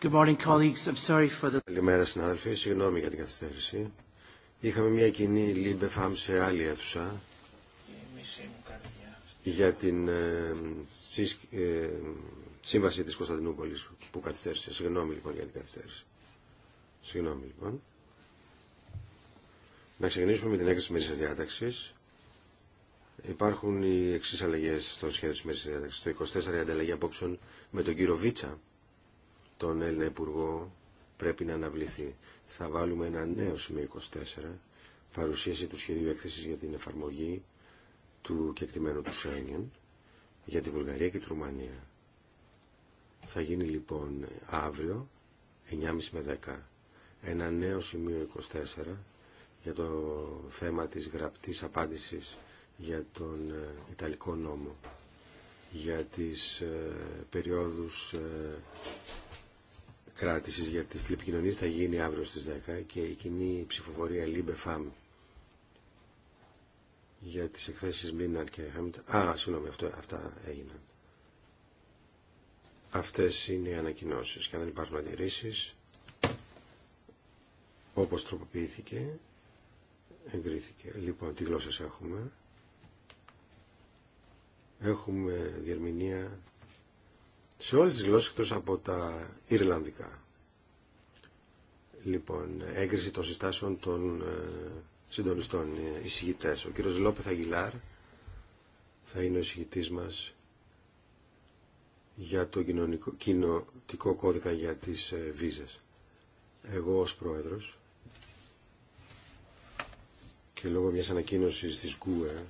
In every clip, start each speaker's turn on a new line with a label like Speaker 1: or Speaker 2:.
Speaker 1: Καλημέρα συνάδελφοι, συγγνώμη για την καθυστέρηση. Είχαμε μια κοινή λίμπε φάμ σε άλλη αίθουσα για την ε, ε σύμβαση της Κωνσταντινούπολης που καθυστέρησε. Συγγνώμη λοιπόν για την καθυστέρηση. Συγγνώμη λοιπόν. Να ξεκινήσουμε με την έκθεση μερικής διάταξης. Υπάρχουν οι εξή αλλαγέ στο σχέδιο τη μερική διάταξη. Το 24 η ανταλλαγή απόψεων με τον κύριο Βίτσα, τον Έλληνα Υπουργό πρέπει να αναβληθεί. Θα βάλουμε ένα νέο σημείο 24, παρουσίαση του σχεδίου έκθεσης για την εφαρμογή του κεκτημένου του Σένιον για τη Βουλγαρία και τη Ρουμανία. Θα γίνει λοιπόν αύριο 9.30 με 10 ένα νέο σημείο 24 για το θέμα της γραπτής απάντησης για τον ε, Ιταλικό νόμο για τις ε, περιόδους ε, κράτησης για τις τηλεπικοινωνίες θα γίνει αύριο στις 10 και η κοινή ψηφοφορία Λίμπε για τις εκθέσεις Μίναρ και Χάμιλτον. Α, συγγνώμη, αυτό, αυτά έγιναν. Αυτές είναι οι ανακοινώσεις και αν δεν υπάρχουν αντιρρήσεις, όπως τροποποιήθηκε, εγκρίθηκε. Λοιπόν, τι γλώσσες έχουμε. Έχουμε διερμηνία σε όλες τις γλώσσες εκτός από τα Ιρλανδικά. Λοιπόν, έγκριση των συστάσεων των ε, συντονιστών ε, εισηγητές. Ο κύριος Λόπεθ Αγγιλάρ θα είναι ο εισηγητής μας για το κοινωνικό, κοινοτικό κώδικα για τις ε, βίζες. Εγώ ως πρόεδρος και λόγω μιας ανακοίνωσης της ΚΟΕ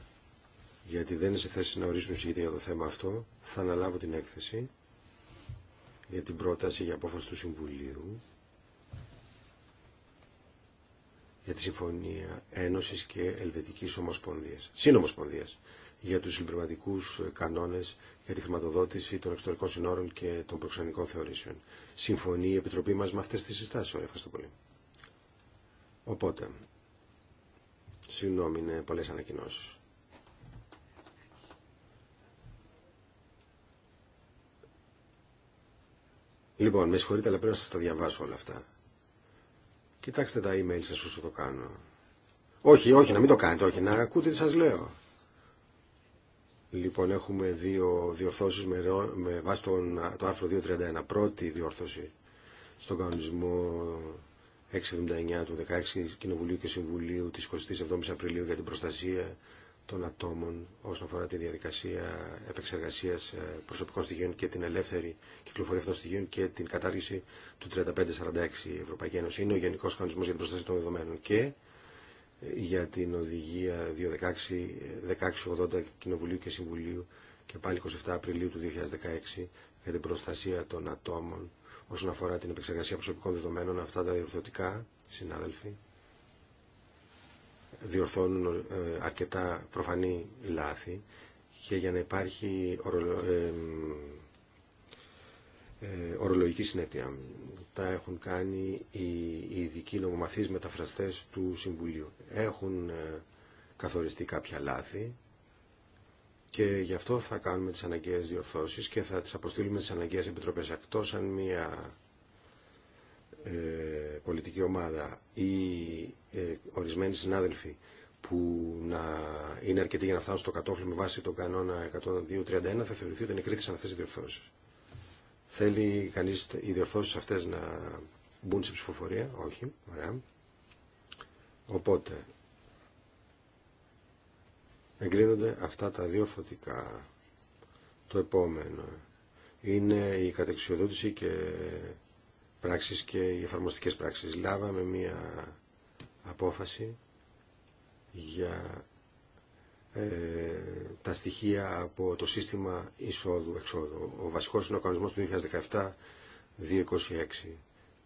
Speaker 1: γιατί δεν είναι σε θέση να ορίσουν εισηγητή για το θέμα αυτό, θα αναλάβω την έκθεση για την πρόταση για απόφαση του Συμβουλίου για τη Συμφωνία Ένωσης και Ελβετικής Ομοσπονδίας, Συνομοσπονδίας για τους συμπληρωματικούς κανόνες για τη χρηματοδότηση των εξωτερικών συνόρων και των προξενικών θεωρήσεων. Συμφωνεί η Επιτροπή μας με αυτές τις συστάσεις. Ωραία, ευχαριστώ πολύ. Οπότε, συγγνώμη, είναι πολλές ανακοινώσεις. Λοιπόν, με συγχωρείτε, αλλά πρέπει να σας τα διαβάσω όλα αυτά. Κοιτάξτε τα email σας όσο το κάνω. Όχι, όχι, να μην το κάνετε, όχι, να ακούτε τι σας λέω. Λοιπόν, έχουμε δύο διορθώσεις με, βάση τον, το άρθρο 231. Πρώτη διορθώση στον κανονισμό 679 του 16 Κοινοβουλίου και Συμβουλίου της 27 Απριλίου για την προστασία των ατόμων όσον αφορά τη διαδικασία επεξεργασίας ε, προσωπικών στοιχείων και την ελεύθερη κυκλοφορία αυτών στοιχείων και την κατάργηση του 3546 Ευρωπαϊκή Ένωση. Είναι ο Γενικό Κανονισμός για την Προστασία των Δεδομένων και για την Οδηγία 216-1680 Κοινοβουλίου και Συμβουλίου και πάλι 27 Απριλίου του 2016 για την προστασία των ατόμων όσον αφορά την επεξεργασία προσωπικών δεδομένων. Αυτά τα διορθωτικά, συνάδελφοι, διορθώνουν ε, αρκετά προφανή λάθη και για να υπάρχει ε, ε, ορολογική συνέπεια. Τα έχουν κάνει οι, οι ειδικοί νομομαθείς μεταφραστές του Συμβουλίου. Έχουν καθοριστεί κάποια λάθη και γι' αυτό θα κάνουμε τις αναγκαίες διορθώσεις και θα τις αποστείλουμε στις αναγκαίες επιτροπές. Εκτός αν μία ε, πολιτική ομάδα ή ε, ορισμένοι συνάδελφοι που να είναι αρκετοί για να φτάσουν στο κατόφλι με βάση τον κανόνα 102-31 θα θεωρηθεί ότι ενεκρίθησαν αυτές οι διορθώσεις. Θέλει κανείς οι διορθώσεις αυτές να μπουν σε ψηφοφορία. Όχι. Ωραία. Οπότε εγκρίνονται αυτά τα διορθωτικά. Το επόμενο είναι η κατεξιοδότηση και πράξεις και οι εφαρμοστικές πράξεις. Λάβαμε μία απόφαση για ε, τα στοιχεία από το σύστημα εισόδου-εξόδου. Ο βασικός είναι ο κανονισμός του 2017-226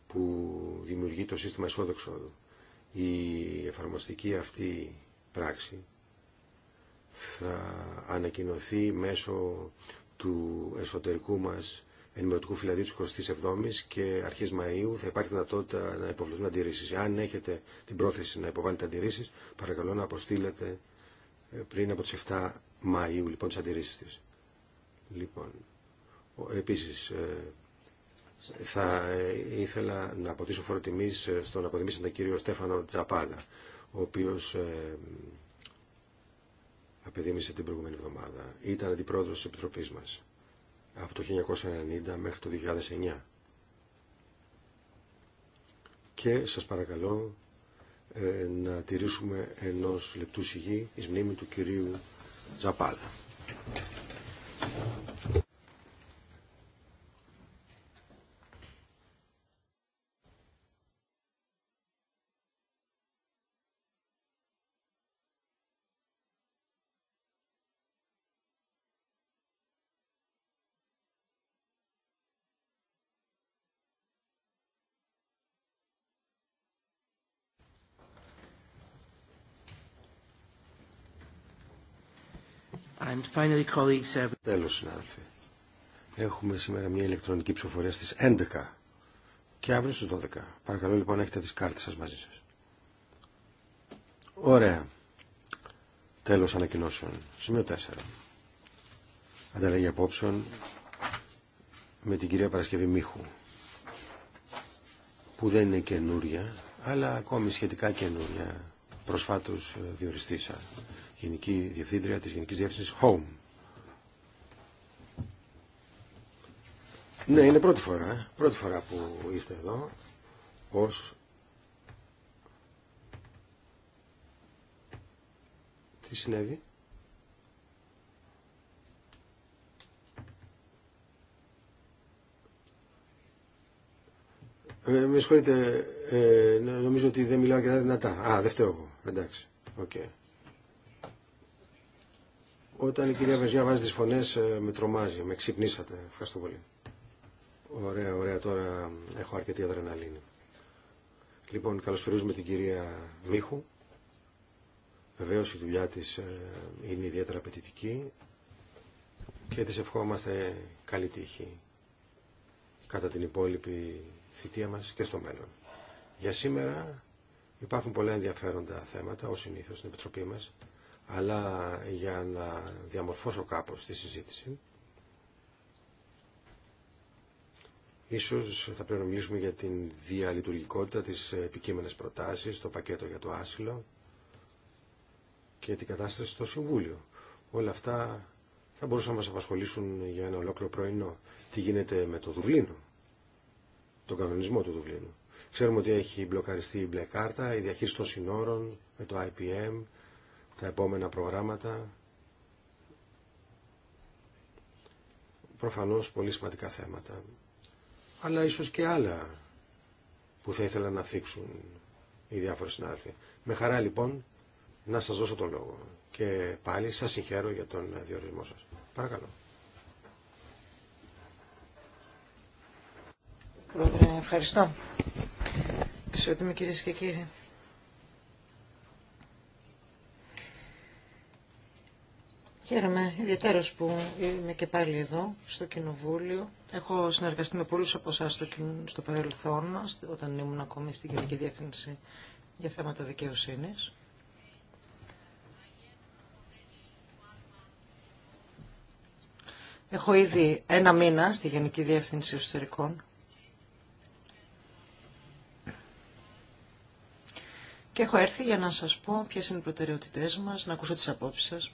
Speaker 1: που δημιουργεί το σύστημα εισόδου-εξόδου. Η εφαρμοστική αυτή πράξη θα ανακοινωθεί μέσω του εσωτερικού μας ενημερωτικού φυλαδίου τη 27η και αρχή Μαου θα υπάρχει δυνατότητα να υποβληθούν αντιρρήσει. Αν έχετε την πρόθεση να υποβάλλετε αντιρρήσει, παρακαλώ να αποστείλετε ε, πριν από τι 7 Μαου λοιπόν, τι αντιρρήσει τη. Λοιπόν, επίση, ε, θα ε, ήθελα να αποτίσω φόρο στον αποδημήσαντα κύριο Στέφανο Τζαπάλα, ο οποίο απεδίμησε την προηγούμενη εβδομάδα. Ήταν αντιπρόεδρος της Επιτροπής μας από το 1990 μέχρι το 2009. Και σας παρακαλώ ε, να τηρήσουμε ενός λεπτού σιγή εις μνήμη του κυρίου Τζαπάλα. Uh, Τέλος, συνάδελφοι. Έχουμε σήμερα μια ηλεκτρονική ψηφοφορία στις 11 και αύριο στις 12. Παρακαλώ λοιπόν έχετε τις κάρτες σας μαζί σας. Ωραία. Τέλος ανακοινώσεων. Σημείο 4. Ανταλλαγή απόψεων με την κυρία Παρασκευή Μίχου που δεν είναι καινούρια αλλά ακόμη σχετικά καινούρια προσφάτως ε, διοριστήσα Γενική Διευθύντρια της Γενικής Διεύθυνσης Home. Ναι, είναι πρώτη φορά, ε. πρώτη φορά που είστε εδώ ως Τι συνέβη? Ε, με συγχωρείτε, ε, νομίζω ότι δεν μιλάω και δεν δυνατά. Α, δεν φταίω εγώ. Εντάξει. Okay. Όταν η κυρία Βεζιά βάζει τι φωνές ε, με τρομάζει, με ξυπνήσατε. Ευχαριστώ πολύ. Ωραία, ωραία, τώρα έχω αρκετή αδρεναλίνη. Λοιπόν, καλωσορίζουμε την κυρία Μίχου. Βεβαίω η δουλειά της ε, είναι ιδιαίτερα απαιτητική και τη ευχόμαστε καλή τύχη κατά την υπόλοιπη θητεία μας και στο μέλλον. Για σήμερα υπάρχουν πολλά ενδιαφέροντα θέματα, ως συνήθως στην Επιτροπή μας αλλά για να διαμορφώσω κάπως τη συζήτηση ίσως θα πρέπει να μιλήσουμε για την διαλειτουργικότητα της επικείμενης προτάσεις, το πακέτο για το άσυλο και την κατάσταση στο Συμβούλιο. Όλα αυτά θα μπορούσαν να μας απασχολήσουν για ένα ολόκληρο πρωινό. Τι γίνεται με το Δουβλίνο, τον κανονισμό του Δουβλίνου. Ξέρουμε ότι έχει μπλοκαριστεί η μπλε κάρτα, η διαχείριση των συνόρων με το IPM, τα επόμενα προγράμματα. Προφανώς πολύ σημαντικά θέματα, αλλά ίσως και άλλα που θα ήθελα να θίξουν οι διάφοροι συνάδελφοι. Με χαρά λοιπόν να σας δώσω τον λόγο και πάλι σας συγχαίρω για τον διορισμό
Speaker 2: σας. Παρακαλώ. Πρόεδρε, ευχαριστώ. κυρίες και κύριοι. Χαίρομαι ιδιαίτερα που είμαι και πάλι εδώ, στο Κοινοβούλιο. Έχω συνεργαστεί με πολλούς από εσά στο, στο παρελθόν, όταν ήμουν ακόμη στην Γενική Διεύθυνση για θέματα δικαιοσύνη. Έχω ήδη ένα μήνα στη Γενική Διεύθυνση Εσωτερικών. Και έχω έρθει για να σας πω ποιες είναι οι προτεραιότητές μας, να ακούσω τις απόψεις σας.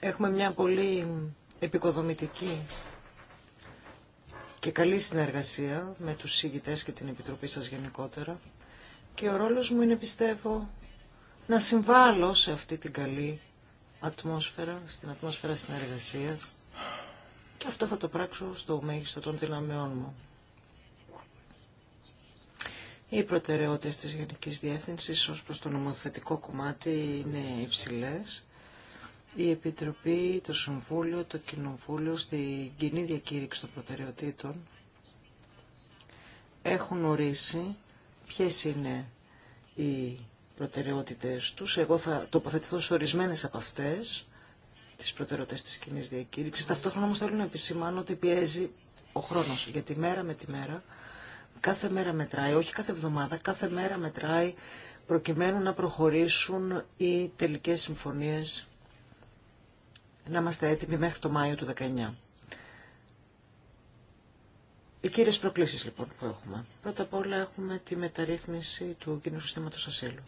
Speaker 2: Έχουμε μια πολύ επικοδομητική και καλή συνεργασία με τους συγητές και την Επιτροπή σας γενικότερα και ο ρόλος μου είναι πιστεύω να συμβάλλω σε αυτή την καλή ατμόσφαιρα, στην ατμόσφαιρα συνεργασίας και αυτό θα το πράξω στο μέγιστο των δυναμεών μου. Οι προτεραιότητες της Γενικής Διεύθυνσης ως προς το νομοθετικό κομμάτι είναι υψηλές η Επιτροπή, το Συμβούλιο, το Κοινοβούλιο στη κοινή διακήρυξη των προτεραιοτήτων έχουν ορίσει ποιες είναι οι προτεραιότητες τους. Εγώ θα τοποθετηθώ σε ορισμένες από αυτές, τις προτεραιότητες της κοινή διακήρυξης. Ταυτόχρονα όμως θέλω να επισημάνω ότι πιέζει ο χρόνος, γιατί μέρα με τη μέρα, κάθε μέρα μετράει, όχι κάθε εβδομάδα, κάθε μέρα μετράει προκειμένου να προχωρήσουν οι τελικές συμφωνίες να είμαστε έτοιμοι μέχρι το Μάιο του 19. Οι κύριες προκλήσεις λοιπόν που έχουμε. Πρώτα απ' όλα έχουμε τη μεταρρύθμιση του κοινού συστήματος ασύλου.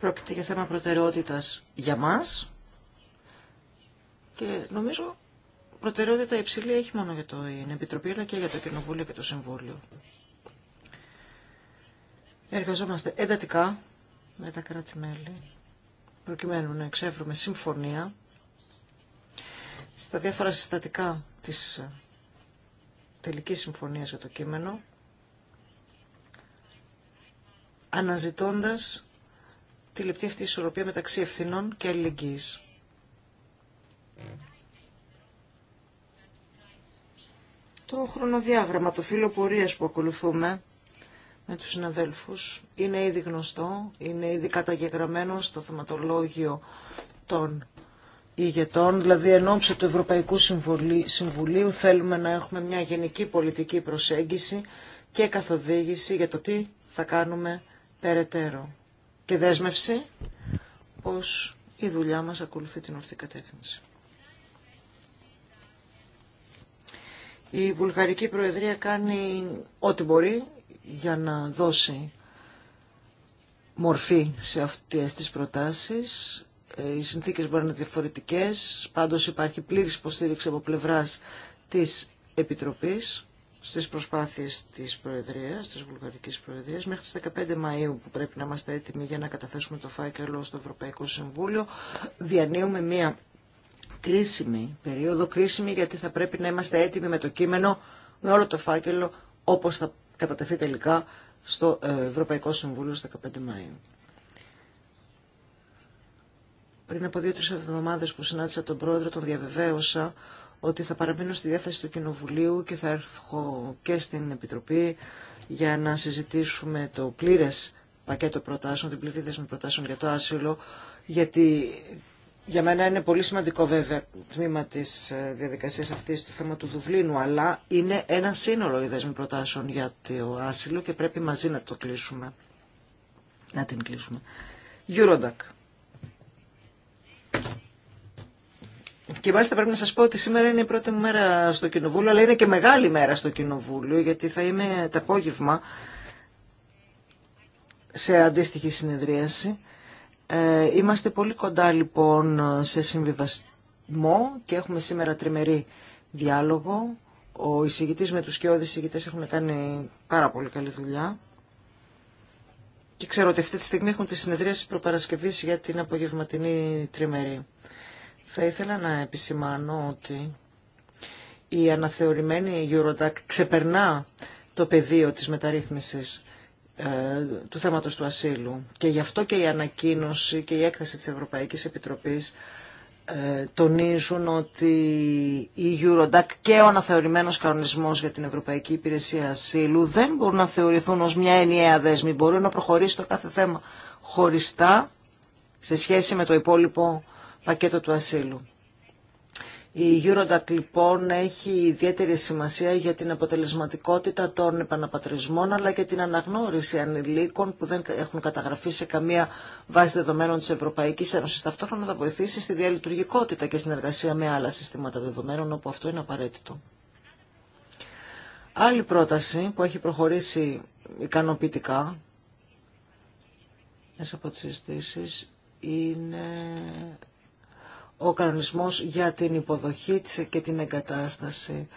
Speaker 2: Πρόκειται για θέμα προτεραιότητας για μας και νομίζω προτεραιότητα υψηλή έχει μόνο για την Επιτροπή αλλά και για το Κοινοβούλιο και το Συμβούλιο. Εργαζόμαστε εντατικά με τα κράτη-μέλη προκειμένου να εξεύρουμε συμφωνία στα διάφορα συστατικά της ε, τελικής συμφωνίας για το κείμενο αναζητώντας τη λεπτή αυτή ισορροπία μεταξύ ευθυνών και αλληλεγγύης. Το χρονοδιάγραμμα, το φύλλο που ακολουθούμε με τους συναδέλφους. Είναι ήδη γνωστό, είναι ήδη καταγεγραμμένο στο θεματολόγιο των ηγετών, δηλαδή εν ώψη του Ευρωπαϊκού Συμβουλίου θέλουμε να έχουμε μια γενική πολιτική προσέγγιση και καθοδήγηση για το τι θα κάνουμε περαιτέρω. Και δέσμευση πως η δουλειά μας ακολουθεί την ορθή κατεύθυνση. Η Βουλγαρική Προεδρία κάνει ό,τι μπορεί για να δώσει μορφή σε αυτές τις προτάσεις. Ε, οι συνθήκες μπορεί να είναι διαφορετικές, πάντως υπάρχει πλήρης υποστήριξη από πλευράς της Επιτροπής στις προσπάθειες της Προεδρίας, της Βουλγαρικής Προεδρίας, μέχρι τις 15 Μαΐου που πρέπει να είμαστε έτοιμοι για να καταθέσουμε το φάκελο στο Ευρωπαϊκό Συμβούλιο, διανύουμε μία κρίσιμη περίοδο, κρίσιμη γιατί θα πρέπει να είμαστε έτοιμοι με το κείμενο, με όλο το φάκελο, όπως θα κατατεθεί τελικά στο ε, Ευρωπαϊκό Συμβούλιο στις 15 Μαΐου. Πριν από δύο-τρεις εβδομάδες που συνάντησα τον πρόεδρο, τον διαβεβαίωσα ότι θα παραμείνω στη διάθεση του Κοινοβουλίου και θα έρθω και στην Επιτροπή για να συζητήσουμε το πλήρες πακέτο προτάσεων, την πλήρη με προτάσεων για το άσυλο, γιατί για μένα είναι πολύ σημαντικό βέβαια το τμήμα της ε, διαδικασίας αυτής του θέμα του Δουβλίνου, αλλά είναι ένα σύνολο οι δέσμοι προτάσεων για το άσυλο και πρέπει μαζί να το κλείσουμε. Να την κλείσουμε. Eurodac. Και μάλιστα πρέπει να σας πω ότι σήμερα είναι η πρώτη μου μέρα στο Κοινοβούλιο, αλλά είναι και μεγάλη μέρα στο Κοινοβούλιο, γιατί θα είμαι το απόγευμα σε αντίστοιχη συνεδρίαση. Ε, είμαστε πολύ κοντά λοιπόν σε συμβιβασμό και έχουμε σήμερα τριμερή διάλογο. Ο εισηγητής με τους κοιόδης εισηγητές έχουν κάνει πάρα πολύ καλή δουλειά. Και ξέρω ότι αυτή τη στιγμή έχουν τη συνεδρία προπαρασκευής για την απογευματινή τριμερή. Θα ήθελα να επισημάνω ότι η αναθεωρημένη Eurodac ξεπερνά το πεδίο της μεταρρύθμισης ε, του θέματος του ασύλου. Και γι' αυτό και η ανακοίνωση και η έκθεση της Ευρωπαϊκής Επιτροπής ε, τονίζουν ότι η Eurodac και ο αναθεωρημένος κανονισμός για την Ευρωπαϊκή Υπηρεσία Ασύλου δεν μπορούν να θεωρηθούν ως μια ενιαία δέσμη. μπορούν να προχωρήσει το κάθε θέμα χωριστά σε σχέση με το υπόλοιπο πακέτο του ασύλου. Η Eurodac λοιπόν έχει ιδιαίτερη σημασία για την αποτελεσματικότητα των επαναπατρισμών αλλά και την αναγνώριση ανηλίκων που δεν έχουν καταγραφεί σε καμία βάση δεδομένων της Ευρωπαϊκής Ένωσης. Ταυτόχρονα θα βοηθήσει στη διαλειτουργικότητα και συνεργασία με άλλα συστήματα δεδομένων όπου αυτό είναι απαραίτητο. Άλλη πρόταση που έχει προχωρήσει ικανοποιητικά μέσα από τις συζητήσει, είναι ο κανονισμός για την υποδοχή και την εγκατάσταση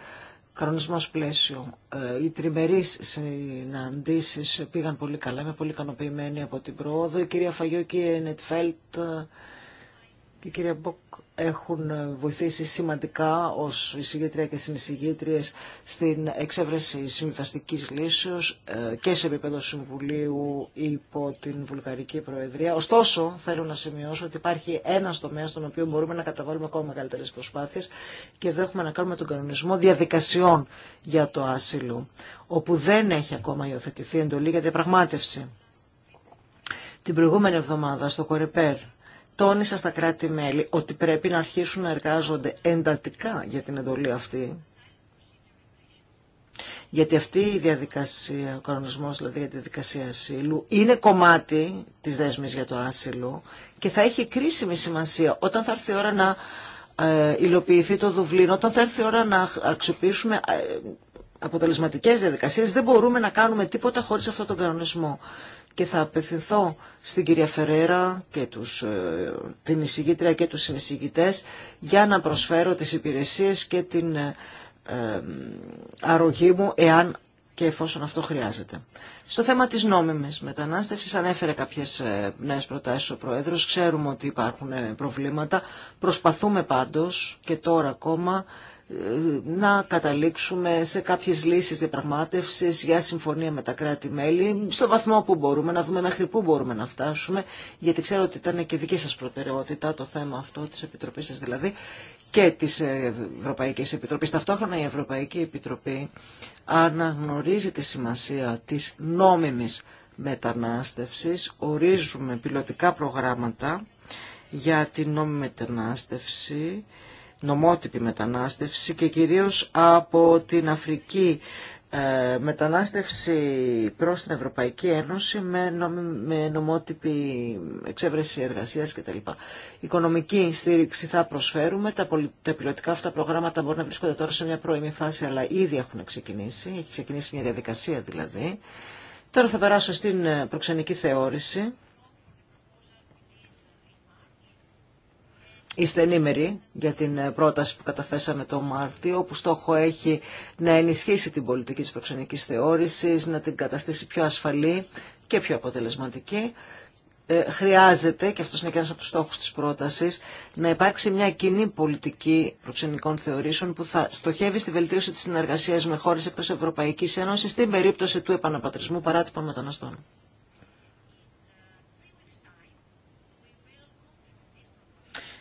Speaker 2: κανονισμός πλαίσιο. Ε, οι τριμερείς συναντήσεις πήγαν πολύ καλά, είμαι πολύ ικανοποιημένη από την πρόοδο. Η κυρία Φαγιώκη, και η Νετφέλτ ε, και η κυρία Μποκ έχουν βοηθήσει σημαντικά ως εισηγήτρια και συνεισηγήτριες στην εξέβρεση συμβιβαστική λύσεως ε, και σε επίπεδο Συμβουλίου υπό την Βουλγαρική Προεδρία. Ωστόσο, θέλω να σημειώσω ότι υπάρχει ένα τομέα στον οποίο μπορούμε να καταβάλουμε ακόμα μεγαλύτερε προσπάθειες και εδώ έχουμε να κάνουμε τον κανονισμό διαδικασιών για το άσυλο, όπου δεν έχει ακόμα υιοθετηθεί εντολή για διαπραγμάτευση. Την προηγούμενη εβδομάδα στο Κορεπέρ τόνισα στα κράτη-μέλη ότι πρέπει να αρχίσουν να εργάζονται εντατικά για την εντολή αυτή. Γιατί αυτή η διαδικασία, ο κανονισμός δηλαδή για τη διαδικασία ασύλου, είναι κομμάτι της δέσμης για το άσυλο και θα έχει κρίσιμη σημασία όταν θα έρθει η ώρα να ε, υλοποιηθεί το Δουβλίνο, όταν θα έρθει η ώρα να αξιοποιήσουμε ε, αποτελεσματικές διαδικασίες, δεν μπορούμε να κάνουμε τίποτα χωρίς αυτόν τον κανονισμό και θα απευθυνθώ στην κυρία Φερέρα και τους, ε, την εισηγήτρια και τους συνεισηγητές για να προσφέρω τις υπηρεσίες και την ε, ε, αρρωγή μου εάν και εφόσον αυτό χρειάζεται. Στο θέμα της νόμιμης μετανάστευσης ανέφερε κάποιες ε, νέες προτάσεις ο Πρόεδρος. Ξέρουμε ότι υπάρχουν προβλήματα. Προσπαθούμε πάντως και τώρα ακόμα να καταλήξουμε σε κάποιες λύσεις διαπραγμάτευσης για συμφωνία με τα κράτη-μέλη, στο βαθμό που μπορούμε, να δούμε μέχρι πού μπορούμε να φτάσουμε, γιατί ξέρω ότι ήταν και δική σας προτεραιότητα το θέμα αυτό της Επιτροπής σας δηλαδή και της Ευρωπαϊκής Επιτροπής. Ταυτόχρονα η Ευρωπαϊκή Επιτροπή αναγνωρίζει τη σημασία της νόμιμης μετανάστευσης, ορίζουμε πιλωτικά προγράμματα για την νόμιμη μετανάστευση, νομότυπη μετανάστευση και κυρίως από την Αφρική ε, μετανάστευση προς την Ευρωπαϊκή Ένωση με, με νομότυπη εξέβρεση εργασίας κτλ. Οικονομική στήριξη θα προσφέρουμε, τα, τα πιλωτικά αυτά προγράμματα μπορεί να βρίσκονται τώρα σε μια πρώιμη φάση αλλά ήδη έχουν ξεκινήσει, έχει ξεκινήσει μια διαδικασία δηλαδή. Τώρα θα περάσω στην ε, προξενική θεώρηση. Είστε ενήμεροι για την ε, πρόταση που καταθέσαμε το Μάρτιο, που στόχο έχει να ενισχύσει την πολιτική της προξενικής θεώρησης, να την καταστήσει πιο ασφαλή και πιο αποτελεσματική. Ε, χρειάζεται, και αυτός είναι και ένας από τους στόχους της πρότασης, να υπάρξει μια κοινή πολιτική προξενικών θεωρήσεων που θα στοχεύει στη βελτίωση της συνεργασίας με χώρες εκτός Ευρωπαϊκής Ένωσης στην περίπτωση του επαναπατρισμού παράτυπων μεταναστών.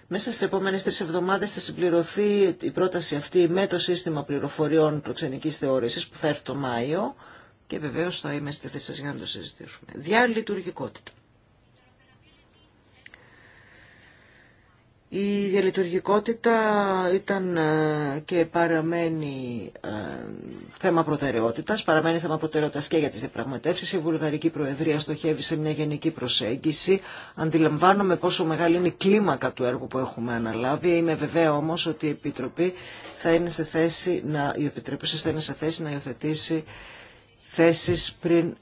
Speaker 2: Μέσα στις επόμενες τρεις εβδομάδες θα συμπληρωθεί η πρόταση αυτή με το σύστημα πληροφοριών προξενική θεώρησης που θα έρθει το Μάιο και βεβαίως θα είμαστε στη θέση σας για να το συζητήσουμε. Διαλειτουργικότητα. Η διαλειτουργικότητα ήταν ε, και παραμένει ε, θέμα προτεραιότητας, παραμένει θέμα προτεραιότητας και για τις διαπραγματεύσει. Η Βουλγαρική Προεδρία στοχεύει σε μια γενική προσέγγιση. Αντιλαμβάνομαι πόσο μεγάλη είναι η κλίμακα του έργου που έχουμε αναλάβει. Είμαι βεβαία όμως ότι η Επιτροπή θα είναι σε θέση να, η θα είναι σε θέση να υιοθετήσει θέσεις πριν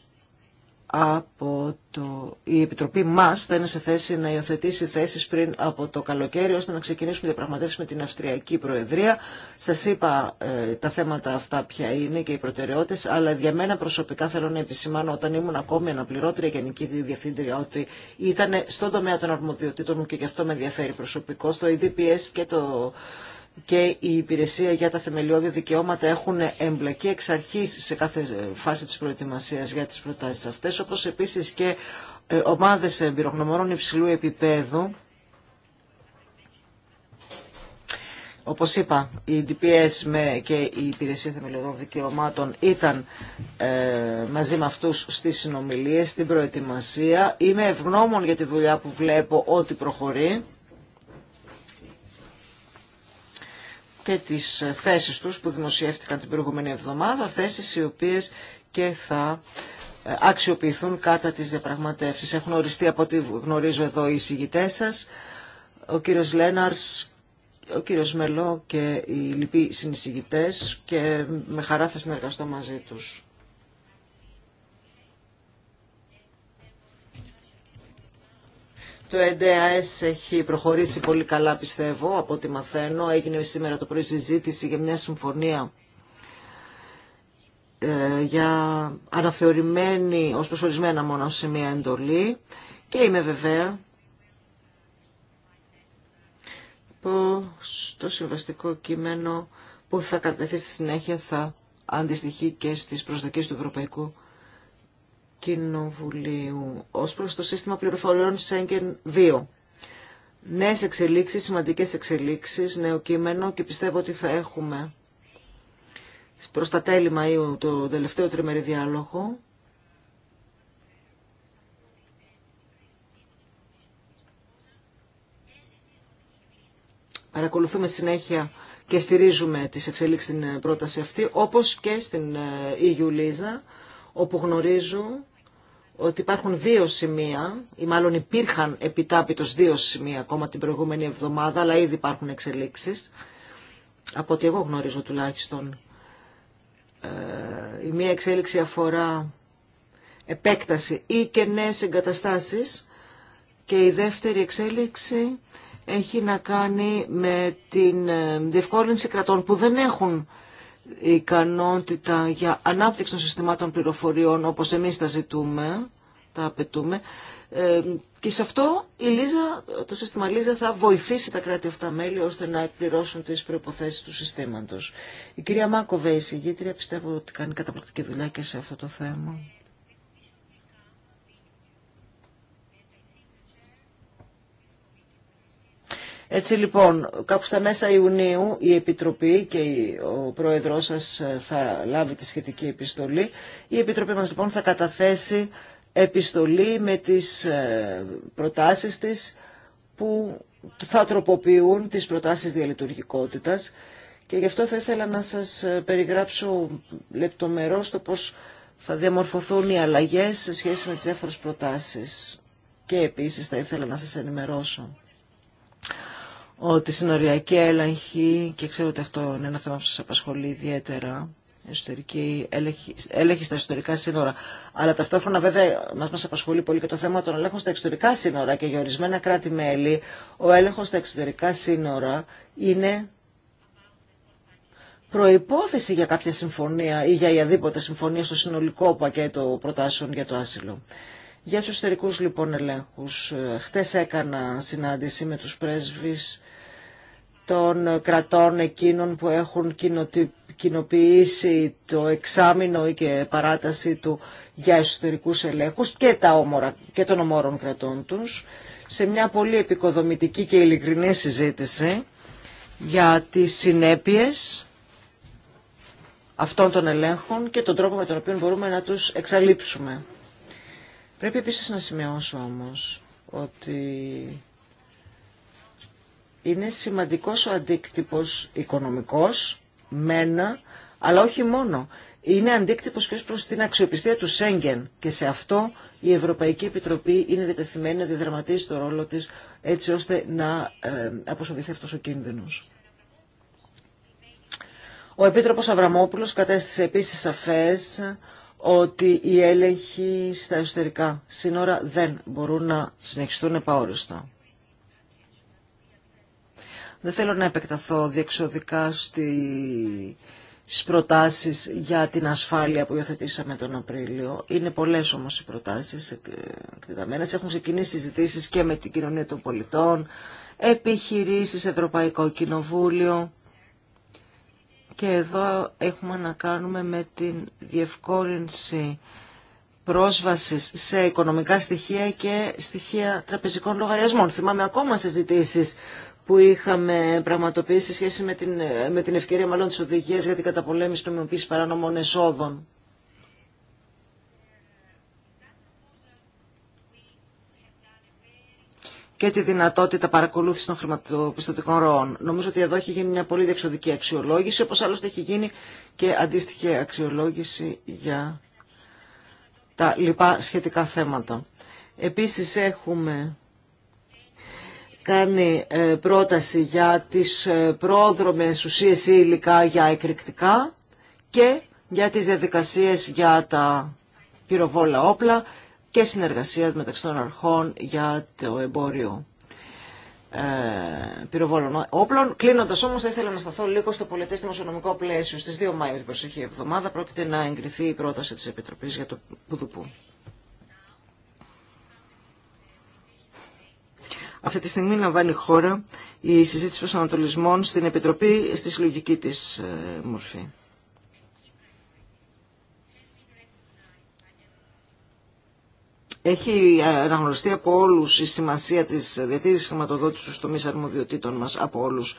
Speaker 2: από το... η Επιτροπή μας θα είναι σε θέση να υιοθετήσει θέσεις πριν από το καλοκαίρι ώστε να ξεκινήσουμε διαπραγματεύσεις με την Αυστριακή Προεδρία. Σας είπα ε, τα θέματα αυτά ποια είναι και οι προτεραιότητες, αλλά για μένα προσωπικά θέλω να επισημάνω όταν ήμουν ακόμη αναπληρώτρια γενική διευθύντρια ότι ήταν στον τομέα των αρμοδιοτήτων μου και γι' αυτό με ενδιαφέρει προσωπικό, στο EDPS και το και η Υπηρεσία για τα Θεμελιώδη Δικαιώματα έχουν εμπλακεί εξ αρχής σε κάθε φάση της προετοιμασίας για τις προτάσεις αυτές, όπως επίσης και ε, ομάδες εμπειρογνωμόνων υψηλού επίπεδου, Όπως είπα, η DPS και η Υπηρεσία Θεμελιωδών Δικαιωμάτων ήταν ε, μαζί με αυτούς στις συνομιλίες, στην προετοιμασία. Είμαι ευγνώμων για τη δουλειά που βλέπω ότι προχωρεί και τις θέσεις τους που δημοσιεύτηκαν την προηγούμενη εβδομάδα, θέσεις οι οποίες και θα ε, αξιοποιηθούν κατά τις διαπραγματεύσεις. Έχουν οριστεί από ό,τι γνωρίζω εδώ οι συγητές σας, ο κύριος Λέναρς, ο κύριος Μελό και οι λοιποί συνεισηγητές και με χαρά θα συνεργαστώ μαζί τους. Το ΕΝΤΕΑΕΣ έχει προχωρήσει πολύ καλά πιστεύω από ό,τι μαθαίνω. Έγινε σήμερα το πρωί συζήτηση για μια συμφωνία ε, για αναθεωρημένη ως προσωρισμένα μόνο μια εντολή και είμαι βεβαία πως το συμβαστικό κείμενο που θα κατατεθεί στη συνέχεια θα αντιστοιχεί και στις προσδοκίες του Ευρωπαϊκού Κοινοβουλίου ως προς το σύστημα πληροφοριών Σέγγεν 2. Νέες εξελίξεις, σημαντικές εξελίξεις, νέο κείμενο και πιστεύω ότι θα έχουμε προς τα τέλη Μαΐου το τελευταίο τριμερή διάλογο. Παρακολουθούμε συνέχεια και στηρίζουμε τις εξελίξεις στην πρόταση αυτή, όπως και στην EU ε, όπου γνωρίζω ότι υπάρχουν δύο σημεία, ή μάλλον υπήρχαν επιτάπητος δύο σημεία ακόμα την προηγούμενη εβδομάδα, αλλά ήδη υπάρχουν εξελίξεις, από ό,τι εγώ γνωρίζω τουλάχιστον. Ε, η μία εξέλιξη αφορά επέκταση ή και νέες εγκαταστάσεις και η δεύτερη εξέλιξη έχει να κάνει με την ε, διευκόλυνση κρατών που δεν έχουν η ικανότητα για ανάπτυξη των συστημάτων πληροφοριών όπως εμείς τα ζητούμε, τα απαιτούμε. Ε, και σε αυτό η Λίζα, το σύστημα Λίζα θα βοηθήσει τα κράτη αυτά μέλη ώστε να εκπληρώσουν τις προϋποθέσεις του συστήματος. Η κυρία Μάκοβε, η συγγήτρια, πιστεύω ότι κάνει καταπληκτική δουλειά και σε αυτό το θέμα. Έτσι λοιπόν, κάπου στα μέσα Ιουνίου η Επιτροπή και ο Πρόεδρός σας ε, θα λάβει τη σχετική επιστολή. Η Επιτροπή μας λοιπόν θα καταθέσει επιστολή με τις ε, προτάσεις της που θα τροποποιούν τις προτάσεις διαλειτουργικότητας και γι' αυτό θα ήθελα να σας ε, περιγράψω λεπτομερώς το πώς θα διαμορφωθούν οι αλλαγές σε σχέση με τις διάφορες προτάσεις. Και επίσης θα ήθελα να σας ενημερώσω ότι συνοριακή έλεγχη, και ξέρω ότι αυτό είναι ένα θέμα που σας απασχολεί ιδιαίτερα, εσωτερική έλεγχη, έλεγχη στα εσωτερικά σύνορα. Αλλά ταυτόχρονα βέβαια μας, μας απασχολεί πολύ και το θέμα των ελέγχων στα εξωτερικά σύνορα και για ορισμένα κράτη-μέλη ο έλεγχος στα εξωτερικά σύνορα είναι προϋπόθεση για κάποια συμφωνία ή για οποιαδήποτε συμφωνία στο συνολικό πακέτο προτάσεων για το άσυλο. Για τους εσωτερικούς λοιπόν ελέγχους, ε, χτες έκανα συνάντηση με τους πρέσβεις των κρατών εκείνων που έχουν κοινοποιήσει το εξάμεινο ή και παράταση του για εσωτερικούς ελέγχους και, τα όμορα, και των ομόρων κρατών τους σε μια πολύ επικοδομητική και ειλικρινή συζήτηση για τις συνέπειες αυτών των ελέγχων και τον τρόπο με τον οποίο μπορούμε να τους εξαλείψουμε. Πρέπει επίσης να σημειώσω όμως ότι είναι σημαντικός ο αντίκτυπος οικονομικός, μένα, αλλά όχι μόνο. Είναι αντίκτυπος και προς την αξιοπιστία του Σέγγεν και σε αυτό η Ευρωπαϊκή Επιτροπή είναι διτεθειμένη να διδραματίσει το ρόλο της έτσι ώστε να ε, αποσοβηθεί αυτός ο κίνδυνος. Ο Επίτροπος Αβραμόπουλος κατέστησε επίσης σαφές ότι οι έλεγχοι στα εσωτερικά σύνορα δεν μπορούν να συνεχιστούν επαόριστα. Δεν θέλω να επεκταθώ διεξοδικά στη στις προτάσεις για την ασφάλεια που υιοθετήσαμε τον Απρίλιο. Είναι πολλές όμως οι προτάσεις ε, εκτεταμένες. Έχουν ξεκινήσει συζητήσει και με την κοινωνία των πολιτών, επιχειρήσεις, Ευρωπαϊκό Κοινοβούλιο. Και εδώ έχουμε να κάνουμε με την διευκόλυνση πρόσβασης σε οικονομικά στοιχεία και στοιχεία τραπεζικών λογαριασμών. Θυμάμαι ακόμα συζητήσει που είχαμε πραγματοποιήσει σε σχέση με την, με την ευκαιρία μάλλον της οδηγίας για την καταπολέμηση νομιμοποίησης παράνομων εσόδων. και τη δυνατότητα παρακολούθηση των χρηματοπιστωτικών ροών. Νομίζω ότι εδώ έχει γίνει μια πολύ διεξοδική αξιολόγηση, όπως άλλωστε έχει γίνει και αντίστοιχη αξιολόγηση για τα λοιπά σχετικά θέματα. Επίσης έχουμε κάνει ε, πρόταση για τις ε, πρόδρομες ουσίες ή υλικά για εκρηκτικά και για τις διαδικασίες για τα πυροβόλα όπλα και συνεργασία μεταξύ των αρχών για το εμπόριο ε, πυροβόλων όπλων. Κλείνοντας όμως θα ήθελα να σταθώ λίγο στο πολιτές δημοσιονομικό πλαίσιο. Στις 2 Μάη με την προσεχή εβδομάδα πρόκειται να εγκριθεί η πρόταση της Επιτροπής για το Πουδουπού. Αυτή τη στιγμή λαμβάνει η χώρα η συζήτηση προσανατολισμών στην Επιτροπή στη συλλογική της ε, μορφή. Έχει ε, αναγνωριστεί από όλους η σημασία της διατήρησης χρηματοδότησης του τομείς αρμοδιοτήτων μας από όλους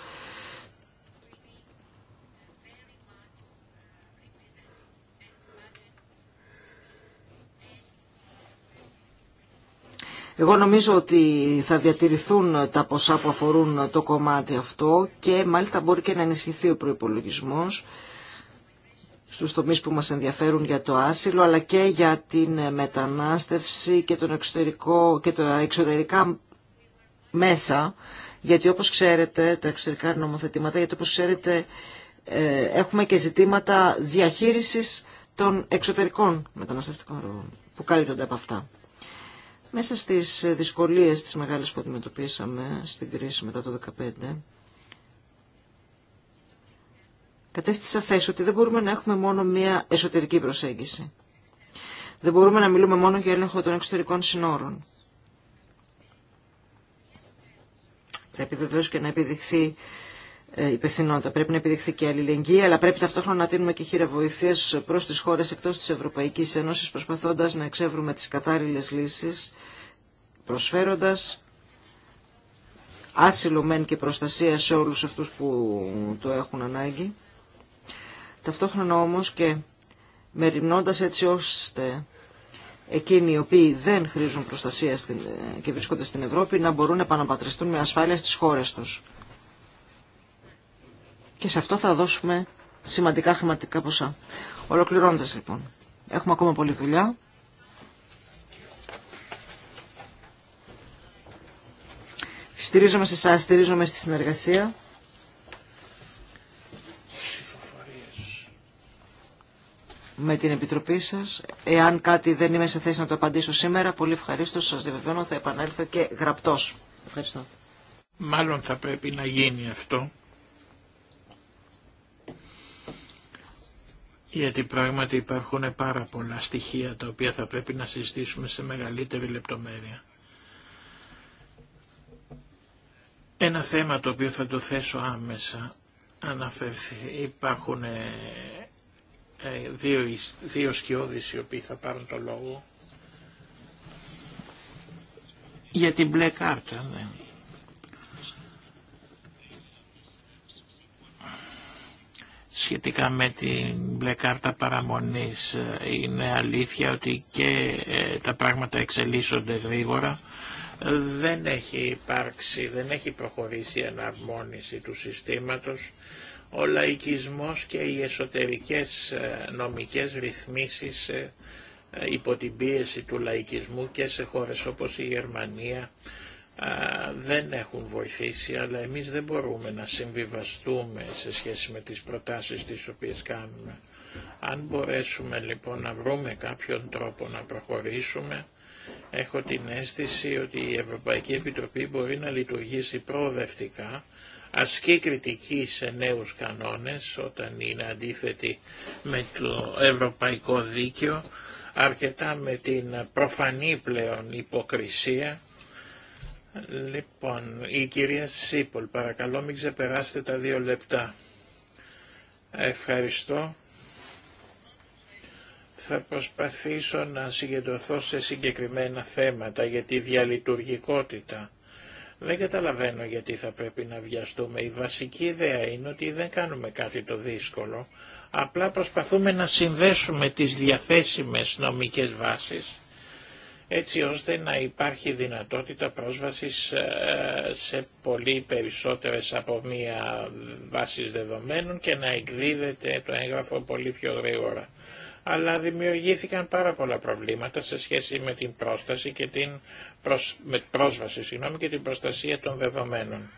Speaker 2: Εγώ νομίζω ότι θα διατηρηθούν τα ποσά που αφορούν το κομμάτι αυτό και μάλιστα μπορεί και να ενισχυθεί ο προπολογισμό στους τομείς που μας ενδιαφέρουν για το άσυλο αλλά και για την μετανάστευση και, τον εξωτερικό, και τα εξωτερικά μέσα γιατί όπως ξέρετε τα εξωτερικά νομοθετήματα γιατί όπως ξέρετε ε, έχουμε και ζητήματα διαχείρισης των εξωτερικών μεταναστευτικών ροών που καλύπτονται από αυτά. Μέσα στις δυσκολίες τις μεγάλες που αντιμετωπίσαμε στην κρίση μετά το 2015, κατέστησα θέση ότι δεν μπορούμε να έχουμε μόνο μία εσωτερική προσέγγιση. Δεν μπορούμε να μιλούμε μόνο για έλεγχο των εξωτερικών συνόρων. Πρέπει βεβαίως και να επιδειχθεί ε, υπευθυνότητα. Πρέπει να επιδειχθεί και αλληλεγγύη, αλλά πρέπει ταυτόχρονα να τίνουμε και χείρα βοηθεία προ τι χώρε εκτό τη Ευρωπαϊκή Ένωση, προσπαθώντα να εξεύρουμε τι κατάλληλε λύσει, προσφέροντα άσυλο μεν και προστασία σε όλου αυτού που το έχουν ανάγκη. Ταυτόχρονα όμω και μεριμνώντα έτσι ώστε εκείνοι οι οποίοι δεν χρήζουν προστασία ε, και βρίσκονται στην Ευρώπη να μπορούν να επαναπατριστούν με ασφάλεια στις χώρες τους και σε αυτό θα δώσουμε σημαντικά χρηματικά ποσά. Ολοκληρώνοντας λοιπόν, έχουμε ακόμα πολλή δουλειά. Στηρίζομαι σε εσά, στηρίζομαι στη συνεργασία. με την Επιτροπή σας. Εάν κάτι δεν είμαι σε θέση να το απαντήσω σήμερα, πολύ ευχαρίστω. Σας διαβεβαιώνω, θα επανέλθω και γραπτός. Ευχαριστώ.
Speaker 3: Μάλλον θα πρέπει να γίνει αυτό γιατί πράγματι υπάρχουν πάρα πολλά στοιχεία τα οποία θα πρέπει να συζητήσουμε σε μεγαλύτερη λεπτομέρεια. Ένα θέμα το οποίο θα το θέσω άμεσα αναφερθεί. Υπάρχουν ε, ε, δύο, δύο σκιώδεις οι οποίοι θα πάρουν το λόγο. Για την μπλε κάρτα, ναι. σχετικά με την μπλε κάρτα παραμονής. Είναι αλήθεια ότι και ε, τα πράγματα εξελίσσονται γρήγορα. Δεν έχει υπάρξει, δεν έχει προχωρήσει η εναρμόνιση του συστήματος. Ο λαϊκισμός και οι εσωτερικές ε, νομικές ρυθμίσεις ε, υπό την πίεση του λαϊκισμού και σε χώρες όπως η Γερμανία δεν έχουν βοηθήσει, αλλά εμείς δεν μπορούμε να συμβιβαστούμε σε σχέση με τις προτάσεις τις οποίες κάνουμε. Αν μπορέσουμε λοιπόν να βρούμε κάποιον τρόπο να προχωρήσουμε, έχω την αίσθηση ότι η Ευρωπαϊκή Επιτροπή μπορεί να λειτουργήσει προοδευτικά, ασκεί κριτική σε νέους κανόνες όταν είναι αντίθετη με το ευρωπαϊκό δίκαιο, αρκετά με την προφανή πλέον υποκρισία Λοιπόν, η κυρία Σίπολ, παρακαλώ μην ξεπεράσετε τα δύο λεπτά. Ευχαριστώ. Θα προσπαθήσω να συγκεντρωθώ σε συγκεκριμένα θέματα για τη διαλειτουργικότητα. Δεν καταλαβαίνω γιατί θα πρέπει να βιαστούμε. Η βασική ιδέα είναι ότι δεν κάνουμε κάτι το δύσκολο, απλά προσπαθούμε να συνδέσουμε τις διαθέσιμες νομικές βάσεις έτσι ώστε να υπάρχει δυνατότητα πρόσβασης ε, σε πολύ περισσότερες από μία βάση δεδομένων και να εκδίδεται το έγγραφο πολύ πιο γρήγορα. Αλλά δημιουργήθηκαν πάρα πολλά προβλήματα σε σχέση με την πρόσταση και την προσ... με πρόσβαση και την προστασία των δεδομένων.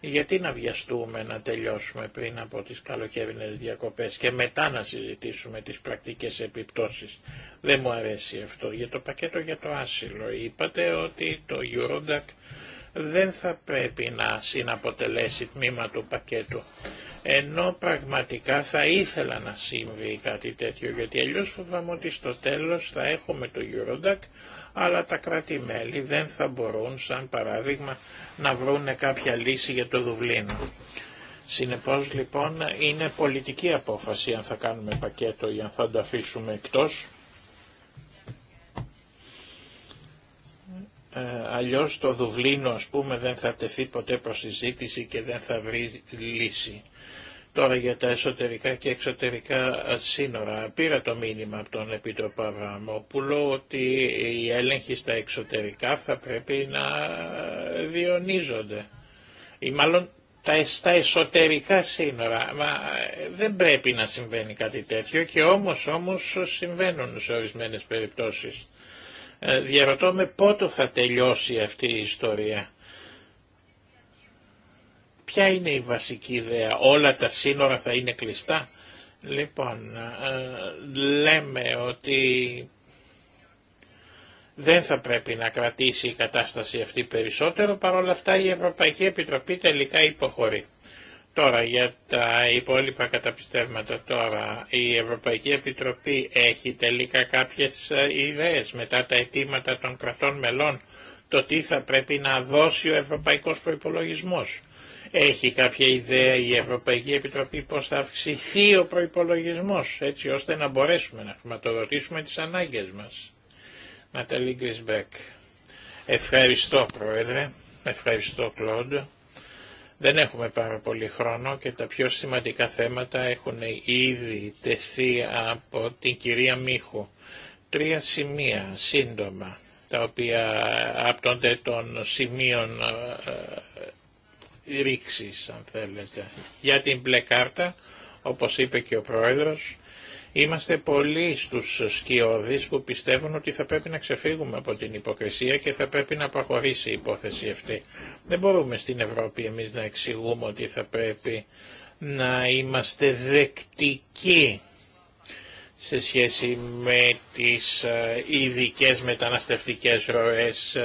Speaker 3: Γιατί να βιαστούμε να τελειώσουμε πριν από τις καλοκαιρινές διακοπές και μετά να συζητήσουμε τις πρακτικές επιπτώσεις. Δεν μου αρέσει αυτό. Για το πακέτο για το άσυλο είπατε ότι το Eurodac δεν θα πρέπει να συναποτελέσει τμήμα του πακέτου. Ενώ πραγματικά θα ήθελα να συμβεί κάτι τέτοιο, γιατί αλλιώς φοβάμαι ότι στο τέλος θα έχουμε το Eurodac, αλλά τα κράτη-μέλη δεν θα μπορούν, σαν παράδειγμα, να βρούνε κάποια λύση για το Δουβλίνο. Συνεπώς λοιπόν είναι πολιτική απόφαση αν θα κάνουμε πακέτο ή αν θα το αφήσουμε εκτός. Ε, αλλιώς το Δουβλίνο ας πούμε δεν θα τεθεί ποτέ προς συζήτηση και δεν θα βρει λύση. Τώρα για τα εσωτερικά και εξωτερικά σύνορα. Πήρα το μήνυμα από τον Επίτροπο Αβραμόπουλο ότι οι έλεγχοι στα εξωτερικά θα πρέπει να διονίζονται. Ή μάλλον τα, ε, στα εσωτερικά σύνορα. Μα ε, δεν πρέπει να συμβαίνει κάτι τέτοιο και όμως όμως συμβαίνουν σε ορισμένες περιπτώσεις. Ε, διαρωτώ με πότε θα τελειώσει αυτή η ιστορία Ποια είναι η βασική ιδέα, όλα τα σύνορα θα είναι κλειστά. Λοιπόν, ε, λέμε ότι δεν θα πρέπει να κρατήσει η κατάσταση αυτή περισσότερο, παρόλα αυτά η Ευρωπαϊκή Επιτροπή τελικά υποχωρεί. Τώρα για τα υπόλοιπα καταπιστεύματα τώρα, η Ευρωπαϊκή Επιτροπή έχει τελικά κάποιες ε, ιδέες μετά τα αιτήματα των κρατών μελών, το τι θα πρέπει να δώσει ο Ευρωπαϊκός Προϋπολογισμός. Έχει κάποια ιδέα η Ευρωπαϊκή Επιτροπή πώς θα αυξηθεί ο προϋπολογισμός έτσι ώστε να μπορέσουμε να χρηματοδοτήσουμε τις ανάγκες μας. Ναταλή Γκρισμπέκ. Ευχαριστώ Πρόεδρε, ευχαριστώ Κλόντ. Δεν έχουμε πάρα πολύ χρόνο και τα πιο σημαντικά θέματα έχουν ήδη τεθεί από την κυρία Μίχου. Τρία σημεία σύντομα, τα οποία άπτονται των σημείων ε, ε, ρήξης, αν θέλετε. Για την μπλε κάρτα, όπως είπε και ο Πρόεδρος, Είμαστε πολλοί στους σκιώδεις που πιστεύουν ότι θα πρέπει να ξεφύγουμε από την υποκρισία και θα πρέπει να προχωρήσει η υπόθεση αυτή. Δεν μπορούμε στην Ευρώπη εμείς να εξηγούμε ότι θα πρέπει να είμαστε δεκτικοί σε σχέση με τις ε, ειδικέ μεταναστευτικές ροές,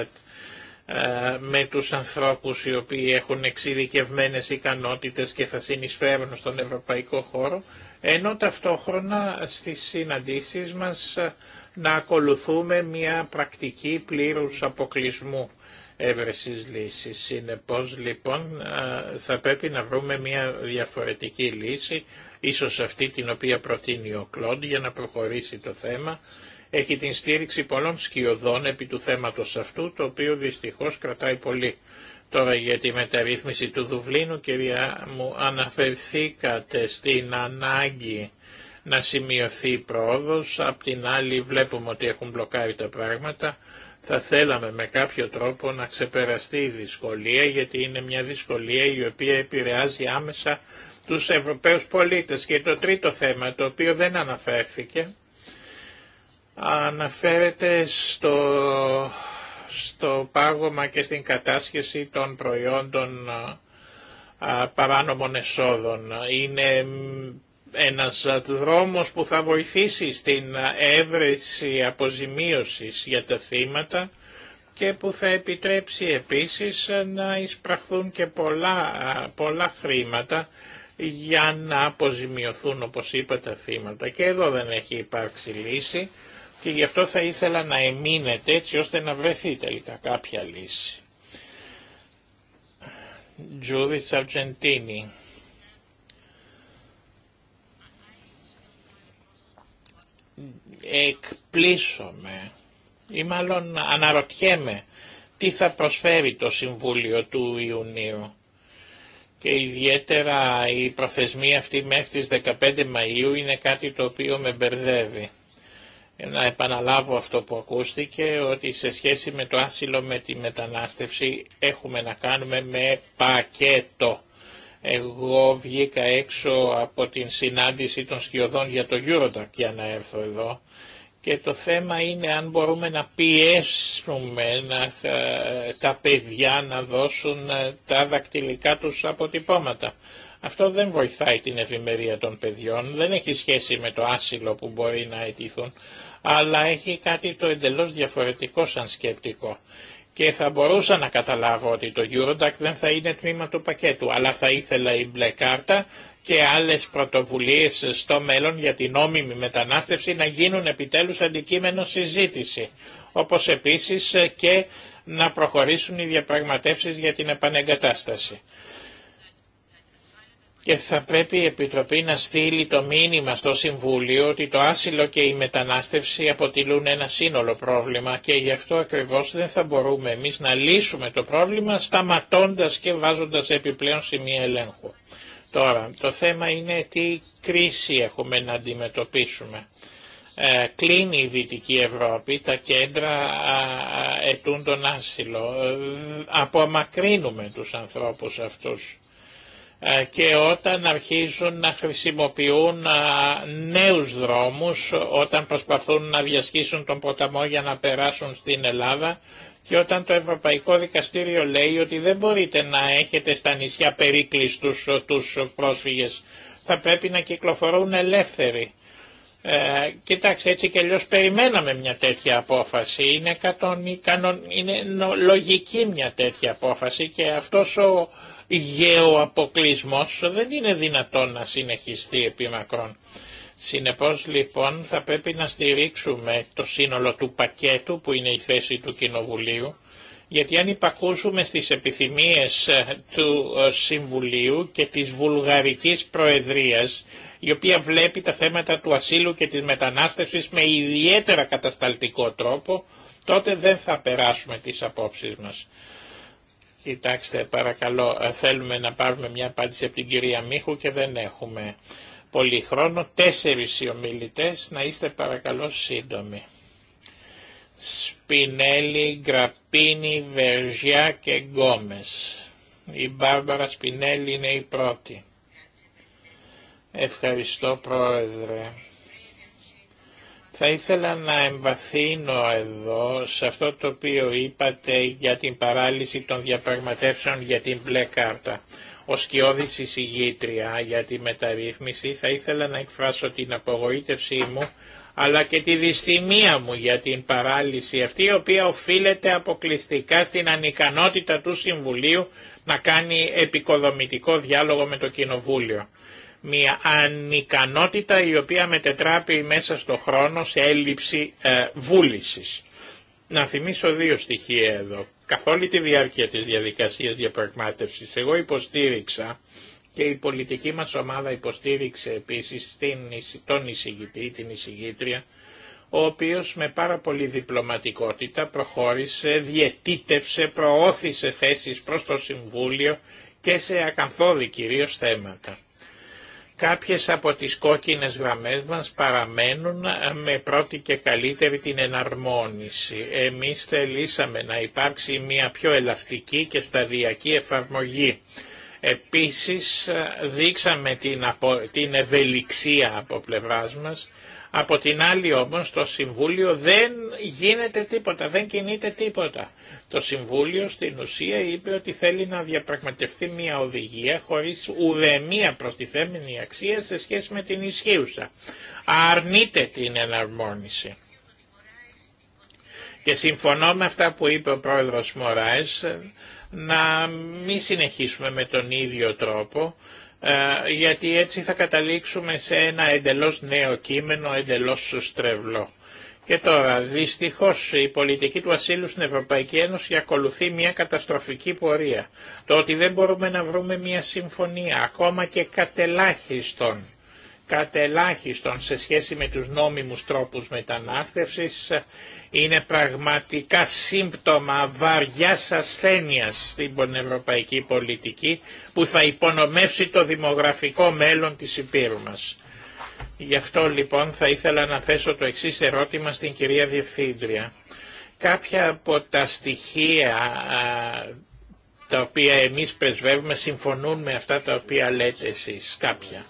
Speaker 3: ε, με τους ανθρώπους οι οποίοι έχουν εξειδικευμένες ικανότητες και θα συνεισφέρουν στον ευρωπαϊκό χώρο, ενώ ταυτόχρονα στις συναντήσεις μας ε, να ακολουθούμε μια πρακτική πλήρους αποκλεισμού έβρεσης λύσης. Συνεπώς λοιπόν ε, θα πρέπει να βρούμε μια διαφορετική λύση, ίσως αυτή την οποία προτείνει ο Κλοντ για να προχωρήσει το θέμα έχει την στήριξη πολλών σκιωδών επί του θέματος αυτού, το οποίο δυστυχώς κρατάει πολύ. Τώρα για τη μεταρρύθμιση του Δουβλίνου, κυρία μου, αναφερθήκατε στην ανάγκη να σημειωθεί πρόοδος, απ' την άλλη βλέπουμε ότι έχουν μπλοκάρει τα πράγματα, θα θέλαμε με κάποιο τρόπο να ξεπεραστεί η δυσκολία, γιατί είναι μια δυσκολία η οποία επηρεάζει άμεσα τους Ευρωπαίους πολίτες. Και το τρίτο θέμα, το οποίο δεν αναφέρθηκε, αναφέρεται στο, στο πάγωμα και στην κατάσχεση των προϊόντων παράνομων εσόδων. Είναι ένας δρόμος που θα βοηθήσει στην έβρεση αποζημίωσης για τα θύματα και που θα επιτρέψει επίσης να εισπραχθούν και πολλά, πολλά χρήματα για να αποζημιωθούν όπως είπα τα θύματα. Και εδώ δεν έχει υπάρξει λύση και γι' αυτό θα ήθελα να εμείνετε έτσι ώστε να βρεθεί τελικά κάποια λύση. Judith Αργεντίνη. Εκπλήσωμαι ή μάλλον αναρωτιέμαι τι θα προσφέρει το Συμβούλιο του Ιουνίου και ιδιαίτερα η προθεσμία αυτή μέχρι τις 15 Μαΐου είναι κάτι το οποίο με μπερδεύει. Ε, να επαναλάβω αυτό που ακούστηκε, ότι σε σχέση με το άσυλο με τη μετανάστευση έχουμε να κάνουμε με πακέτο. Εγώ βγήκα έξω από την συνάντηση των σκιωδών για το Eurodac για να έρθω εδώ και το θέμα είναι αν μπορούμε να πιέσουμε να, ε, τα παιδιά να δώσουν ε, τα δακτυλικά τους αποτυπώματα. Αυτό δεν βοηθάει την ευημερία των παιδιών, δεν έχει σχέση με το άσυλο που μπορεί να αιτηθούν, αλλά έχει κάτι το εντελώς διαφορετικό σαν σκεπτικό. Και θα μπορούσα να καταλάβω ότι το Eurodac δεν θα είναι τμήμα του πακέτου, αλλά θα ήθελα η μπλε κάρτα και άλλες πρωτοβουλίες στο μέλλον για την νόμιμη μετανάστευση να γίνουν επιτέλους αντικείμενο συζήτηση, όπως επίσης και να προχωρήσουν οι διαπραγματεύσεις για την επανεγκατάσταση και θα πρέπει η Επιτροπή να στείλει το μήνυμα στο Συμβούλιο ότι το άσυλο και η μετανάστευση αποτελούν ένα σύνολο πρόβλημα και γι' αυτό ακριβώς δεν θα μπορούμε εμείς να λύσουμε το πρόβλημα σταματώντας και βάζοντας επιπλέον σημεία ελέγχου. Τώρα, το θέμα είναι τι κρίση έχουμε να αντιμετωπίσουμε. Ε, κλείνει η Δυτική Ευρώπη, τα κέντρα ετούν τον άσυλο. Ε, απομακρύνουμε τους ανθρώπους αυτούς ε, και όταν αρχίζουν να χρησιμοποιούν ε, νέους δρόμους, όταν προσπαθούν να διασχίσουν τον ποταμό για να περάσουν στην Ελλάδα και όταν το Ευρωπαϊκό Δικαστήριο λέει ότι δεν μπορείτε να έχετε στα νησιά περίκλειστους ε, τους πρόσφυγες, θα πρέπει να κυκλοφορούν ελεύθεροι. Ε, κοιτάξτε, έτσι και αλλιώ περιμέναμε μια τέτοια απόφαση. Είναι, είναι λογική μια τέτοια απόφαση και αυτός ο ο γεωαποκλεισμός δεν είναι δυνατόν να συνεχιστεί επί μακρόν. Συνεπώς λοιπόν θα πρέπει να στηρίξουμε το σύνολο του πακέτου που είναι η θέση του Κοινοβουλίου γιατί αν υπακούσουμε στις επιθυμίες ε, του ε, Συμβουλίου και της Βουλγαρικής Προεδρίας η οποία βλέπει τα θέματα του ασύλου και της μετανάστευσης με ιδιαίτερα κατασταλτικό τρόπο τότε δεν θα περάσουμε τις απόψεις μας. Κοιτάξτε παρακαλώ, ε, θέλουμε να πάρουμε μια απάντηση από την κυρία Μίχου και δεν έχουμε πολύ χρόνο. Τέσσερις οι ομιλητές, να είστε παρακαλώ σύντομοι. Σπινέλη, Γκραπίνη, Βεργιά και Γκόμες. Η Μπάρμπαρα Σπινέλη είναι η πρώτη. Ευχαριστώ πρόεδρε. Θα ήθελα να εμβαθύνω εδώ σε αυτό το οποίο είπατε για την παράλυση των διαπραγματεύσεων για την μπλε κάρτα. Ω κοιόδηση συγγήτρια για τη μεταρρύθμιση θα ήθελα να εκφράσω την απογοήτευσή μου αλλά και τη δυστημία μου για την παράλυση αυτή η οποία οφείλεται αποκλειστικά στην ανικανότητα του Συμβουλίου να κάνει επικοδομητικό διάλογο με το Κοινοβούλιο μια ανικανότητα η οποία μετετράπει μέσα στο χρόνο σε έλλειψη ε, βούλησης. Να θυμίσω δύο στοιχεία εδώ. Καθ' όλη τη διάρκεια της διαδικασίας διαπραγμάτευσης εγώ υποστήριξα και η πολιτική μας ομάδα υποστήριξε επίσης τον εισηγητή, την εισηγήτρια, ο οποίος με πάρα πολύ διπλωματικότητα προχώρησε, διετήτευσε, προώθησε θέσεις προς το Συμβούλιο και σε ακαθόδη κυρίως θέματα. Κάποιες από τις κόκκινες γραμμές μας παραμένουν ε, με πρώτη και καλύτερη την εναρμόνιση. Εμείς θελήσαμε να υπάρξει μια πιο ελαστική και σταδιακή εφαρμογή. Επίσης ε, δείξαμε την, την ευελιξία από πλευράς μας από την άλλη όμως το Συμβούλιο δεν γίνεται τίποτα, δεν κινείται τίποτα. Το Συμβούλιο στην ουσία είπε ότι θέλει να διαπραγματευτεί μια οδηγία χωρίς ουδεμία προστιθέμενη αξία σε σχέση με την ισχύουσα. Αρνείται την εναρμόνιση. Και συμφωνώ με αυτά που είπε ο πρόεδρος Μωράης, να μην συνεχίσουμε με τον ίδιο τρόπο, ε, γιατί έτσι θα καταλήξουμε σε ένα εντελώς νέο κείμενο, εντελώς στρεβλό. Και τώρα, δυστυχώς, η πολιτική του ασύλου στην Ευρωπαϊκή Ένωση ακολουθεί μια καταστροφική πορεία. Το ότι δεν μπορούμε να βρούμε μια συμφωνία, ακόμα και κατελάχιστον, κατελάχιστον σε σχέση με τους νόμιμους τρόπους μετανάστευσης είναι πραγματικά σύμπτωμα βαριάς ασθένειας στην ευρωπαϊκή πολιτική που θα υπονομεύσει το δημογραφικό μέλλον της Υπήρου μας. Γι' αυτό λοιπόν θα ήθελα να θέσω το εξής ερώτημα στην κυρία Διευθύντρια. Κάποια από τα στοιχεία τα οποία εμείς πρεσβεύουμε συμφωνούν με αυτά τα οποία λέτε εσείς κάποια.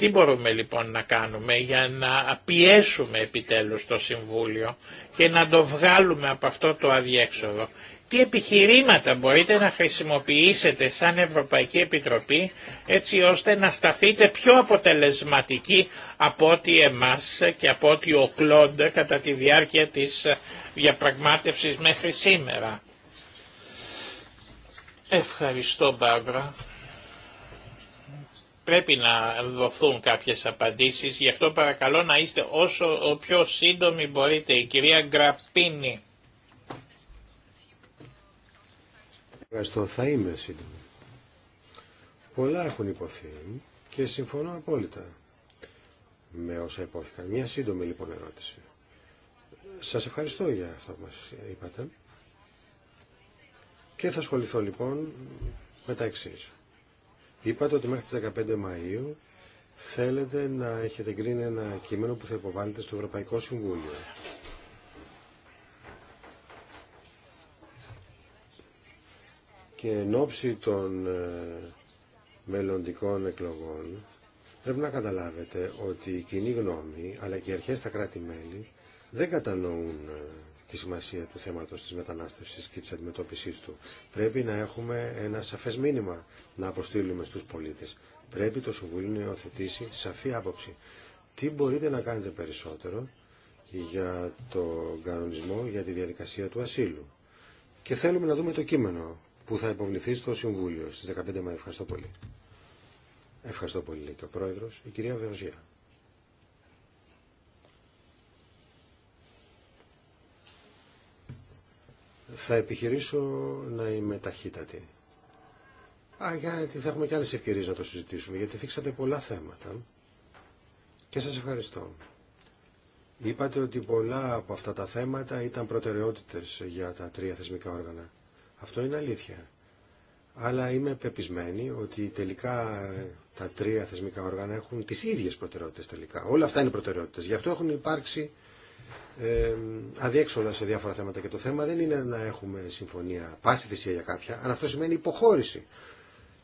Speaker 3: Τι μπορούμε λοιπόν να κάνουμε για να πιέσουμε επιτέλους το Συμβούλιο και να το βγάλουμε από αυτό το αδιέξοδο. Τι επιχειρήματα μπορείτε να χρησιμοποιήσετε σαν Ευρωπαϊκή Επιτροπή έτσι ώστε να σταθείτε πιο αποτελεσματικοί από ό,τι εμάς και από ό,τι ο Κλοντ κατά τη διάρκεια της διαπραγμάτευσης μέχρι σήμερα. Ευχαριστώ Μπάμπρα πρέπει να δοθούν κάποιες απαντήσεις, γι' αυτό παρακαλώ να είστε όσο ο πιο σύντομοι μπορείτε. Η κυρία Γκραπίνη.
Speaker 1: Ευχαριστώ, θα είμαι σύντομη. Πολλά έχουν υποθεί και συμφωνώ απόλυτα με όσα υπόθηκαν. Μια σύντομη λοιπόν ερώτηση. Σας ευχαριστώ για αυτό που μας είπατε. Και θα ασχοληθώ λοιπόν με τα εξής. Είπατε ότι μέχρι τις 15 Μαΐου θέλετε να έχετε κρίνει ένα κείμενο που θα υποβάλλετε στο Ευρωπαϊκό Συμβούλιο. Και εν ώψη των ε, μελλοντικών εκλογών πρέπει να καταλάβετε ότι η κοινή γνώμη αλλά και οι αρχές στα κράτη-μέλη δεν κατανοούν ε, τη σημασία του θέματος της μετανάστευσης και της αντιμετώπισης του. Πρέπει να έχουμε ένα σαφές μήνυμα να αποστείλουμε στους πολίτες. Πρέπει το Συμβούλιο να υιοθετήσει σαφή άποψη. Τι μπορείτε να κάνετε περισσότερο για τον κανονισμό, για τη διαδικασία του ασύλου. Και θέλουμε να δούμε το κείμενο που θα υποβληθεί στο Συμβούλιο στις 15 Μαΐου. Ευχαριστώ πολύ. Ευχαριστώ πολύ, λέει και ο Πρόεδρος, η κυρία Βεωζία. Θα επιχειρήσω να είμαι ταχύτατη. Α, γιατί θα έχουμε και άλλες ευκαιρίες να το συζητήσουμε, γιατί θίξατε πολλά θέματα. Και σας ευχαριστώ. Είπατε ότι πολλά από αυτά τα θέματα ήταν προτεραιότητες για τα τρία θεσμικά όργανα. Αυτό είναι αλήθεια. Αλλά είμαι πεπισμένη ότι τελικά ε, τα τρία θεσμικά όργανα έχουν τις ίδιες προτεραιότητες τελικά. Όλα αυτά είναι προτεραιότητες. Γι' αυτό έχουν υπάρξει ε, αδιέξοδα σε διάφορα θέματα και το θέμα δεν είναι να έχουμε συμφωνία πάση θυσία για κάποια, αν αυτό σημαίνει υποχώρηση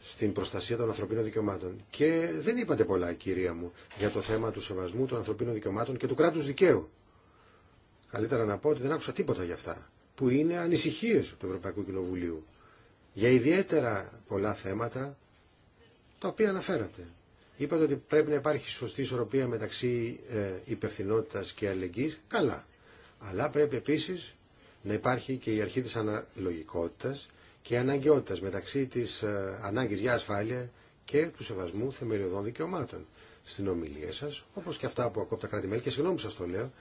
Speaker 1: στην προστασία των ανθρωπίνων δικαιωμάτων. Και δεν είπατε πολλά, κυρία μου, για το θέμα του σεβασμού των ανθρωπίνων δικαιωμάτων και του κράτου δικαίου. Καλύτερα να πω ότι δεν άκουσα τίποτα για αυτά, που είναι ανησυχίε του Ευρωπαϊκού Κοινοβουλίου για ιδιαίτερα πολλά θέματα τα οποία αναφέρατε. Είπατε ότι πρέπει να υπάρχει σωστή ισορροπία μεταξύ ε, υπευθυνότητα και αλληλεγγύη. Καλά. Αλλά πρέπει επίση να υπάρχει και η αρχή τη αναλογικότητα και αναγκαιότητα μεταξύ τη ε, ανάγκη για ασφάλεια και του σεβασμού θεμελιωδών δικαιωμάτων. Στην ομιλία σα, όπω και αυτά που ακούω από τα κράτη-μέλη, και συγγνώμη που σα το λέω,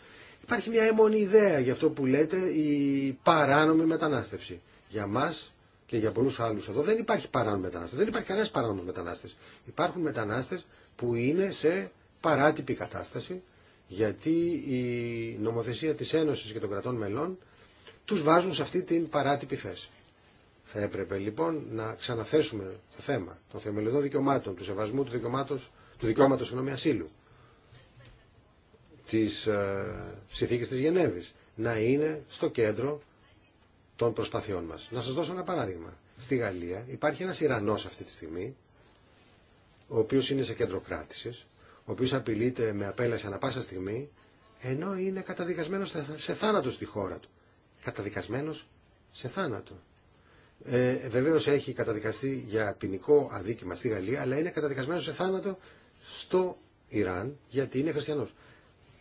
Speaker 1: υπάρχει μια αιμονή ιδέα για αυτό που λέτε η παράνομη μετανάστευση. Για μας και για πολλού άλλου εδώ δεν υπάρχει παράνομο μετανάστε. Δεν υπάρχει κανένα παράνομο μετανάστε. Υπάρχουν μετανάστε που είναι σε παράτυπη κατάσταση γιατί η νομοθεσία της Ένωσης και των κρατών μελών τους βάζουν σε αυτή την παράτυπη θέση. Θα έπρεπε λοιπόν να ξαναθέσουμε το θέμα των θεμελιωδών δικαιωμάτων, του σεβασμού του δικαιώματος, του δικαιώματος ασύλου, της ε, της Γενέβης, να είναι στο κέντρο των προσπαθειών μας. Να σας δώσω ένα παράδειγμα. Στη Γαλλία υπάρχει ένας Ιρανός αυτή τη στιγμή, ο οποίος είναι σε κέντρο κράτησης, ο οποίος απειλείται με απέλαση ανα πάσα στιγμή, ενώ είναι καταδικασμένος σε θάνατο στη χώρα του. Καταδικασμένος σε θάνατο. Ε, Βεβαίω έχει καταδικαστεί για ποινικό αδίκημα στη Γαλλία, αλλά είναι καταδικασμένο σε θάνατο στο Ιράν γιατί είναι χριστιανό.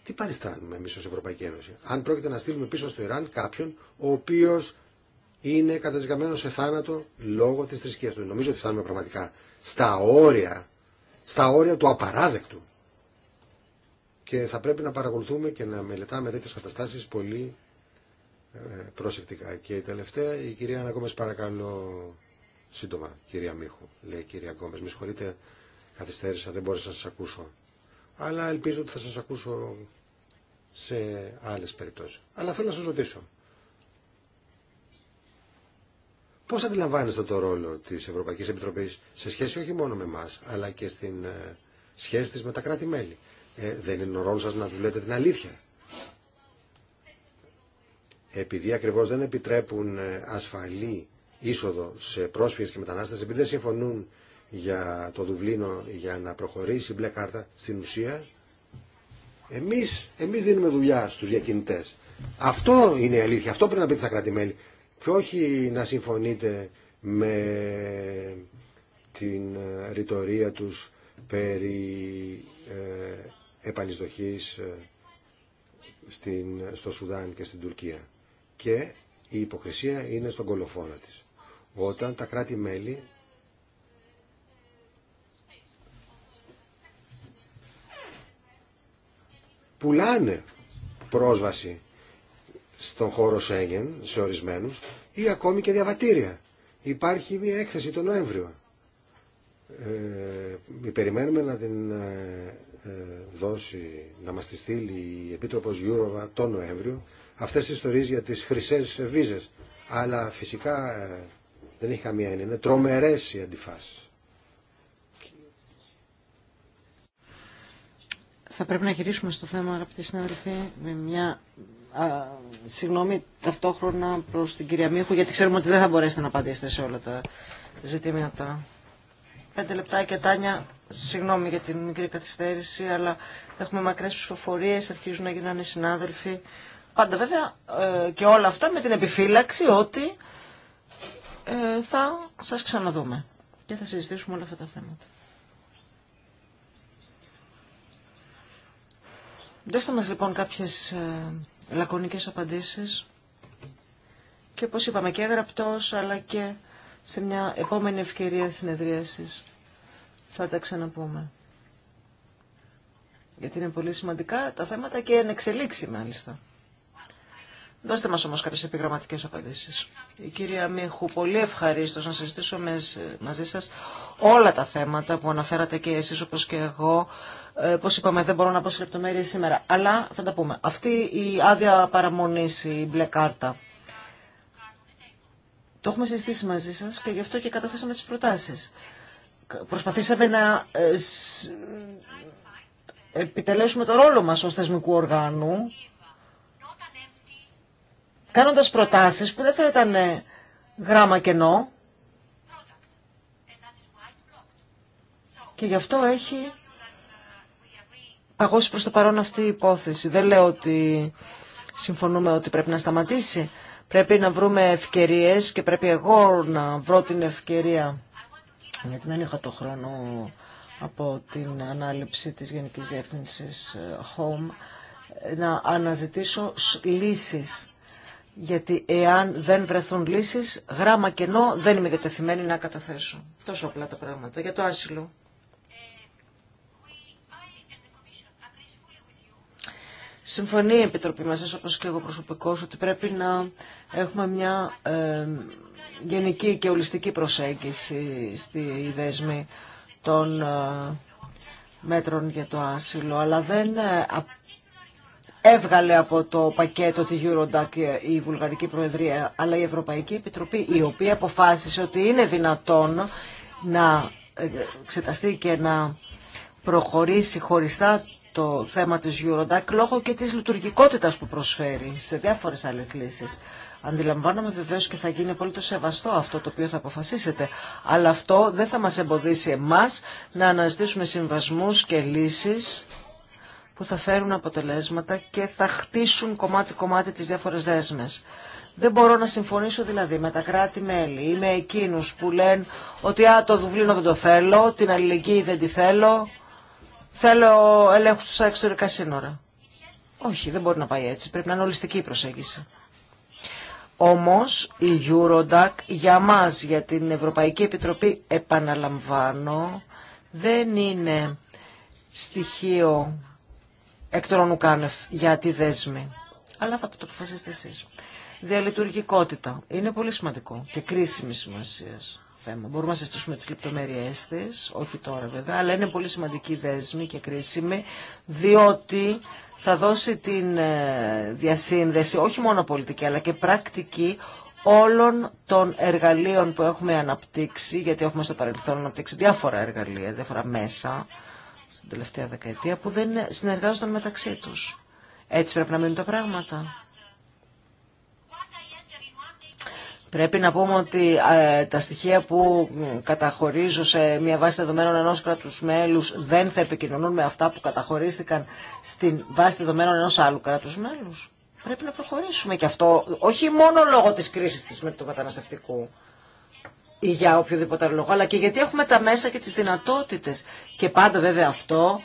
Speaker 1: Τι παριστάνουμε εμεί ω Ευρωπαϊκή Ένωση, αν πρόκειται να στείλουμε πίσω στο Ιράν κάποιον ο οποίο είναι καταδικαμένο σε θάνατο λόγω της θρησκείας του. Νομίζω ότι φτάνουμε πραγματικά στα όρια, στα όρια του απαράδεκτου. Και θα πρέπει να παρακολουθούμε και να μελετάμε τέτοιες καταστάσεις πολύ ε, προσεκτικά. Και η τελευταία, η κυρία Ανακόμες παρακαλώ σύντομα, κυρία Μίχου, λέει η κυρία Γκόμες. Με συγχωρείτε, καθυστέρησα, δεν μπόρεσα να σας ακούσω. Αλλά ελπίζω ότι θα σας ακούσω σε άλλες περιπτώσεις. Αλλά θέλω να σα ρωτήσω. Πώς αντιλαμβάνεστε το ρόλο της Ευρωπαϊκής Επιτροπής σε σχέση όχι μόνο με εμά, αλλά και στην ε, σχέση της με τα κράτη-μέλη. Ε, δεν είναι ο ρόλος σας να τους λέτε την αλήθεια. Επειδή ακριβώς δεν επιτρέπουν ε, ασφαλή είσοδο σε πρόσφυγες και μετανάστες, επειδή δεν συμφωνούν για το Δουβλίνο για να προχωρήσει η μπλε κάρτα, στην ουσία εμείς, εμείς δίνουμε δουλειά στους διακινητές. Αυτό είναι η αλήθεια, αυτό πρέπει να πείτε στα κράτη-μέλη και όχι να συμφωνείτε με την ρητορία τους περί ε, ε, στην, στο Σουδάν και στην Τουρκία. Και η υποκρισία είναι στον κολοφόνα της. Όταν τα κράτη-μέλη πουλάνε πρόσβαση στον χώρο Σέγγεν, σε ορισμένους, ή ακόμη και διαβατήρια. Υπάρχει μια έκθεση το Νοέμβριο. Ε, περιμένουμε να την ε, ε, δώσει, να μας τη στείλει η Επίτροπος Γιούροβα τον Νοέμβριο, αυτές τις ιστορίες για τις χρυσές βίζες. Αλλά φυσικά ε, δεν έχει καμία έννοια. Είναι τρομερές οι αντιφάσεις.
Speaker 2: Θα πρέπει να γυρίσουμε στο θέμα, αγαπητοί συνάδελφοι, με μια συγγνώμη ταυτόχρονα προς την κυρία Μίχου, γιατί ξέρουμε ότι δεν θα μπορέσετε να απαντήσετε σε όλα τα ζητήματα. Πέντε λεπτάκια, Τάνια, συγγνώμη για την μικρή καθυστέρηση, αλλά έχουμε μακρές ψηφοφορίε, αρχίζουν να γίνανε συνάδελφοι. Πάντα βέβαια ε, και όλα αυτά με την επιφύλαξη ότι ε, θα σας ξαναδούμε και θα συζητήσουμε όλα αυτά τα θέματα. Δώστε μας λοιπόν κάποιες ε, λακωνικές απαντήσεις και όπως είπαμε και έγραπτος, αλλά και σε μια επόμενη ευκαιρία συνεδρίασης θα τα ξαναπούμε. Γιατί είναι πολύ σημαντικά τα θέματα και εν εξελίξει μάλιστα. Δώστε μας όμως κάποιες επιγραμματικές απαντήσεις. Η κυρία Μίχου, πολύ ευχαρίστω να συζητήσω μαζί σας όλα τα θέματα που αναφέρατε και εσείς όπως και εγώ ε, Πώ είπαμε, δεν μπορώ να πω σε λεπτομέρειε σήμερα, αλλά θα τα πούμε. Αυτή η άδεια παραμονής, η μπλε κάρτα, το έχουμε συζητήσει μαζί σας και γι' αυτό και καταθέσαμε τις προτάσεις. Προσπαθήσαμε να ε, επιτελέσουμε το ρόλο μας ως θεσμικού οργάνου, κάνοντας προτάσεις που δεν θα ήταν ε, γράμμα κενό και γι' αυτό έχει παγώσει προς το παρόν αυτή η υπόθεση. Δεν λέω ότι συμφωνούμε ότι πρέπει να σταματήσει. Πρέπει να βρούμε ευκαιρίες και πρέπει εγώ να βρω την ευκαιρία. Γιατί δεν είχα το χρόνο από την ανάληψη της Γενικής Διεύθυνσης ε, Home να αναζητήσω λύσεις. Γιατί εάν δεν βρεθούν λύσεις, γράμμα κενό δεν είμαι διατεθειμένη να καταθέσω. Τόσο απλά τα πράγματα. Για το άσυλο. Συμφωνεί η Επιτροπή μας, όπω και εγώ προσωπικώ, ότι πρέπει να έχουμε μια ε, γενική και ολιστική προσέγγιση στη δέσμη των ε, μέτρων για το άσυλο, αλλά δεν ε, έβγαλε από το πακέτο τη Eurodac η Βουλγαρική Προεδρία, αλλά η Ευρωπαϊκή Επιτροπή, η οποία αποφάσισε ότι είναι δυνατόν να ε, εξεταστεί και να προχωρήσει χωριστά το θέμα της Eurodac λόγω και της λειτουργικότητας που προσφέρει σε διάφορες άλλες λύσεις. Αντιλαμβάνομαι βεβαίω και θα γίνει πολύ το σεβαστό αυτό το οποίο θα αποφασίσετε. Αλλά αυτό δεν θα μας εμποδίσει εμάς να αναζητήσουμε συμβασμούς και λύσεις που θα φέρουν αποτελέσματα και θα χτίσουν κομμάτι-κομμάτι τις διάφορες δέσμες. Δεν μπορώ να συμφωνήσω δηλαδή με τα κράτη-μέλη ή με εκείνους που λένε ότι α, το Δουβλίνο δεν το θέλω, την αλληλεγγύη δεν τη θέλω, Θέλω ελέγχου στα εξωτερικά σύνορα. Όχι, δεν μπορεί να πάει έτσι. Πρέπει να είναι ολιστική η προσέγγιση. Όμως η Eurodac για μας, για την Ευρωπαϊκή Επιτροπή, επαναλαμβάνω, δεν είναι στοιχείο εκ των ουκάνευ για τη δέσμη. Αλλά θα το αποφασίσετε εσείς. Διαλειτουργικότητα. Είναι πολύ σημαντικό και κρίσιμη σημασία θέμα. Μπορούμε να συστήσουμε τις λεπτομέρειές της, όχι τώρα βέβαια, αλλά είναι πολύ σημαντική δέσμη και κρίσιμη, διότι θα δώσει την ε, διασύνδεση όχι μόνο πολιτική αλλά και πρακτική όλων των εργαλείων που έχουμε αναπτύξει, γιατί έχουμε στο παρελθόν αναπτύξει διάφορα εργαλεία, διάφορα μέσα στην τελευταία δεκαετία που δεν συνεργάζονταν μεταξύ τους. Έτσι πρέπει να μείνουν τα πράγματα. Πρέπει να πούμε ότι ε, τα στοιχεία που καταχωρίζω σε μια βάση δεδομένων ενός κράτους μέλους δεν θα επικοινωνούν με αυτά που καταχωρίστηκαν στην βάση δεδομένων ενός άλλου κράτους μέλους. Πρέπει να προχωρήσουμε και αυτό, όχι μόνο λόγω της κρίσης της, το μεταναστευτικού ή για οποιοδήποτε λόγο, αλλά και γιατί έχουμε τα μέσα και τις δυνατότητες. Και πάντα βέβαια αυτό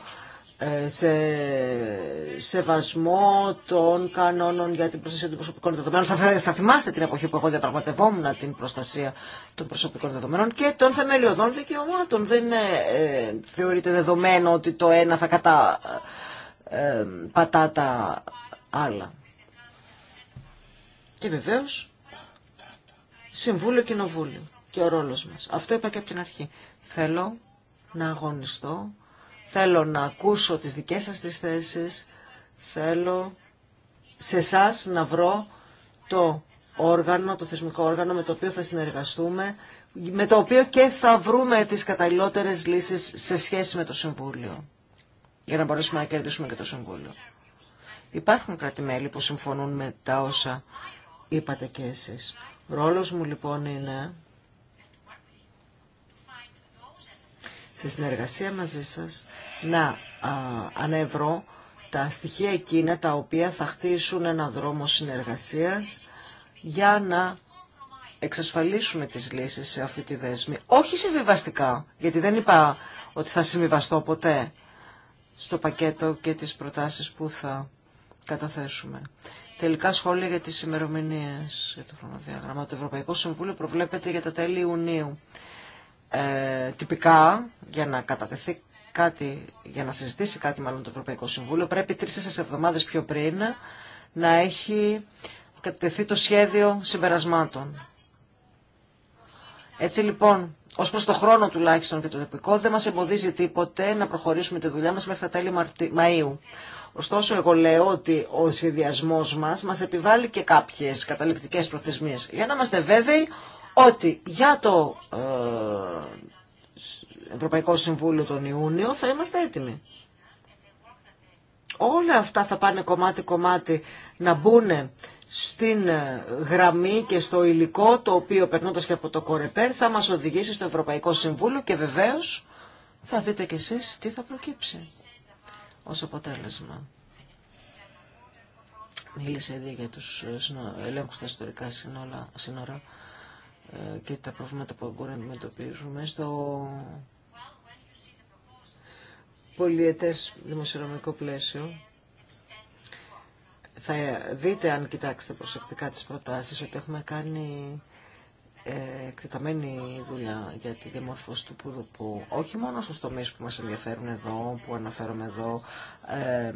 Speaker 2: ε, σε σεβασμό των κανόνων για την προστασία των προσωπικών δεδομένων. Θα, θα θυμάστε την εποχή που εγώ διαπραγματευόμουν την προστασία των προσωπικών δεδομένων και των θεμελιωδών δικαιωμάτων. Δεν ε, ε, θεωρείται δεδομένο ότι το ένα θα κατά ε, τα άλλα. Και βεβαίως Συμβούλιο Κοινοβούλιο και ο ρόλος μας. Αυτό είπα και από την αρχή. Θέλω να αγωνιστώ Θέλω να ακούσω τις δικές σας τις θέσεις. Θέλω σε εσά να βρω το όργανο, το θεσμικό όργανο με το οποίο θα συνεργαστούμε, με το οποίο και θα βρούμε τις καταλληλότερες λύσεις σε σχέση με το Συμβούλιο, για να μπορέσουμε να κερδίσουμε και το Συμβούλιο. Υπάρχουν κρατημέλη που συμφωνούν με τα όσα είπατε και εσείς. Ρόλος μου λοιπόν είναι σε συνεργασία μαζί σας να ανεβρώ τα στοιχεία εκείνα τα οποία θα χτίσουν ένα δρόμο συνεργασίας για να εξασφαλίσουμε τις λύσεις σε αυτή τη δέσμη. Όχι συμβιβαστικά, γιατί δεν είπα ότι θα συμβιβαστώ ποτέ στο πακέτο και τις προτάσεις που θα καταθέσουμε. Τελικά σχόλια για τις ημερομηνίε για το χρονοδιάγραμμα. Το Ευρωπαϊκό Συμβούλιο προβλέπεται για τα τέλη Ιουνίου ε, τυπικά για να κατατεθεί κάτι, για να συζητήσει κάτι μάλλον το Ευρωπαϊκό Συμβούλιο, πρέπει τρεις-τέσσερις εβδομάδες πιο πριν να έχει κατατεθεί το σχέδιο συμπερασμάτων. Έτσι λοιπόν, ω προ το χρόνο τουλάχιστον και το τυπικό, δεν μα εμποδίζει τίποτε να προχωρήσουμε τη δουλειά μα μέχρι τα τέλη Μαΐου. Ωστόσο, εγώ λέω ότι ο σχεδιασμό μα μας επιβάλλει και κάποιε καταληπτικέ προθεσμίε. Για να είμαστε βέβαιοι ότι για το ε, Ευρωπαϊκό Συμβούλιο τον Ιούνιο θα είμαστε έτοιμοι. Όλα αυτά θα πάνε κομμάτι-κομμάτι να μπουν στην ε, γραμμή και στο υλικό το οποίο περνώντας και από το Κορεπέρ θα μας οδηγήσει στο Ευρωπαϊκό Συμβούλιο και βεβαίως θα δείτε κι εσείς τι θα προκύψει ως αποτέλεσμα. Μίλησε ήδη για τους ε, ελέγχους στα ιστορικά σύνορα. Ε, και τα προβλήματα που μπορούμε να αντιμετωπίζουμε στο πολιετές δημοσιονομικό πλαίσιο. Θα δείτε αν κοιτάξετε προσεκτικά τις προτάσεις ότι έχουμε κάνει ε, εκτεταμένη δουλειά για τη διαμόρφωση του που όχι μόνο στους τομείς που μας ενδιαφέρουν εδώ, που αναφέρομαι εδώ, ε,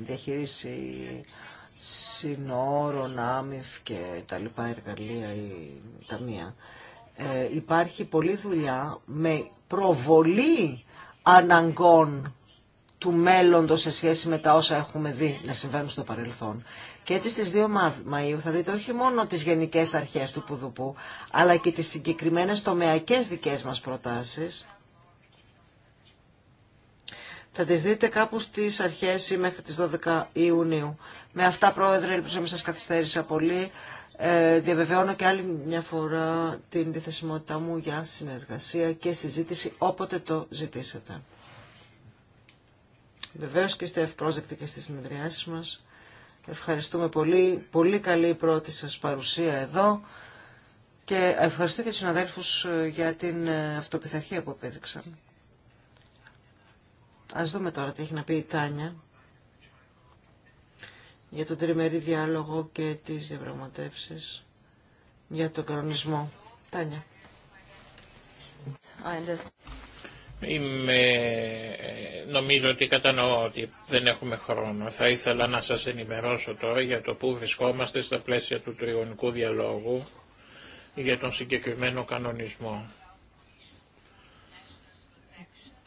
Speaker 2: διαχείριση συνόρων, άμυφ και τα λοιπά εργαλεία ή ταμεία. Ε, υπάρχει πολλή δουλειά με προβολή αναγκών του μέλλοντος σε σχέση με τα όσα έχουμε δει να συμβαίνουν στο παρελθόν. Και έτσι στις 2 Μαΐου θα δείτε όχι μόνο τις γενικές αρχές του Πουδουπού, αλλά και τις συγκεκριμένες τομεακές δικές μας προτάσεις, θα τις δείτε κάπου στις αρχές ή μέχρι τις 12 Ιουνίου. Με αυτά, Πρόεδρε, ελπίζω να μην σας καθυστέρησα πολύ. Ε, διαβεβαιώνω και άλλη μια φορά την διθεσιμότητά μου για συνεργασία και συζήτηση όποτε το ζητήσετε. Βεβαίως και είστε ευπρόσδεκτοι και στις συνεδριάσεις μας. Ευχαριστούμε πολύ. Πολύ καλή η πρώτη σας παρουσία εδώ. Και ευχαριστώ και τους συναδέλφους ε, για την ε, αυτοπιθαρχία που επέδειξαν. Ας δούμε τώρα τι έχει να πει η Τάνια για τον τριμερή διάλογο και τις διαπραγματεύσεις για τον κανονισμό. Τάνια.
Speaker 3: Είμαι... Ε, νομίζω ότι κατανοώ ότι δεν έχουμε χρόνο. Θα ήθελα να σας ενημερώσω τώρα για το πού βρισκόμαστε στα πλαίσια του τριγωνικού διαλόγου για τον συγκεκριμένο κανονισμό.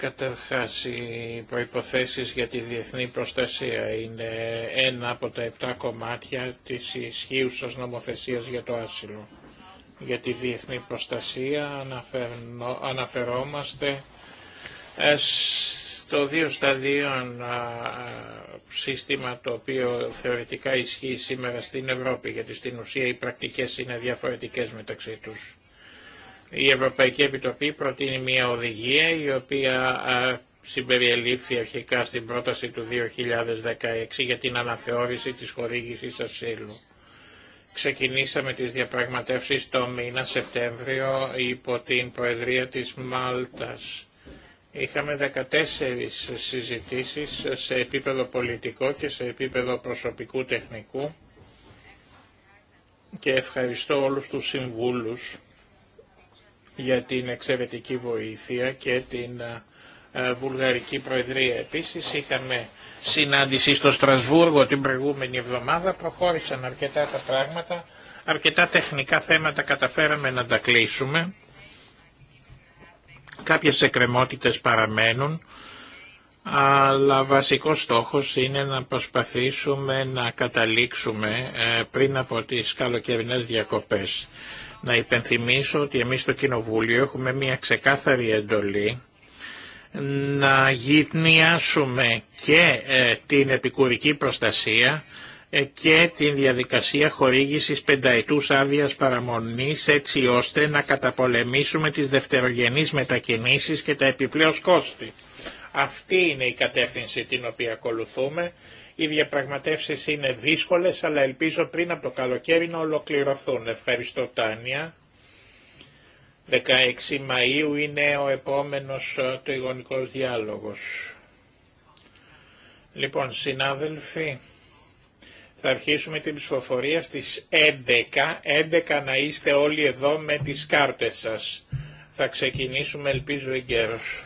Speaker 3: Καταρχάς, οι προϋποθέσεις για τη διεθνή προστασία είναι ένα από τα επτά κομμάτια της ισχύουσας νομοθεσίας για το άσυλο. Για τη διεθνή προστασία αναφερόμαστε ε, στο δύο σταδίων σύστημα το οποίο θεωρητικά ισχύει σήμερα στην Ευρώπη, γιατί στην ουσία οι πρακτικές είναι διαφορετικές μεταξύ τους. Η Ευρωπαϊκή Επιτροπή προτείνει μια οδηγία η οποία συμπεριελήφθη αρχικά στην πρόταση του 2016 για την αναθεώρηση της χορήγησης ασύλου. Ξεκινήσαμε τις διαπραγματεύσεις το μήνα Σεπτέμβριο υπό την Προεδρία της Μάλτας. Είχαμε 14 συζητήσεις σε επίπεδο πολιτικό και σε επίπεδο προσωπικού τεχνικού και ευχαριστώ όλους τους συμβούλους για την εξαιρετική βοήθεια και την ε, ε, Βουλγαρική Προεδρία. Επίσης είχαμε συνάντηση στο Στρασβούργο την προηγούμενη εβδομάδα, προχώρησαν αρκετά τα πράγματα, αρκετά τεχνικά θέματα καταφέραμε να τα κλείσουμε. Κάποιες εκκρεμότητες παραμένουν, αλλά βασικός στόχος είναι να προσπαθήσουμε να καταλήξουμε ε, πριν από τις καλοκαιρινές διακοπές να υπενθυμίσω ότι εμείς στο Κοινοβούλιο έχουμε μια ξεκάθαρη εντολή να γυτνιάσουμε και ε, την επικουρική προστασία ε, και την διαδικασία χορήγησης πενταετούς άδεια παραμονής έτσι ώστε να καταπολεμήσουμε τις δευτερογενείς μετακινήσεις και τα επιπλέον κόστη. Αυτή είναι η κατεύθυνση την οποία ακολουθούμε οι διαπραγματεύσει είναι δύσκολες, αλλά ελπίζω πριν από το καλοκαίρι να ολοκληρωθούν. Ευχαριστώ Τάνια. 16 Μαΐου είναι ο επόμενος ε, το ηγονικός διάλογος. Λοιπόν, συνάδελφοι, θα αρχίσουμε την ψηφοφορία στις 11. 11 να είστε όλοι εδώ με τις κάρτες σας. Θα ξεκινήσουμε, ελπίζω, εγκαίρως.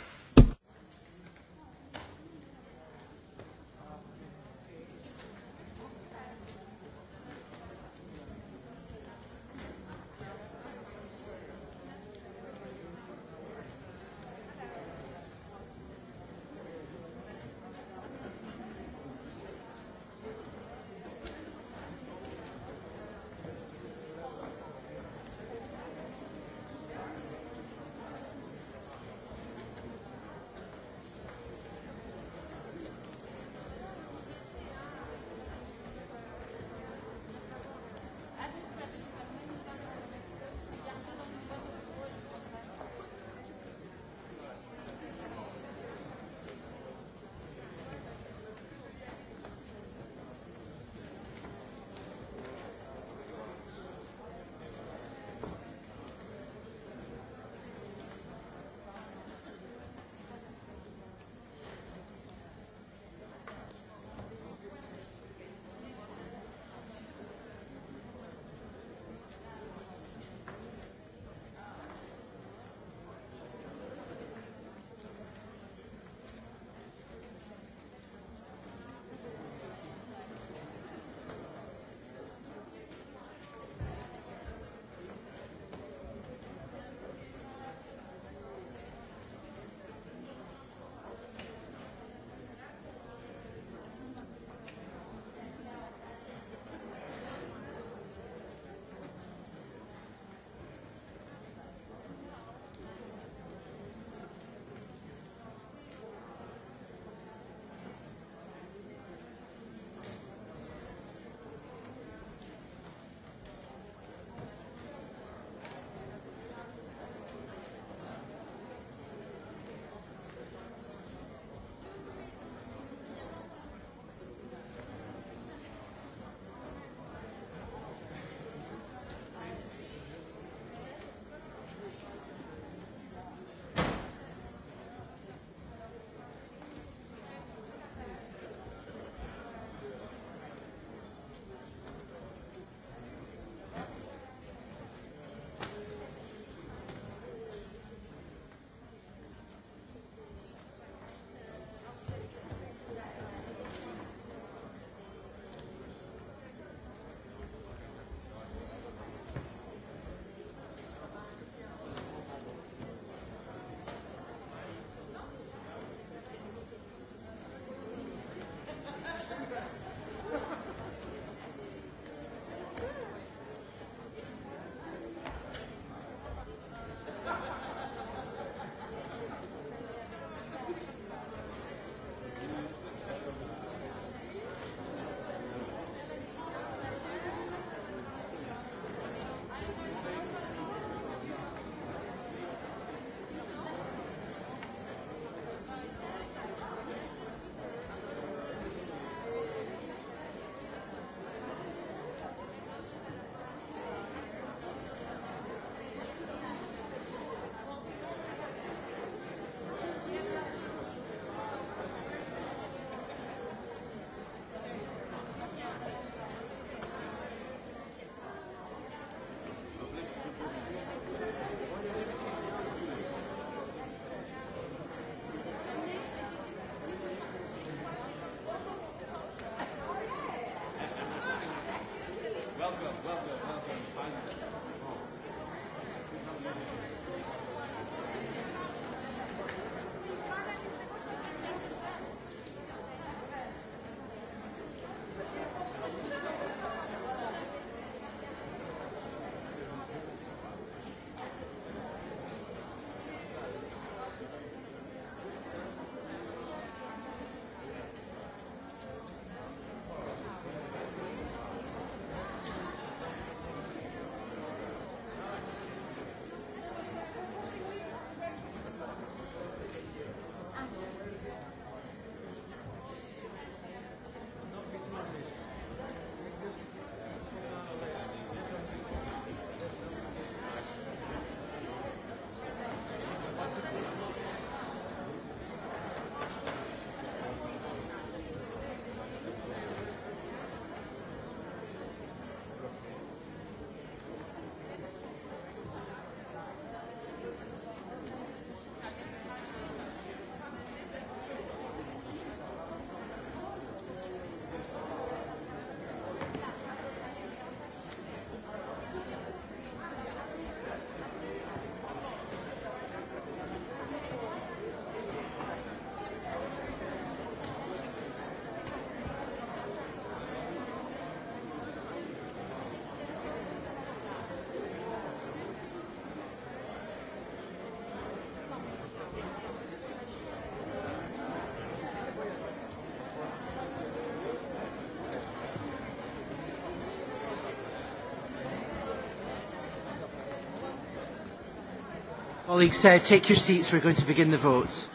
Speaker 2: Colleagues, take your seats. We're going to begin the votes.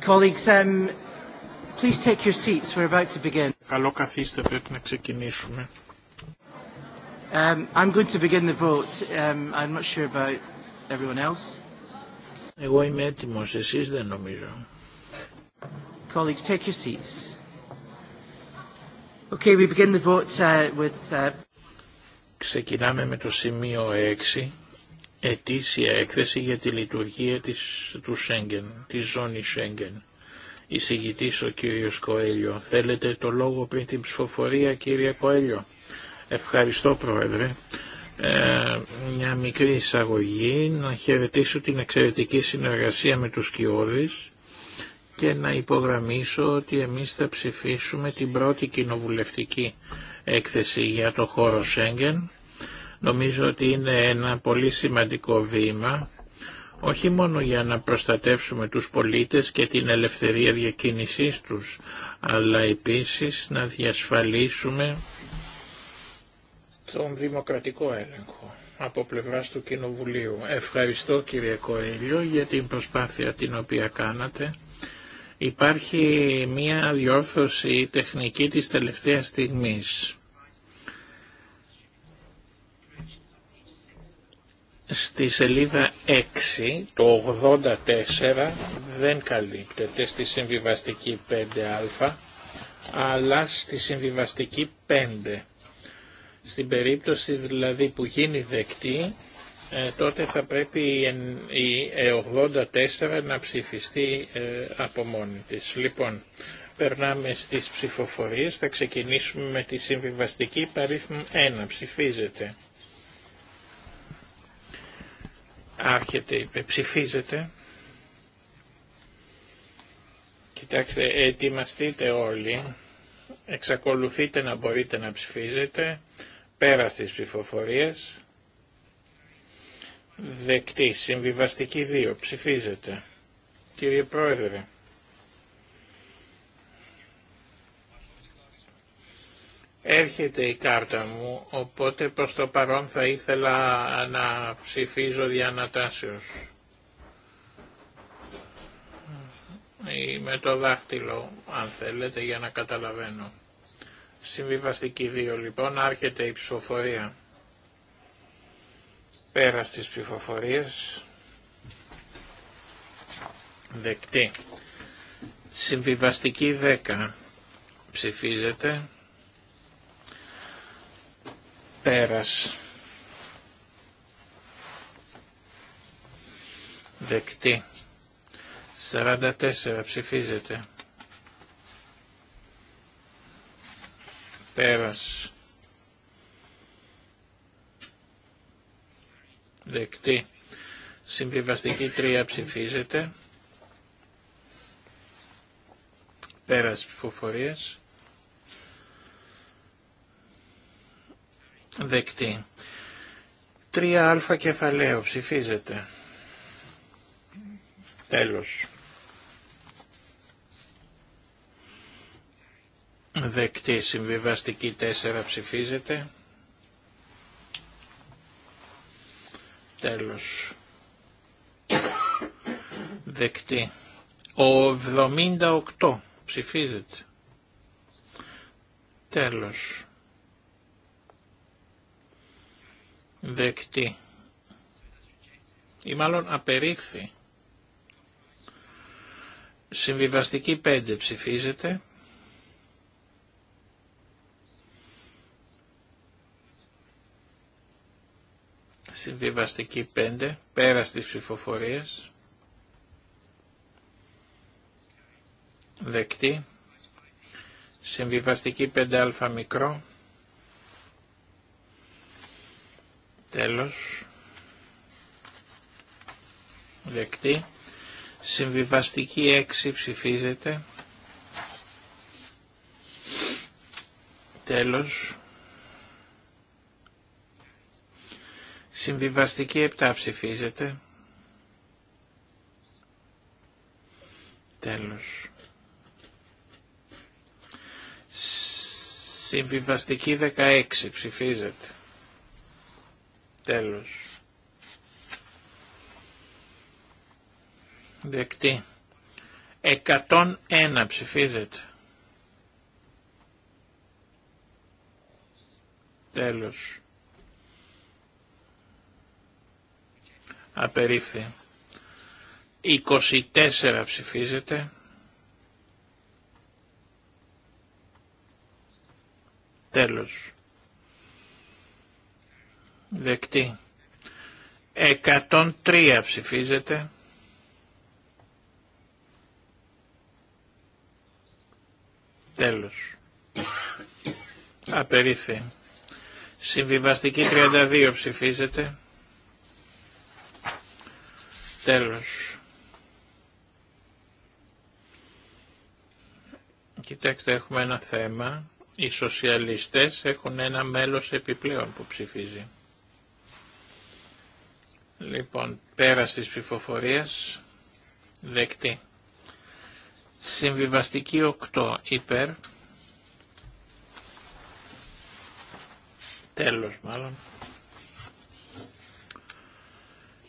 Speaker 2: Colleagues, um, please take your seats. We're about to begin. Παρακαλώ καθίστε,
Speaker 3: πρέπει να ξεκινήσουμε. Um, I'm going to begin the vote. Um, I'm not sure about everyone else. Εγώ είμαι έτοιμος, εσείς δεν νομίζω. Colleagues, take your seats. Okay, we begin the vote uh, with... Uh... Ξεκινάμε με το σημείο 6, ετήσια έκθεση για τη λειτουργία της, του Σέγγεν, της ζώνης Σέγγεν εισηγητής ο κύριος Κοέλιο. Θέλετε το λόγο πριν την ψηφοφορία κύριε Κοέλιο. Ευχαριστώ Πρόεδρε. Ε, μια μικρή εισαγωγή να χαιρετήσω την εξαιρετική συνεργασία με τους Κιώδης και να υπογραμμίσω ότι εμείς θα ψηφίσουμε την πρώτη κοινοβουλευτική έκθεση για το χώρο Σέγγεν. Νομίζω ότι είναι ένα πολύ σημαντικό βήμα όχι μόνο για να προστατεύσουμε τους πολίτες και την ελευθερία διακίνησής τους, αλλά επίσης να διασφαλίσουμε τον δημοκρατικό έλεγχο από πλευράς του Κοινοβουλίου. Ευχαριστώ κύριε Κοέλιο για την προσπάθεια την οποία κάνατε. Υπάρχει μια διόρθωση τεχνική της τελευταίας στιγμής. Στη σελίδα 6, το 84 δεν καλύπτεται στη συμβιβαστική 5α, αλλά στη συμβιβαστική 5. Στην περίπτωση δηλαδή που γίνει δεκτή, ε, τότε θα πρέπει η 84 ε, να ψηφιστεί ε, από μόνη της. Λοιπόν, περνάμε στις ψηφοφορίες. Θα ξεκινήσουμε με τη συμβιβαστική παρήθμου 1. Ψηφίζεται. Άρχεται, ψηφίζεται. Κοιτάξτε, ετοιμαστείτε όλοι. Εξακολουθείτε να μπορείτε να ψηφίζετε πέρα στις ψηφοφορίες. Δεκτή, συμβιβαστική 2, ψηφίζεται. Κύριε Πρόεδρε. Έρχεται η κάρτα μου, οπότε προς το παρόν θα ήθελα να ψηφίζω Ανατάσεως. Ή με το δάχτυλο, αν θέλετε, για να καταλαβαίνω. Συμβιβαστική 2 λοιπόν, άρχεται η ψηφοφορία. Πέρα στις ψηφοφορίες. Δεκτή. Συμβιβαστική 10 ψηφίζεται. Πέρας. Δεκτή. 44 ψηφίζεται. Πέρας. Δεκτή. Συμβιβαστική 3 ψηφίζεται. Πέρας ψηφοφορίας. Δεκτή. 3α κεφαλαίο ψηφίζεται. Τέλος. Δεκτή συμβιβαστική 4 ψηφίζεται. Τέλος. Δεκτή. Ο 78 ψηφίζεται. Τέλος. δεκτή ή μάλλον απερίφθει. Συμβιβαστική 5 ψηφίζεται. Συμβιβαστική 5 πέρα στις ψηφοφορίες. Δεκτή. Συμβιβαστική 5α μικρό. Τέλος. Δεκτή. Συμβιβαστική 6 ψηφίζεται. Τέλος. Συμβιβαστική 7 ψηφίζεται. Τέλος. Συμβιβαστική 16 ψηφίζεται. Τέλος. Δεκτή. 101 ψηφίζεται. Τέλος. Απερίφθη. 24 ψηφίζεται. Τέλος. Δεκτή. 103 ψηφίζεται. Τέλος. Απερίφη. Συμβιβαστική 32 ψηφίζεται. Τέλος. Κοιτάξτε, έχουμε ένα θέμα. Οι σοσιαλιστές έχουν ένα μέλος επιπλέον που ψηφίζει. Λοιπόν, πέρα της ψηφοφορίας, δεκτή. Συμβιβαστική 8 υπέρ, τέλος μάλλον.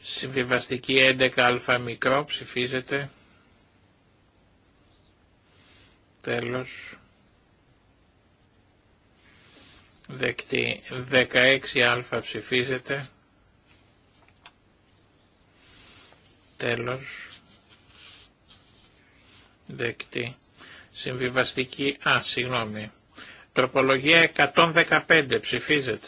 Speaker 3: Συμβιβαστική 11α μικρό ψηφίζεται. Τέλος. Δεκτή 16α ψηφίζεται. Τέλος. Δεκτή. Συμβιβαστική. Α, συγγνώμη. Τροπολογία 115. Ψηφίζεται.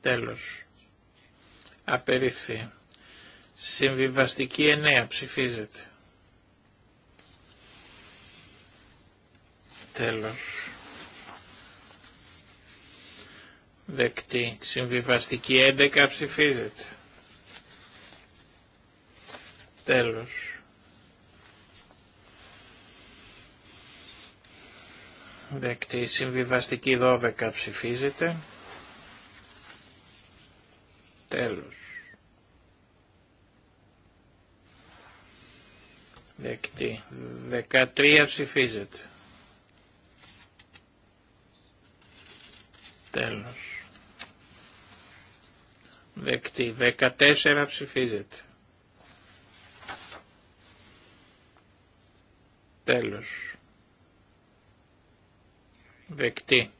Speaker 3: Τέλος. Απερίφθη. Συμβιβαστική 9. Ψηφίζεται. Τέλος. Δεκτή. Συμβιβαστική 11 ψηφίζεται. Τέλος. Δεκτή. Συμβιβαστική 12 ψηφίζεται. Τέλος. Δεκτή. 13 ψηφίζεται. Τέλος. Δεκτή. 14 ψηφίζεται. Τέλος. Δεκτή.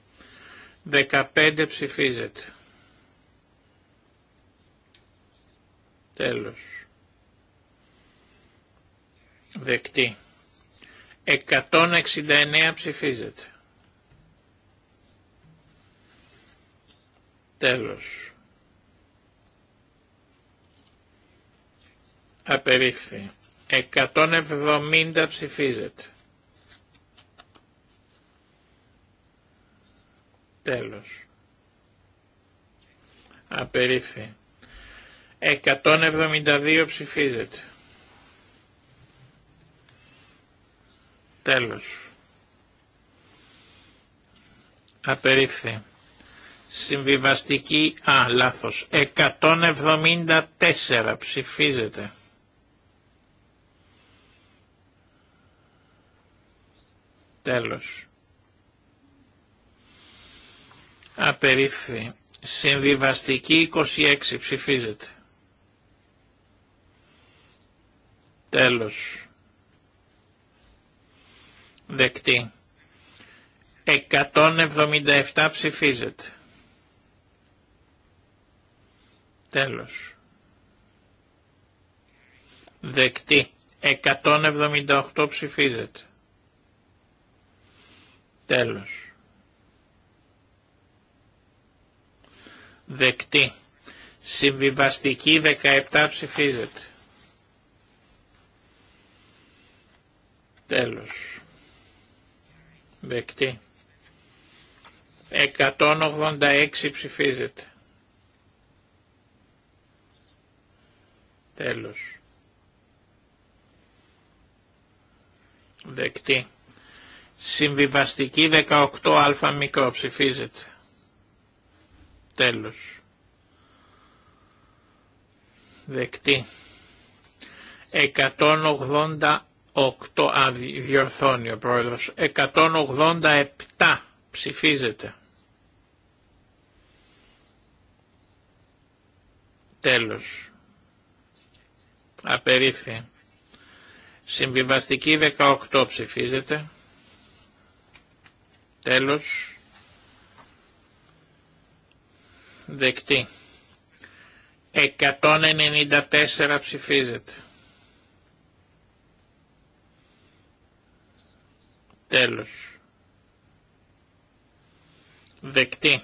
Speaker 3: 15 ψηφίζεται. Τέλος. Δεκτή. 169 ψηφίζεται. Τέλος. Απερίφθη. 170 ψηφίζεται. Τέλος. Απερίφθη. 172 ψηφίζεται. Τέλος. Απερίφθη. Συμβιβαστική, α, λάθος, 174 ψηφίζεται. Τέλος. Απερίφη. Συμβιβαστική 26 ψηφίζεται. Τέλος. Δεκτή. 177 ψηφίζεται. Τέλος. Δεκτή. 178 ψηφίζεται. Τέλος. Δεκτή. Συμβιβαστική 17 ψηφίζεται. Τέλος. Δεκτή. 186 ψηφίζεται. Τέλος. Δεκτή. Συμβιβαστική 18α μικρό ψηφίζεται. Τέλος. Δεκτή. 188 α, διορθώνει ο πρόεδρος. 187 ψηφίζεται. Τέλος. Απερίφθη. Συμβιβαστική 18 ψηφίζεται. Τέλος. Δεκτή. 194 ψηφίζεται. Τέλος. Δεκτή.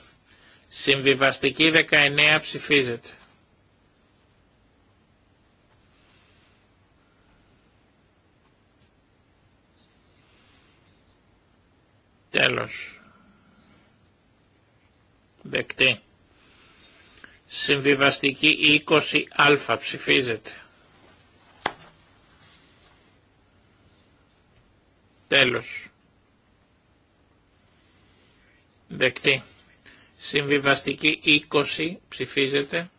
Speaker 3: Συμβιβαστική 19 ψηφίζεται. Τέλος. Δεκτή. Συμβιβαστική 20α ψηφίζεται. Τέλος. Δεκτή. Συμβιβαστική 20 ψηφίζεται.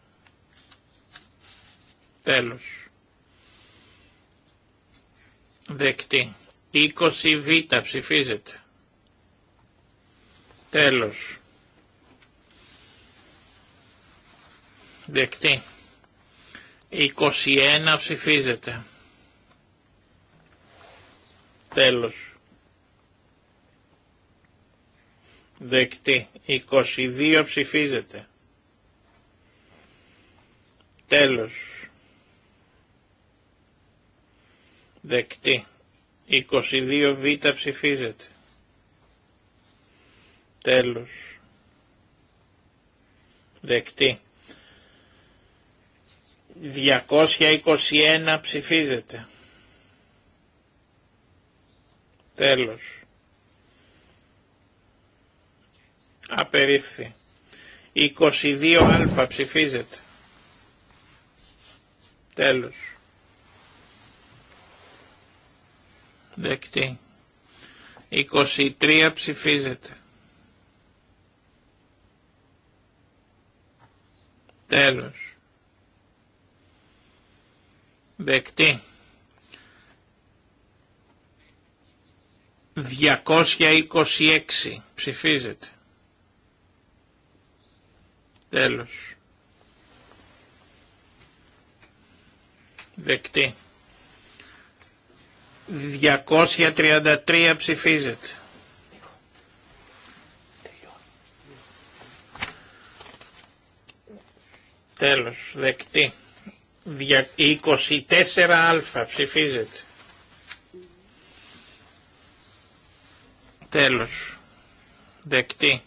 Speaker 3: Τέλος. Δεκτή. 20 β ψηφίζεται. Τέλος. Δεκτή. 21 ψηφίζεται. Τέλος. Δεκτή. 22 ψηφίζεται. Τέλος. Δεκτή. 22 β ψηφίζεται. Τέλος. Δεκτή. 221 ψηφίζεται. Τέλος. Απερίφθη. 22α ψηφίζεται. Τέλος. Δεκτή. 23 ψηφίζεται. Τέλος. Δεκτή. 226 ψηφίζεται. Τέλος. Δεκτή. 233 ψηφίζεται. Τέλος, δεκτή. 24α ψηφίζεται. Τέλος, δεκτή.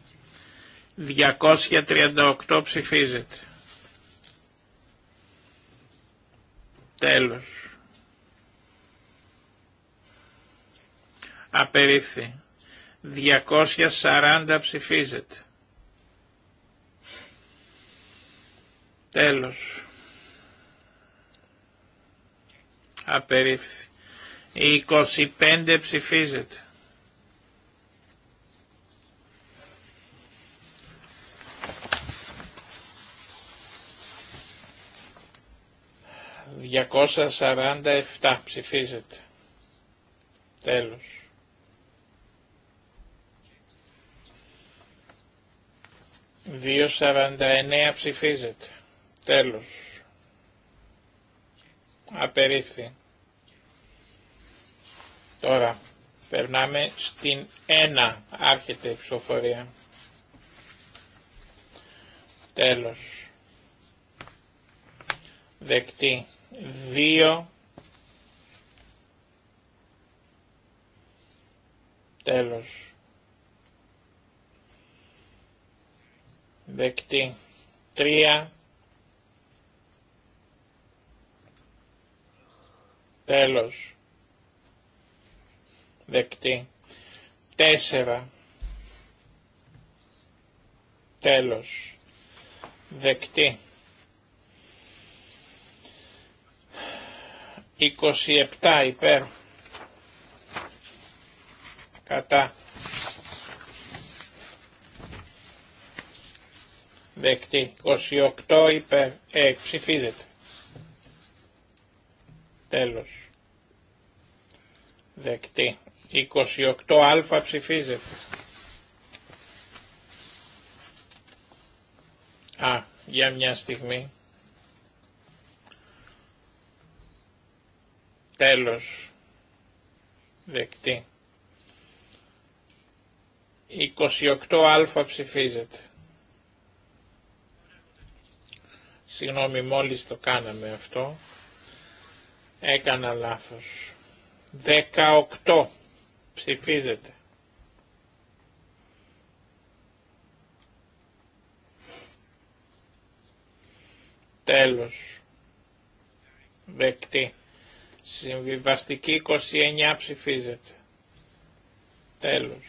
Speaker 3: 238 ψηφίζεται. Τέλος. Απερίφθη. 240 ψηφίζεται. Τέλος. Απερίφθη. 25 ψηφίζεται. ...247 ψηφίζεται. Τέλος. ...249 ψηφίζεται. Τέλος. απερίφη Τώρα περνάμε στην 1. Άρχεται η ψηφοφορία. Τέλος. Δεκτή. 2. Τέλος. Δεκτή. 3. Τέλος. Δεκτή. Τέσσερα. Τέλος. Δεκτή. 27 υπέρ. Κατά. Δεκτή. 28 υπέρ. Ε, Τέλος. Δεκτή. 28α ψηφίζεται. Α, για μια στιγμή. Τέλος. Δεκτή. 28α ψηφίζεται. Συγγνώμη, μόλις το κάναμε αυτό. Έκανα λάθος. 18 ψηφίζεται. Τέλος. Δεκτή. Συμβιβαστική 29 ψηφίζεται. Τέλος.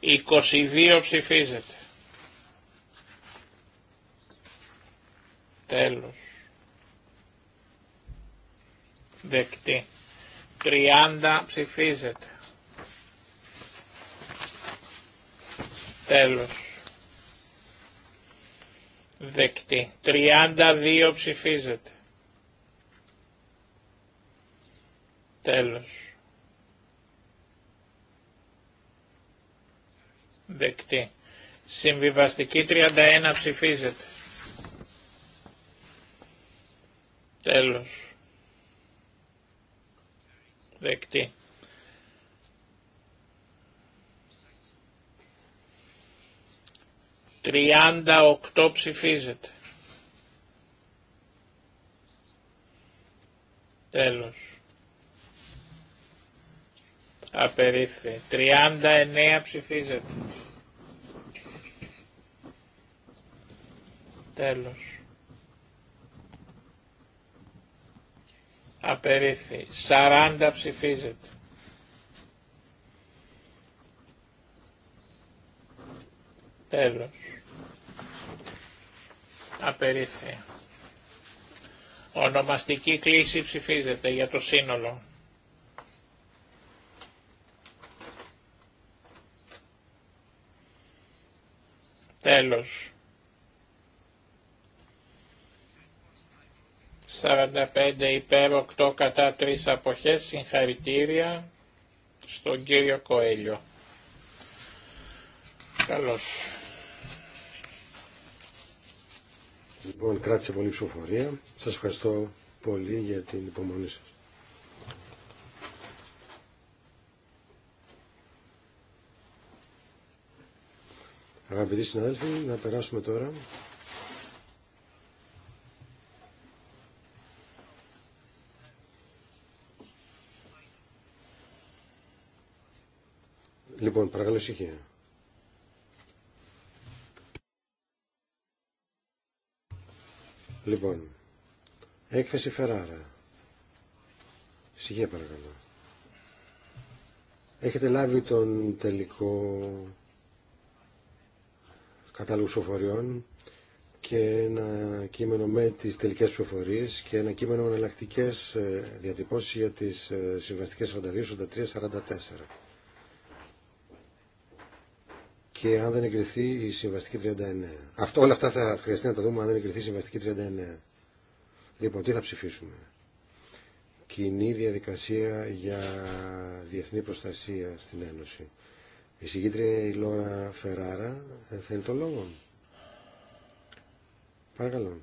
Speaker 3: Η 22 ψηφίζεται. Τέλος. Δεκτή. 30 ψηφίζεται. Τέλος. Δεκτή. 32 ψηφίζεται. Τέλος. Δεκτή. Συμβιβαστική 31 ψηφίζεται. Τέλος. Δεκτή. Τριάντα οκτώ ψηφίζεται. Τέλος. Απερίφθη. Τριάντα εννέα ψηφίζεται. Τέλος. απερίφθη. Σαράντα ψηφίζεται. Τέλος. Απερίφθη. Ονομαστική κλίση ψηφίζεται για το σύνολο. Τέλος. 45 υπέρ 8 κατά 3 αποχές συγχαρητήρια στον κύριο Κοέλιο. Καλώς.
Speaker 1: Λοιπόν, κράτησε πολύ ψηφοφορία. Σας ευχαριστώ πολύ για την υπομονή σας. Αγαπητοί συνάδελφοι, να περάσουμε τώρα Λοιπόν, παρακαλώ ησυχία. Λοιπόν, έκθεση Φεράρα. Ησυχία παρακαλώ. Έχετε λάβει τον τελικό κατάλογο ψηφοφοριών και ένα κείμενο με τις τελικές ψηφοφορίες και ένα κείμενο με εναλλακτικέ ε, διατυπώσεις για τις ε, συμβαστικές 42, 43, 44 και αν δεν εγκριθεί η συμβαστική 39. Αυτό, όλα αυτά θα χρειαστεί να τα δούμε αν δεν εγκριθεί η συμβαστική 39. Λοιπόν, τι θα ψηφίσουμε. Κοινή διαδικασία για διεθνή προστασία στην Ένωση. Η συγκήτρια η Λόρα Φεράρα θέλει το λόγο. Παρακαλώ.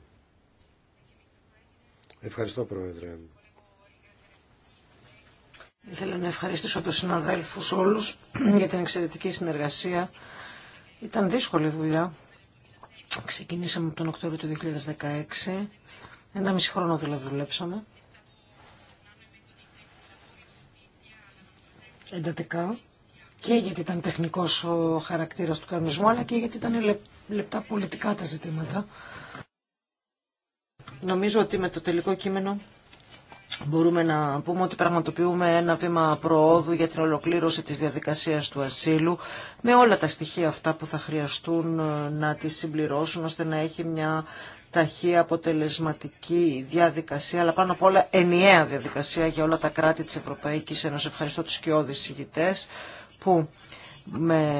Speaker 1: Ευχαριστώ Πρόεδρε.
Speaker 2: Θέλω να ευχαριστήσω τους συναδέλφους όλους για την εξαιρετική συνεργασία ήταν δύσκολη δουλειά. Ξεκινήσαμε από τον Οκτώβριο του 2016. Ένα μισή χρόνο δηλαδή δουλέψαμε. Εντατικά. Και γιατί ήταν τεχνικός ο χαρακτήρας του κανονισμού, αλλά και γιατί ήταν λεπτά πολιτικά τα ζητήματα. Νομίζω ότι με το τελικό κείμενο μπορούμε να πούμε ότι πραγματοποιούμε ένα βήμα προόδου για την ολοκλήρωση της διαδικασίας του ασύλου με όλα τα στοιχεία αυτά που θα χρειαστούν ε, να τις συμπληρώσουν ώστε να έχει μια ταχεία αποτελεσματική διαδικασία αλλά πάνω απ' όλα ενιαία διαδικασία για όλα τα κράτη της Ευρωπαϊκής Ένωσης. Ευχαριστώ τους και ηγητές που με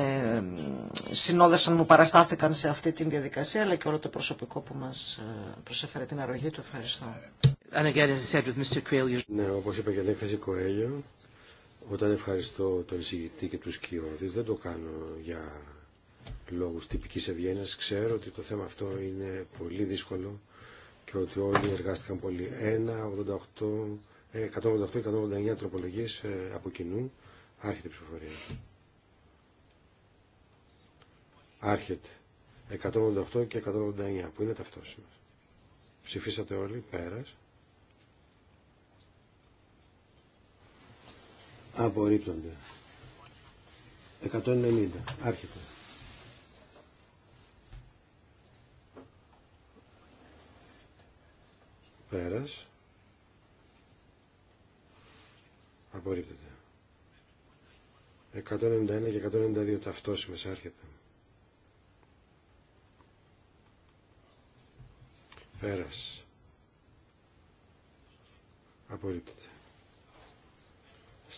Speaker 2: συνόδευσαν, μου παραστάθηκαν σε αυτή τη διαδικασία αλλά και όλο το προσωπικό που μας ε, προσέφερε την αρρωγή του. Ευχαριστώ.
Speaker 1: And Ναι, όπως είπα για την έκθεση Κοέλιο, όταν ευχαριστώ τον εισηγητή και τους κοιόδης, δεν το κάνω για λόγους τυπικής ευγένειας. Ξέρω ότι το θέμα αυτό είναι πολύ δύσκολο και ότι όλοι εργάστηκαν πολύ. 188, 189 ε, τροπολογίες ε, από κοινού. Άρχεται η ψηφοφορία. Άρχεται. 188 και 189 που είναι ταυτόσιμες. Ψηφίσατε όλοι, πέρας. απορρίπτονται. 190. Άρχεται. Πέρας. Απορρίπτεται. 191 και 192 ταυτόσιμες άρχεται. Πέρας. Απορρίπτεται.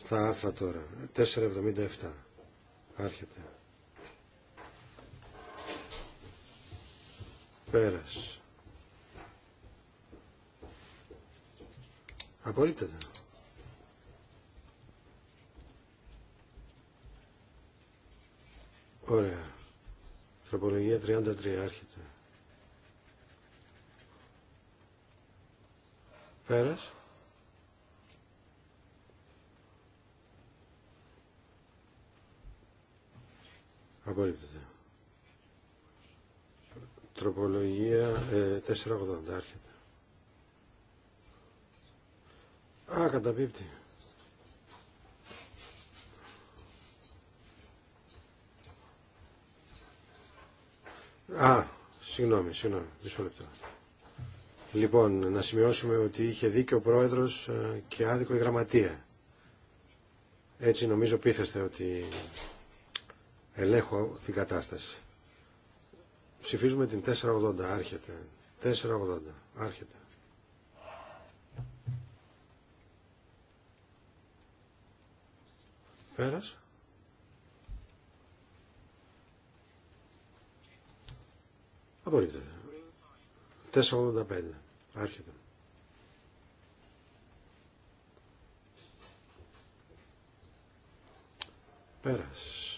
Speaker 1: Στα α τώρα. 477. Άρχεται. Πέρας. απολύπτεται Ωραία. Τροπολογία 33 άρχεται. Πέρας. Απορρίπτεται. Τροπολογία ε, 480. Άρχεται. Α, καταπίπτει. Α, συγγνώμη, συγγνώμη, μισό λεπτό. Λοιπόν, να σημειώσουμε ότι είχε δίκιο ο πρόεδρος ε, και άδικο η γραμματεία. Έτσι νομίζω πείθεστε ότι ελέγχω την κατάσταση. Ψηφίζουμε την 480. Άρχεται. 480. Άρχεται. Πέρας. Απορρίπτεται. 485. Άρχεται. Πέρας.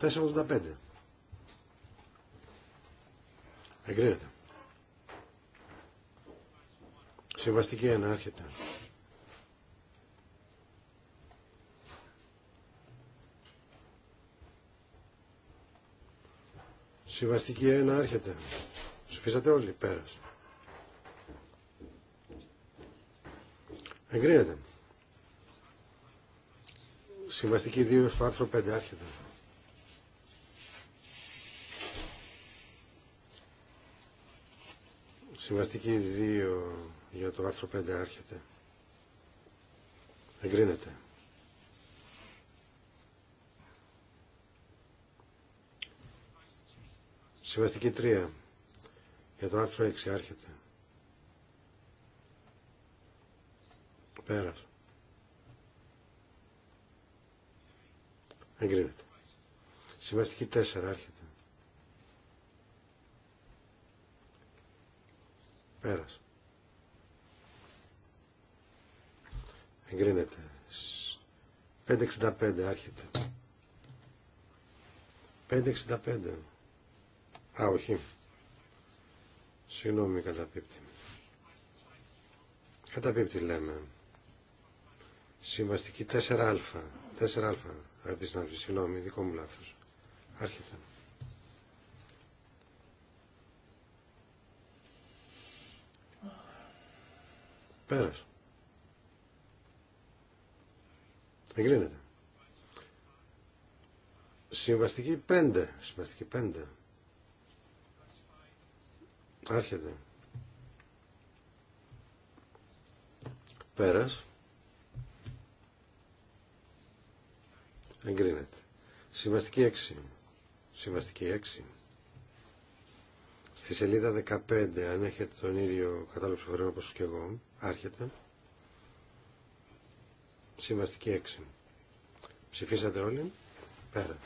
Speaker 1: 485. Εγκρίνεται. Συμβαστική 1. Άρχεται. Συμβαστική 1. Άρχεται. Ψηφίσατε όλοι. Πέρασε. Εγκρίνεται. Συμβαστική 2 στο άρθρο 5 άρχεται. Συμβαστική 2 για το άρθρο 5 άρχεται. Εγκρίνεται. Συμβαστική 3 για το άρθρο 6 άρχεται. Πέρας. Εγκρίνεται. Συμβαστική 4 άρχεται. Πέρας. Εγκρίνεται. 5.65 άρχεται. 5.65. Α, όχι. Συγγνώμη, καταπίπτει. Καταπίπτει λέμε. Συμβαστική 4α. 4α. Αντί να βρει, συγγνώμη, δικό μου λάθο. Άρχεται. Πέρας. Εγκρίνεται. Συμβαστική 5. Συμβαστική 5. Άρχεται. Πέρας. Εγκρίνεται. Συμβαστική 6. Συμβαστική 6. Στη σελίδα 15, αν έχετε τον ίδιο κατάλογο ψηφοφορίων όπως και εγώ, Άρχεται. Συμβαστική 6. Ψηφίσατε όλοι. Πέρα.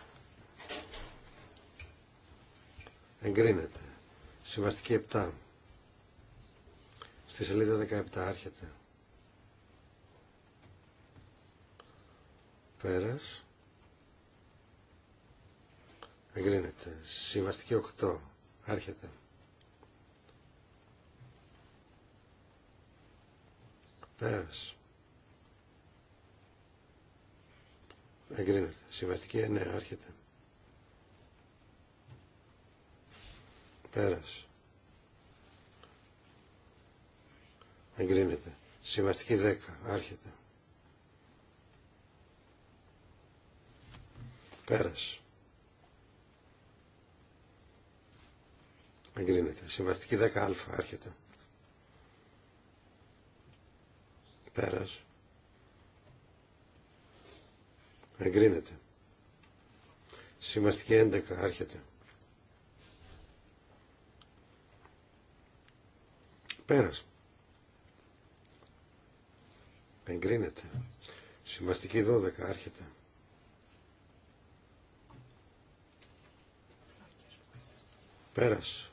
Speaker 1: Εγκρίνεται. Συμβαστική 7. Στη σελίδα 17 άρχεται. Πέρας. Εγκρίνεται. Συμβαστική 8. Άρχεται. Πέρας. Εγκρίνεται. Συμβαστική 9. Άρχεται. Πέρας. Εγκρίνεται. Συμβαστική 10. Άρχεται. Πέρας. Εγκρίνεται. Συμβαστική 10α. Άρχεται. Πέρας. Εγκρίνεται. Σημαστική 11 άρχεται. Πέρας. Εγκρίνεται. Σημαστική 12 άρχεται. Πέρας.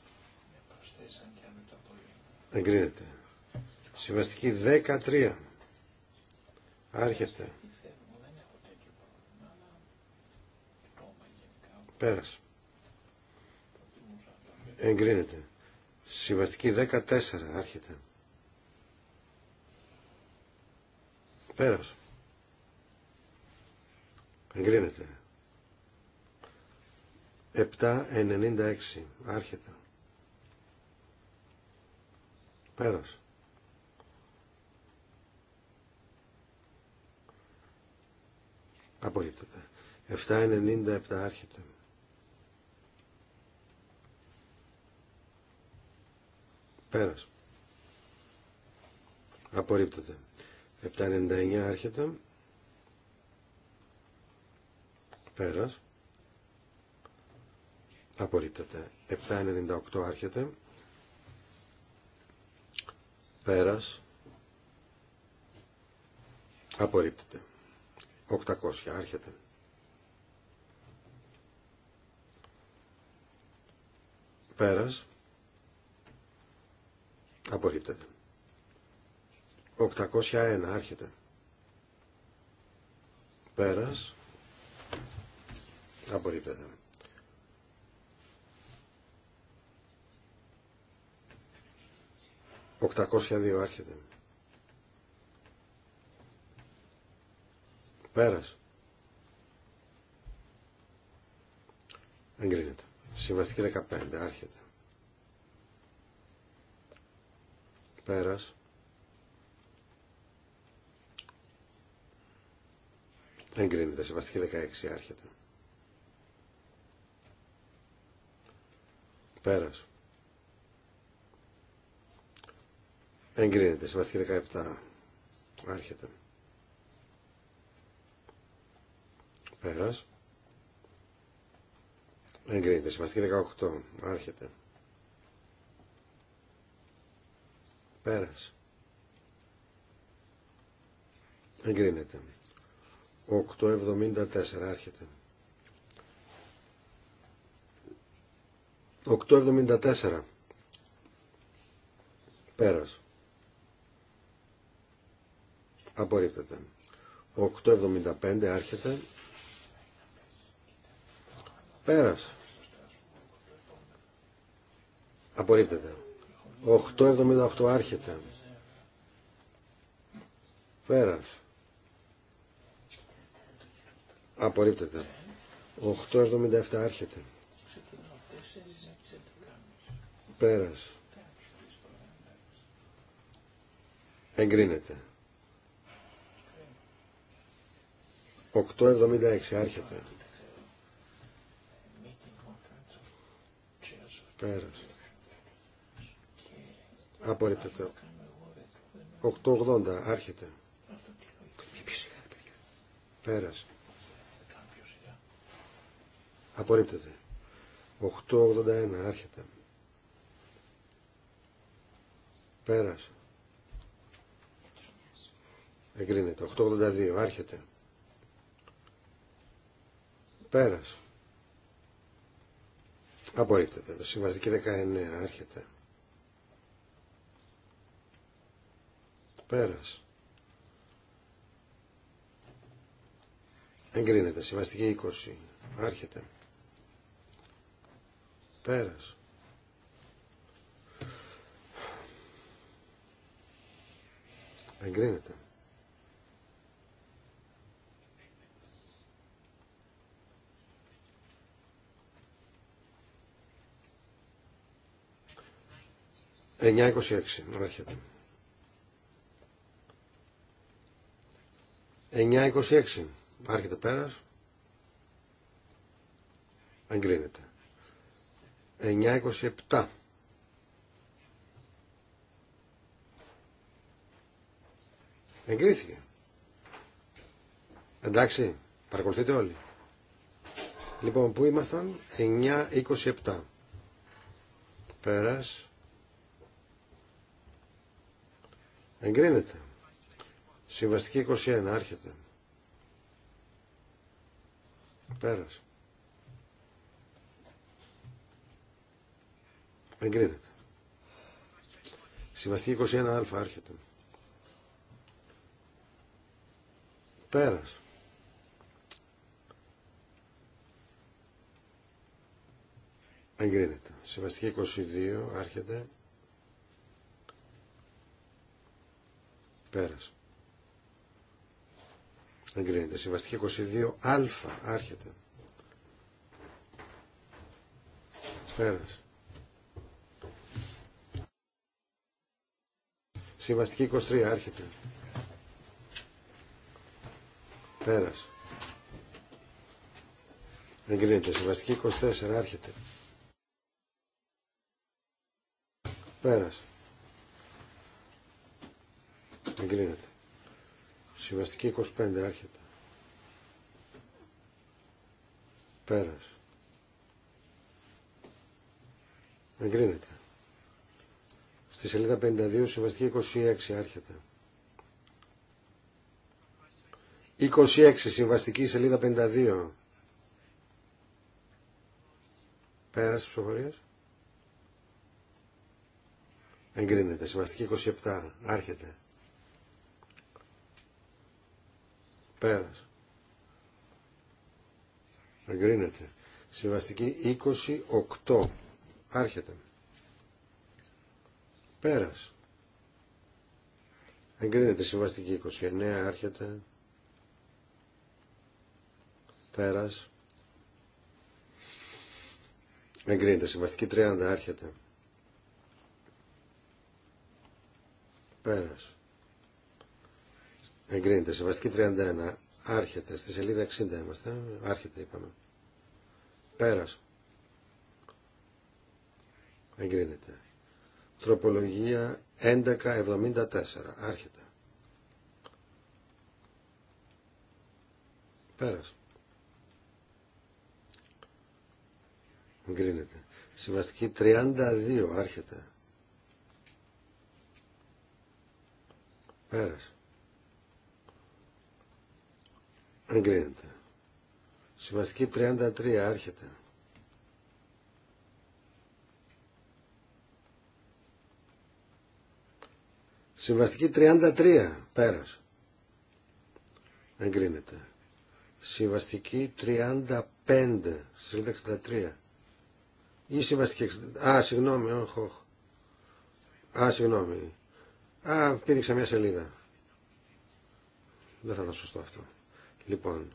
Speaker 1: Εγκρίνεται. Συμβαστική 13 Άρχεται. Πέρασε. Εγκρίνεται. Συμβαστική 14. Άρχεται. Πέρασε. Εγκρίνεται. 7.96. Άρχεται. Πέρασε. Απορρίπτεται. 7.97 άρχεται. Πέρας. Απορρίπτεται. 7.99 άρχεται. Πέρας. Απορρίπτεται. 7.98 άρχεται. Πέρας. Απορρίπτεται. 800 άρχεται. Πέρας. Απορρίπτεται. 801 άρχεται. Πέρας. Απορρίπτεται. Οκτακόσια δύο, άρχεται. Πέρας. Εγκρίνεται. Συμβαστική 15. Άρχεται. Πέρας. Εγκρίνεται. Συμβαστική 16. Άρχεται. Πέρας. Εγκρίνεται. Συμβαστική 17. Άρχεται. Πέρας. Εγκρίνεται. Συμβαστική 18. Άρχεται. Πέρας. Εγκρίνεται. 874. Άρχεται. 874. Πέρας. Απορρίπτεται. 875. Άρχεται. Πέρας. Απορρίπτεται. 8.78 άρχεται. Πέρας. Απορρίπτεται. 8.77 άρχεται. Πέρας. Εγκρίνεται. 8.76 άρχεται. Πέρας. Απορρίπτεται. 880. Άρχεται. Πέρας. Απορρίπτεται. 881. Άρχεται. Πέρας. Εγκρίνεται. 882. Άρχεται. Πέρας. Απορρίπτεται. Το συμβαστική 19 άρχεται. Πέρας. Εγκρίνεται. Συμβαστική 20. Άρχεται. Πέρας. Εγκρίνεται. 926. Άρχεται. 926. Άρχεται πέρας. Εγκρίνεται. 927. Εγκρίθηκε. Εντάξει, παρακολουθείτε όλοι. Λοιπόν, πού ήμασταν, 9.27. Πέρας. Εγκρίνεται. Συμβαστική 21. Άρχεται. Πέρας. Εγκρίνεται. Συμβαστική 21α. Άρχεται. Πέρας. Εγκρίνεται. Συμβαστική 22. Άρχεται. Πέρας. Εγκρίνεται. Συμβαστική 22α. Άρχεται. Πέρας. Συμβαστική 23. Άρχεται. Πέρας. Εγκρίνεται. Συμβαστική 24. Άρχεται. Πέρας. Εγκρίνεται. Συμβαστική 25 άρχεται. Πέρας. Εγκρίνεται. Στη σελίδα 52 συμβαστική 26 άρχεται. 26 συμβαστική σελίδα 52. Πέρας της ψηφοφορίας. Εγκρίνεται. Συμβαστική 27 άρχεται. Πέρας. Εγκρίνεται. Συμβαστική 28. Άρχεται. Πέρας. Εγκρίνεται. Συμβαστική 29. Άρχεται. Πέρας. Εγκρίνεται. Συμβαστική 30. Άρχεται. Πέρας. Εγκρίνεται. Σεβαστική 31. Άρχεται. Στη σελίδα 60 είμαστε. Άρχεται είπαμε. Πέρας. Εγκρίνεται. Τροπολογία 1174. Άρχεται. Πέρας. Εγκρίνεται. Συμβαστική 32. Άρχεται. Πέρας. Αγκρίνεται. Συμβαστική 33. Άρχεται. Συμβαστική 33. Πέρας. Εγκρίνεται. Συμβαστική 35. σύνταξη 63. Ή συμβαστική Α, συγγνώμη, όχι, Α, συγγνώμη. Α, πήδηξα μια σελίδα. Δεν θα ήταν σωστό αυτό. Λοιπόν,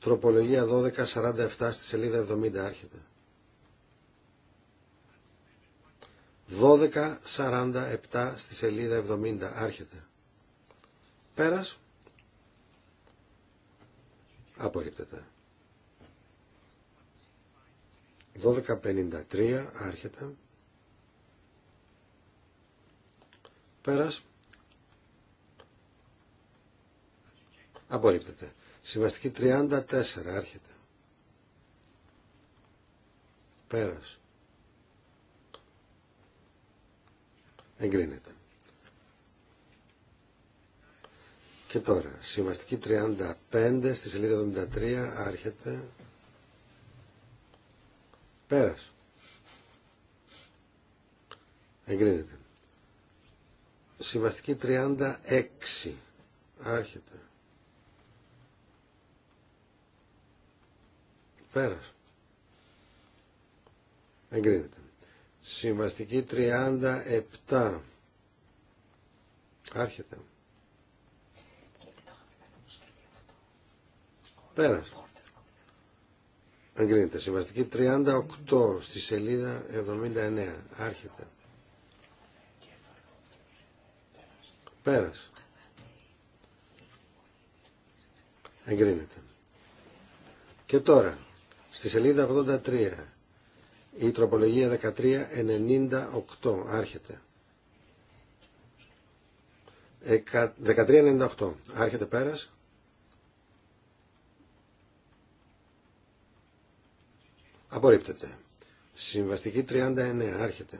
Speaker 1: τροπολογία 12.47 στη σελίδα 70 άρχεται. 12.47 στη σελίδα 70 άρχεται. Πέρας. Απορρίπτεται. 12.53 άρχεται. Πέρας. Απορρίπτεται. Συμβαστική 34. Άρχεται. Πέρας. Εγκρίνεται. Και τώρα, συμβαστική 35 στη σελίδα 73 άρχεται. Πέρας. Εγκρίνεται. Συμβαστική 36 άρχεται. Πέρας. Εγκρίνεται. Συμβαστική 37. Άρχεται. Πέρας. Εγκρίνεται. Συμβαστική 38 στη σελίδα 79. Άρχεται. Πέρας. Εγκρίνεται. Και τώρα Στη σελίδα 83, η τροπολογία 1398 άρχεται. 1398 άρχεται πέρας. Απορρίπτεται. Συμβαστική 39 άρχεται.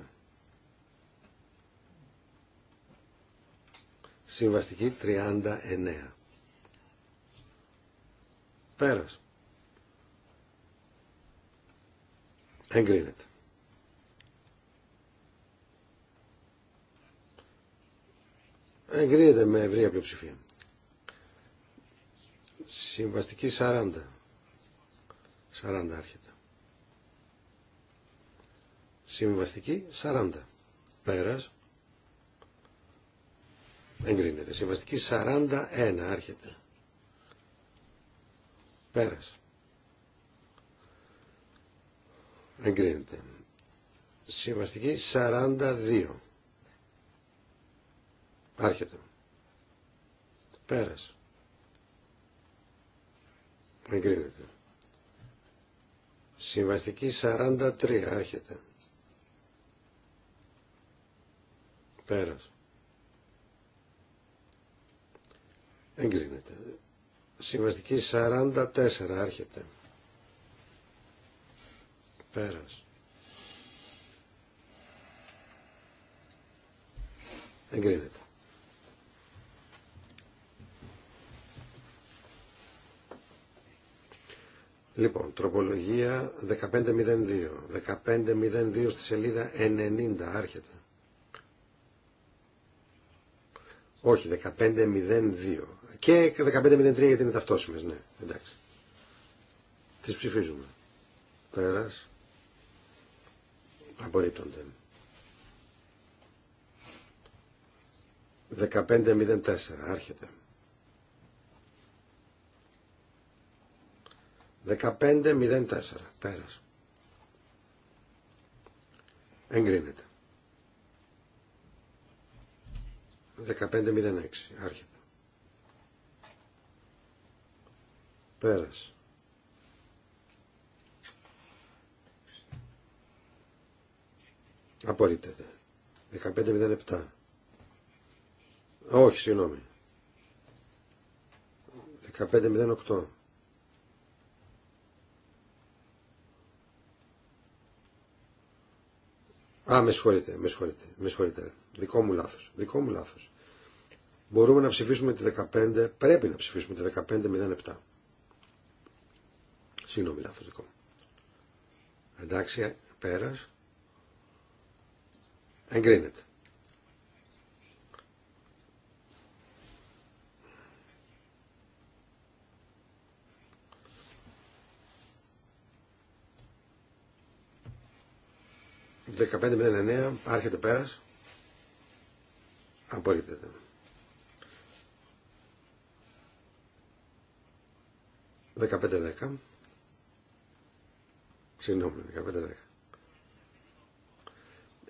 Speaker 1: Συμβαστική 39. Πέρας. Εγκρίνεται. Εγκρίνεται με ευρία πλειοψηφία. Συμβαστική 40. 40 άρχεται. Συμβαστική 40. Πέρας. Εγκρίνεται. Συμβαστική 41 άρχεται. Πέρας. εγκρίνεται. Συμβαστική 42. Άρχεται. Πέρας. Εγκρίνεται. Συμβαστική 43. Άρχεται. Πέρας. Εγκρίνεται. Συμβαστική 44. Άρχεται. Πέρας. Εγκρίνεται. Λοιπόν, τροπολογία 1502. 1502 στη σελίδα 90 άρχεται. Όχι, 1502. Και 1503 γιατί είναι ταυτόσιμες, ναι. Εντάξει. Τις ψηφίζουμε. Πέρας. Απορρίπτονται. 15.04. Άρχεται. 15.04. Πέρασε. Εγκρίνεται. 15.06. Άρχεται. Πέρασε. Απορρίπτεται. 15.07. Όχι, συγγνώμη. 15.08. Α, με συγχωρείτε, με συγχωρείτε, Δικό μου λάθος, δικό μου λάθος. Μπορούμε να ψηφίσουμε τη 15, πρέπει να ψηφίσουμε τη 15.07. Συγγνώμη, λάθος δικό μου. Εντάξει, πέρας. Εγκρίνεται. Το 1509 άρχεται πέρας. Δεκαπέντε δέκα. συγγνωμη Συγγνώμη,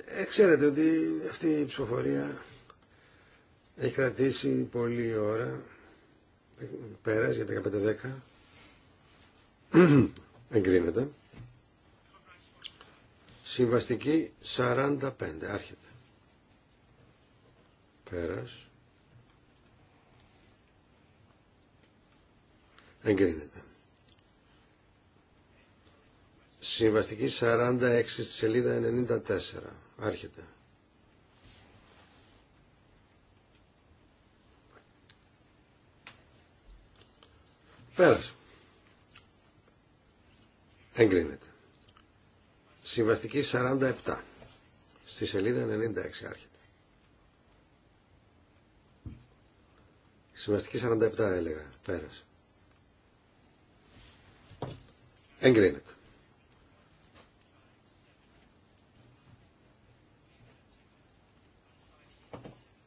Speaker 1: ε, ξέρετε ότι αυτή η ψηφοφορία έχει κρατήσει πολλή ώρα. Πέρας για 15-10. Εγκρίνεται. Συμβαστική 45. Άρχεται. Πέρας. Εγκρίνεται. Συμβαστική 46 στη σελίδα 94. Άρχεται. Πέρασε. Εγκρίνεται. Συμβαστική 47. Στη σελίδα 96 άρχεται. Συμβαστική 47 έλεγα. Πέρασε. Εγκρίνεται.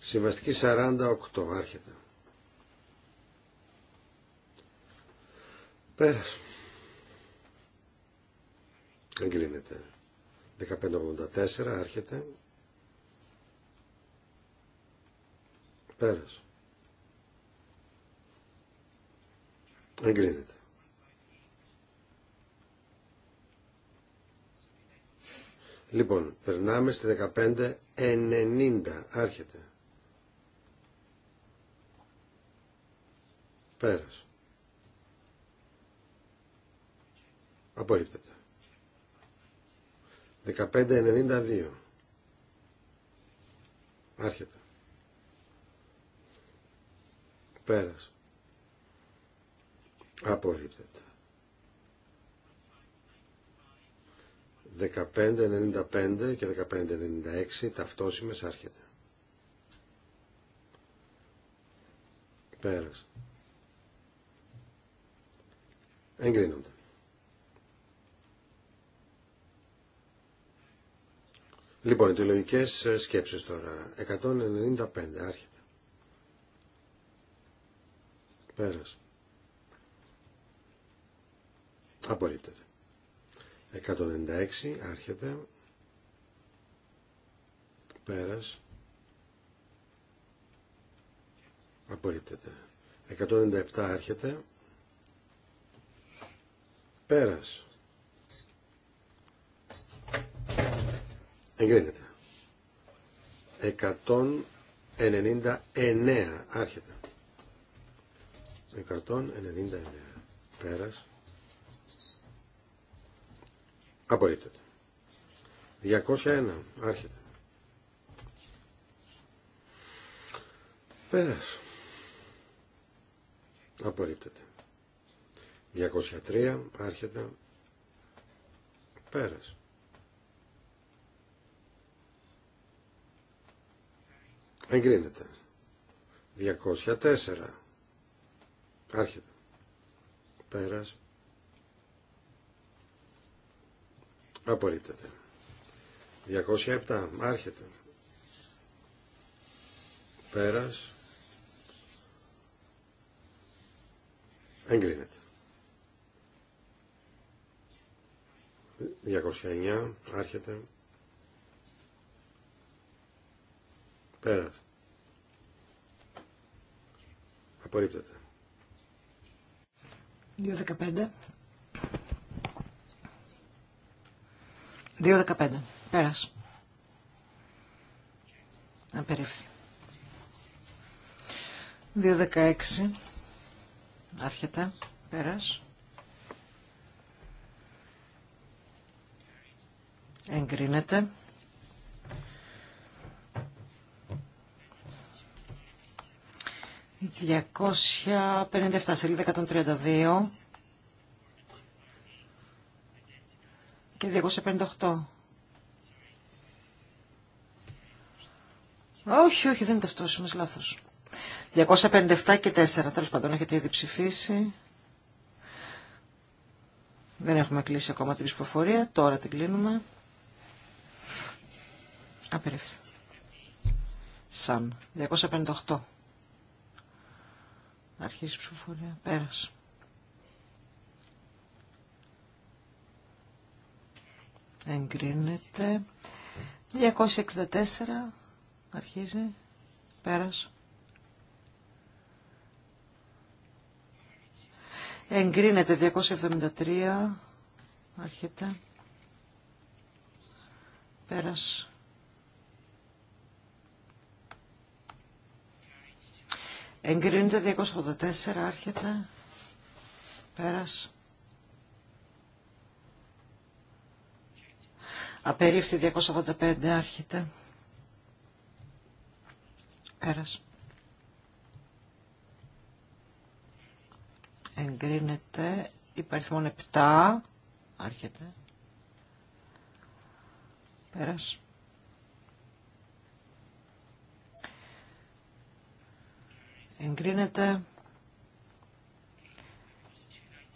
Speaker 1: Συμβαστική 48 άρχεται. Πέρας. Εγκρίνεται. 1584 άρχεται. Πέρας. Εγκρίνεται. Λοιπόν, περνάμε στη 1590. Άρχεται. Πέρας. Απορρίπτεται. 1592. Άρχεται. Πέρας. Απορρίπτεται. 1595 και 1596 ταυτόσιμες άρχεται. Πέρας. Εγκρίνονται. Λοιπόν, οι ε, σκέψεις τώρα. 195. Άρχεται. Πέρασε. Απορρίπτεται. 196. Άρχεται. Πέρας. Απορρίπτεται. 197 άρχεται. Πέρας. Εγκρίνεται. 199 άρχεται. 199 πέρας. Απορρίπτεται. 201 άρχεται. Πέρας. Απορρίπτεται. 203 άρχεται πέρας. Εγκρίνεται. 204 άρχεται πέρας. Απορρίπτεται. 207 άρχεται πέρας εγκρίνεται. 209 άρχεται πέρας απορρίπτεται
Speaker 2: 215 2.15. Πέρας. Απερίφθη. 2.16. Άρχεται. Πέρας. Εγκρίνεται. Διακόσια σελίδα 132 και 258. Όχι, όχι, δεν είναι ο λάθος. 257 και 4, τέλος πάντων, έχετε ήδη ψηφίσει. Δεν έχουμε κλείσει ακόμα την ψηφοφορία, τώρα την κλείνουμε. Απερίφθη. Σαν. 258. Αρχίζει η ψηφοφορία. Πέρασε. Εγκρίνεται. 264. Αρχίζει. Πέρασε. Εγκρίνεται 273. Αρχίζει. Πέρας. Εγκρίνεται 284, άρχεται. Πέρας. Απερίφθη 285, άρχεται. Πέρας. Εγκρίνεται υπαριθμόν 7, άρχεται. Πέρας. Εγκρίνεται.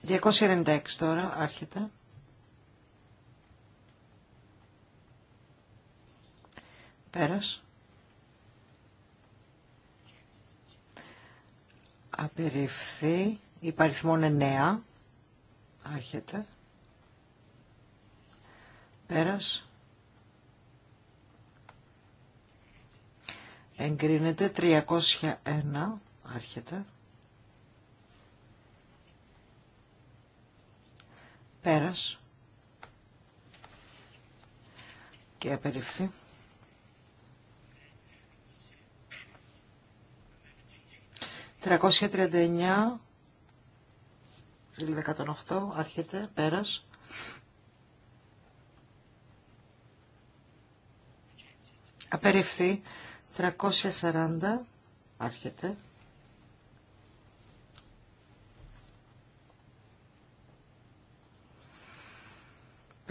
Speaker 2: 296 τώρα, άρχεται. Πέρας. Απεριφθεί. Υπαριθμόν 9. Άρχεται. Πέρας. Εγκρίνεται 301. Άρχεται. Πέρας. Και απεριφθεί. Τρακόσια τριάντα εννιά. Σελίδα οχτώ, Άρχεται. Πέρας. Απεριφθεί. 340 άρχεται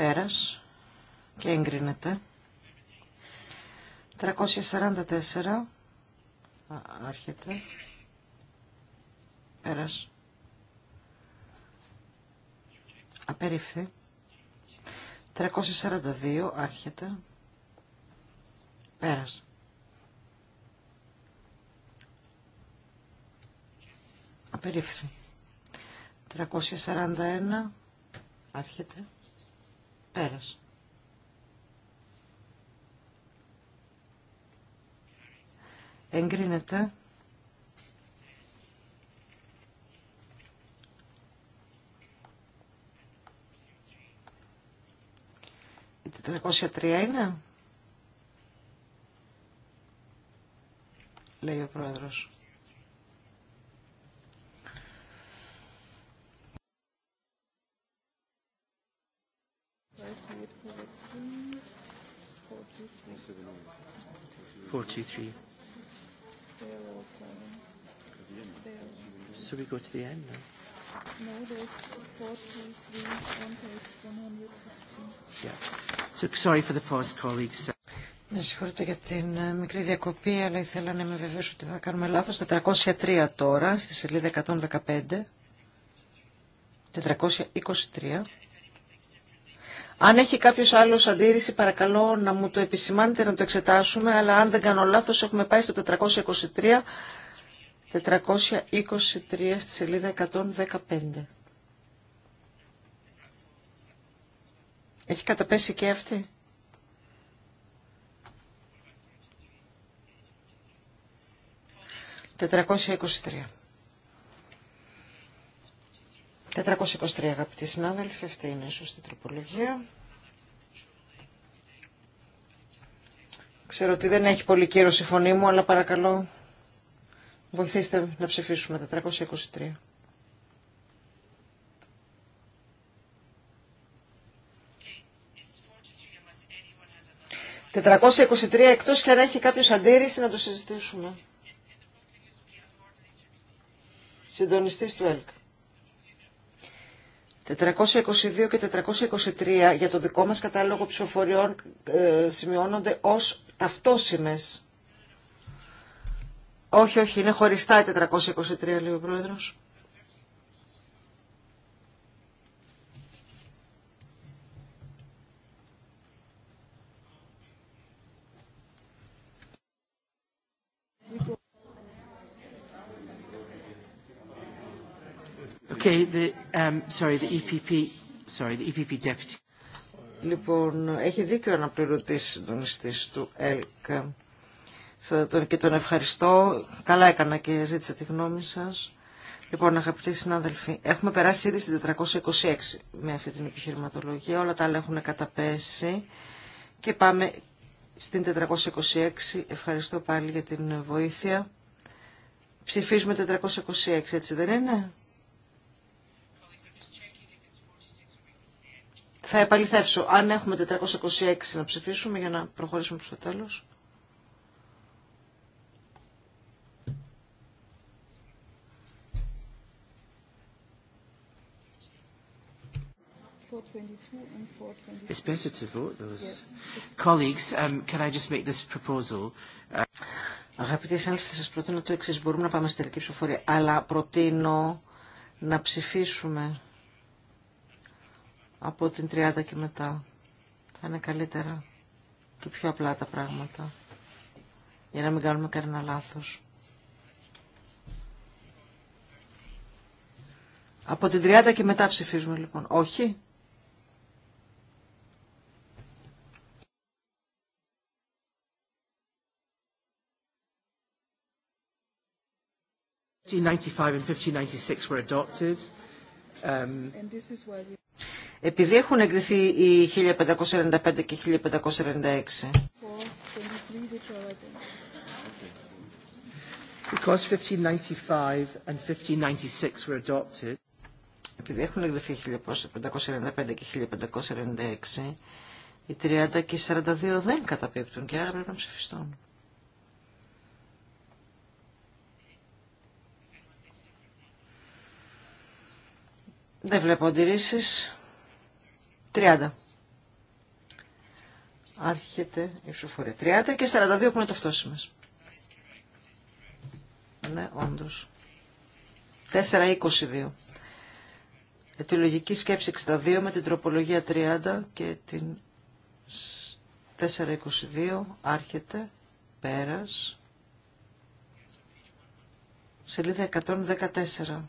Speaker 2: Πέρας. Και εγκρίνεται. 344. Άρχεται. Πέρας. Απερίφθη. 342. Άρχεται. Πέρας. Απερίφθη. 341. Άρχεται. Πέρας. Εγκρίνεται. Η 403 είναι. Λέει ο πρόεδρος. 423. So we go to the end now? No, there's page
Speaker 3: 115.
Speaker 2: Yeah. So sorry for the Με συγχωρείτε για την ε, μικρή διακοπή, αλλά ήθελα να είμαι βεβαίω ότι θα κάνουμε λάθος. 403 τώρα, στη σελίδα 115. 423. Αν έχει κάποιο άλλο αντίρρηση, παρακαλώ να μου το επισημάνετε να το εξετάσουμε, αλλά αν δεν κάνω λάθο, έχουμε πάει στο 423. 423 στη σελίδα 115. Έχει καταπέσει και αυτή. 423. 423 αγαπητοί συνάδελφοι, αυτή είναι η σωστή τροπολογία. Ξέρω ότι δεν έχει πολύ κύρος η φωνή μου, αλλά παρακαλώ βοηθήστε να ψηφίσουμε τα 423. 423, εκτός και αν έχει κάποιος αντίρρηση να το συζητήσουμε. Συντονιστής του ΕΛΚΑ. 422 και 423 για το δικό μας κατάλογο ψηφοφοριών ε, σημειώνονται ως ταυτόσιμες. Όχι, όχι, είναι χωριστά 423 λέει ο Πρόεδρος. Λοιπόν, έχει δίκιο να πληρωτήσει συντονιστής του τον και τον ευχαριστώ. Καλά έκανα και ζήτησα τη γνώμη σα. Λοιπόν, αγαπητοί συνάδελφοι, έχουμε περάσει ήδη στην 426 με αυτή την επιχειρηματολογία. Όλα τα άλλα έχουν καταπέσει και πάμε στην 426. Ευχαριστώ πάλι για την βοήθεια. Ψηφίζουμε 426, έτσι δεν είναι. Θα επαληθεύσω. Αν έχουμε 426 να ψηφίσουμε για να προχωρήσουμε προς το τέλος. Αγαπητοί συνάδελφοι, σα σας προτείνω το εξής. Μπορούμε να πάμε στην τελική ψηφοφορία, αλλά προτείνω να ψηφίσουμε από την 30 και μετά. Θα είναι καλύτερα και πιο απλά τα πράγματα για να μην κάνουμε κανένα λάθος. Από την 30 και μετά ψηφίζουμε λοιπόν. Όχι. and 56 were adopted. Επειδή έχουν εγκριθεί οι 1595 και 1596. Because 1595 and 1596 were adopted. Επειδή έχουν εγκριθεί 1595 και 1596, οι 30 και οι 42 δεν καταπίπτουν και άρα πρέπει να ψηφιστούν. Δεν βλέπω αντιρρήσεις. 30. Άρχεται η ψηφοφορία. 30 και 42 που είναι ταυτόσιμες. Ναι, όντως. 4.22. Ετιολογική σκέψη 62 με την τροπολογία 30 και την 4, 22. άρχεται, πέρας, σελίδα 114.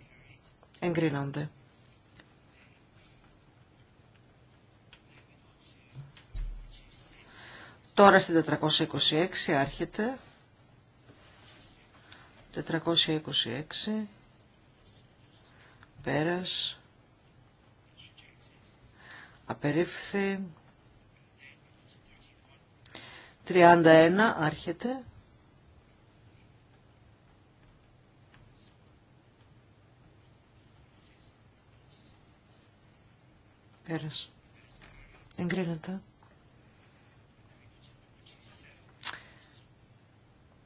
Speaker 2: Εγκρίνονται. Τώρα στην 426 άρχεται. 426. Πέρας. Απερίφθη. 31 άρχεται. Πέρας. Εγκρίνεται.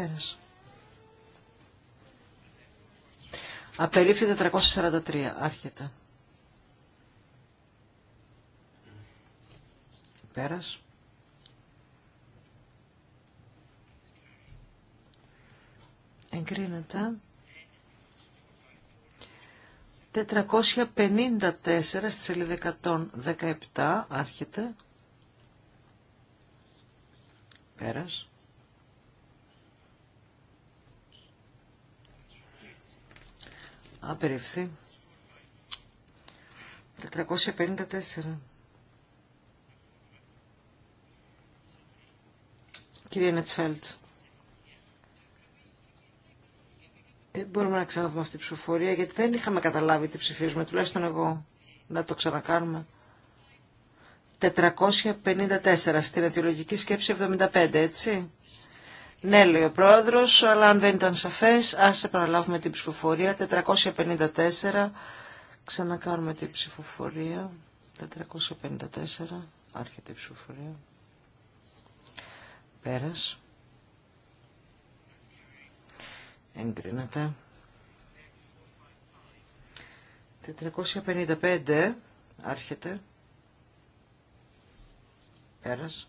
Speaker 2: Πέρας. Απερίφθη 443. Άρχεται. Πέρας. Εγκρίνεται. 454 στη σελίδα 117. Άρχεται. Πέρας. Απεριφθεί. 454. Κυρία Νετσφέλτ. Ε, μπορούμε να ξαναδούμε αυτή τη ψηφοφορία, γιατί δεν είχαμε καταλάβει τι ψηφίζουμε, τουλάχιστον εγώ. Να το ξανακάνουμε. 454 στην αιτιολογική σκέψη 75, έτσι. Ναι, λέει ο πρόεδρο, αλλά αν δεν ήταν σαφέ. Α επαναλάβουμε την ψηφοφορία. 454, ξανακάνουμε την ψηφοφορία. 454, άρχεται η ψηφοφορία. Πέρας. Εγκρίνεται. 455, άρχεται. Πέρας.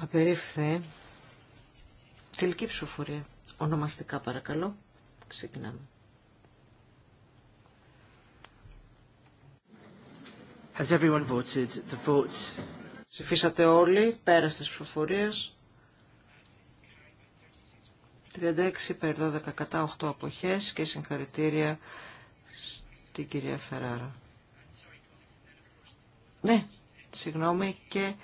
Speaker 2: Απερίφθε. Τελική ψηφοφορία. Ονομαστικά παρακαλώ. Ξεκινάμε. Has everyone voted? The votes. Ψηφίσατε όλοι πέρα στις ψηφοφορίες. 36 υπέρ 12 κατά 8 αποχές και συγχαρητήρια στην κυρία Φεράρα. Ναι, συγγνώμη και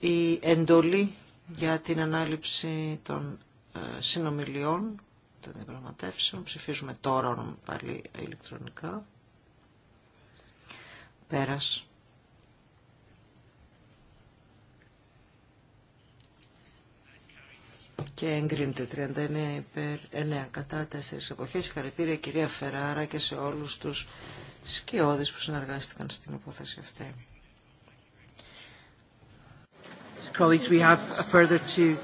Speaker 2: η εντολή για την ανάληψη των ε, συνομιλιών, των διαπραγματεύσεων. Ψηφίζουμε τώρα πάλι ηλεκτρονικά. Πέρας. Και εγκρίνεται 39 υπέρ 9 κατά 4 εποχές. χαρακτήρια κυρία Φεράρα και σε όλους τους σκιώδες που συνεργάστηκαν στην υπόθεση αυτή. Colleagues, we have a further two.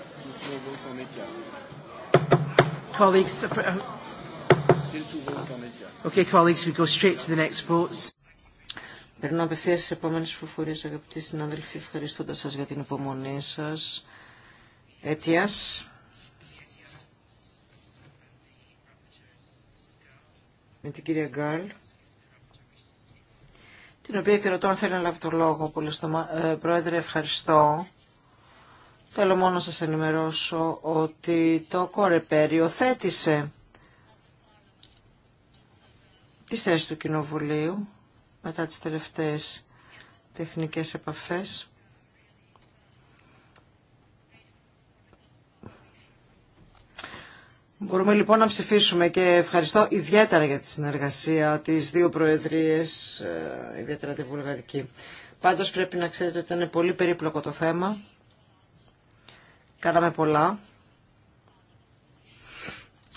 Speaker 2: Colleagues, okay, colleagues, we go straight to the next votes. Περνώ απευθείας στις επόμενες προφορίες, αγαπητοί συνάδελφοι, ευχαριστώντας σας για την υπομονή σας. Έτιας, Με την κυρία Γκάλ την οποία και ρωτώ αν θέλει να λάβει το λόγο. Πολύ στο... Ε, πρόεδρε, ευχαριστώ. Θέλω μόνο να σας ενημερώσω ότι το Κορεπέριο θέτησε τις θέσεις του Κοινοβουλίου μετά τις τελευταίες τεχνικές επαφές. Μπορούμε λοιπόν να ψηφίσουμε και ευχαριστώ ιδιαίτερα για τη συνεργασία της δύο προεδρίες, ε, ιδιαίτερα τη βουλγαρική. Πάντως πρέπει να ξέρετε ότι ήταν πολύ περίπλοκο το θέμα. Κάναμε πολλά.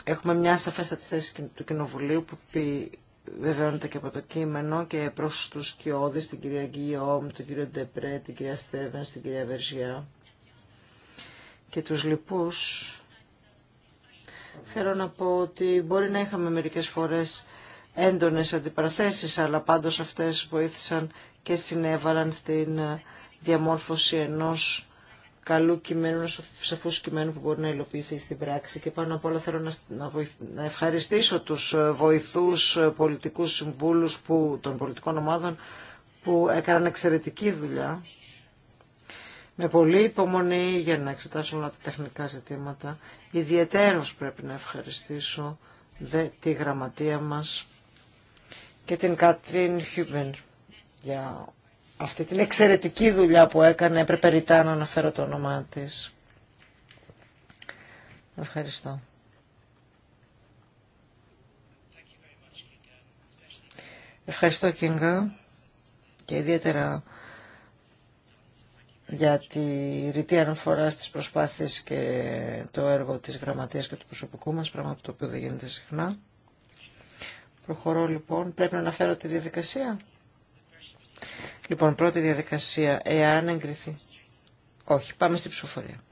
Speaker 2: Έχουμε μια σαφέστατη θέση του Κοινοβουλίου που βεβαιώνεται και από το κείμενο και προς τους κοιόδης, την κυρία Γκίωμ, τον κύριο Ντεπρέ, την κυρία Στέβεν, την κυρία Βερζιά και τους λοιπούς. Θέλω να πω ότι μπορεί να είχαμε μερικές φορές έντονες αντιπαραθέσεις, αλλά πάντως αυτές βοήθησαν και συνέβαλαν στην ε, διαμόρφωση ενός καλού κειμένου, ενό σαφού κειμένου που μπορεί να υλοποιηθεί στην πράξη. Και πάνω απ' όλα θέλω να, να, βοηθ, να ευχαριστήσω του ε, βοηθού ε, πολιτικού συμβούλου των πολιτικών ομάδων που έκαναν εξαιρετική δουλειά. Με πολλή υπομονή για να εξετάσουν όλα τα τεχνικά ζητήματα. Ιδιαιτέρως πρέπει να ευχαριστήσω δε, τη γραμματεία μας και την Κατρίν Χιούμπεν για αυτή την εξαιρετική δουλειά που έκανε, έπρεπε ρητά να αναφέρω το όνομά της. Ευχαριστώ. Ευχαριστώ Κίνγκα και ιδιαίτερα για τη ρητή αναφορά στις προσπάθειες και το έργο της γραμματείας και του προσωπικού μας, πράγμα από το οποίο δεν γίνεται συχνά. Προχωρώ λοιπόν. Πρέπει να αναφέρω τη διαδικασία. Λοιπόν, πρώτη διαδικασία. Εάν εγκριθεί. Όχι. Πάμε στην ψηφοφορία.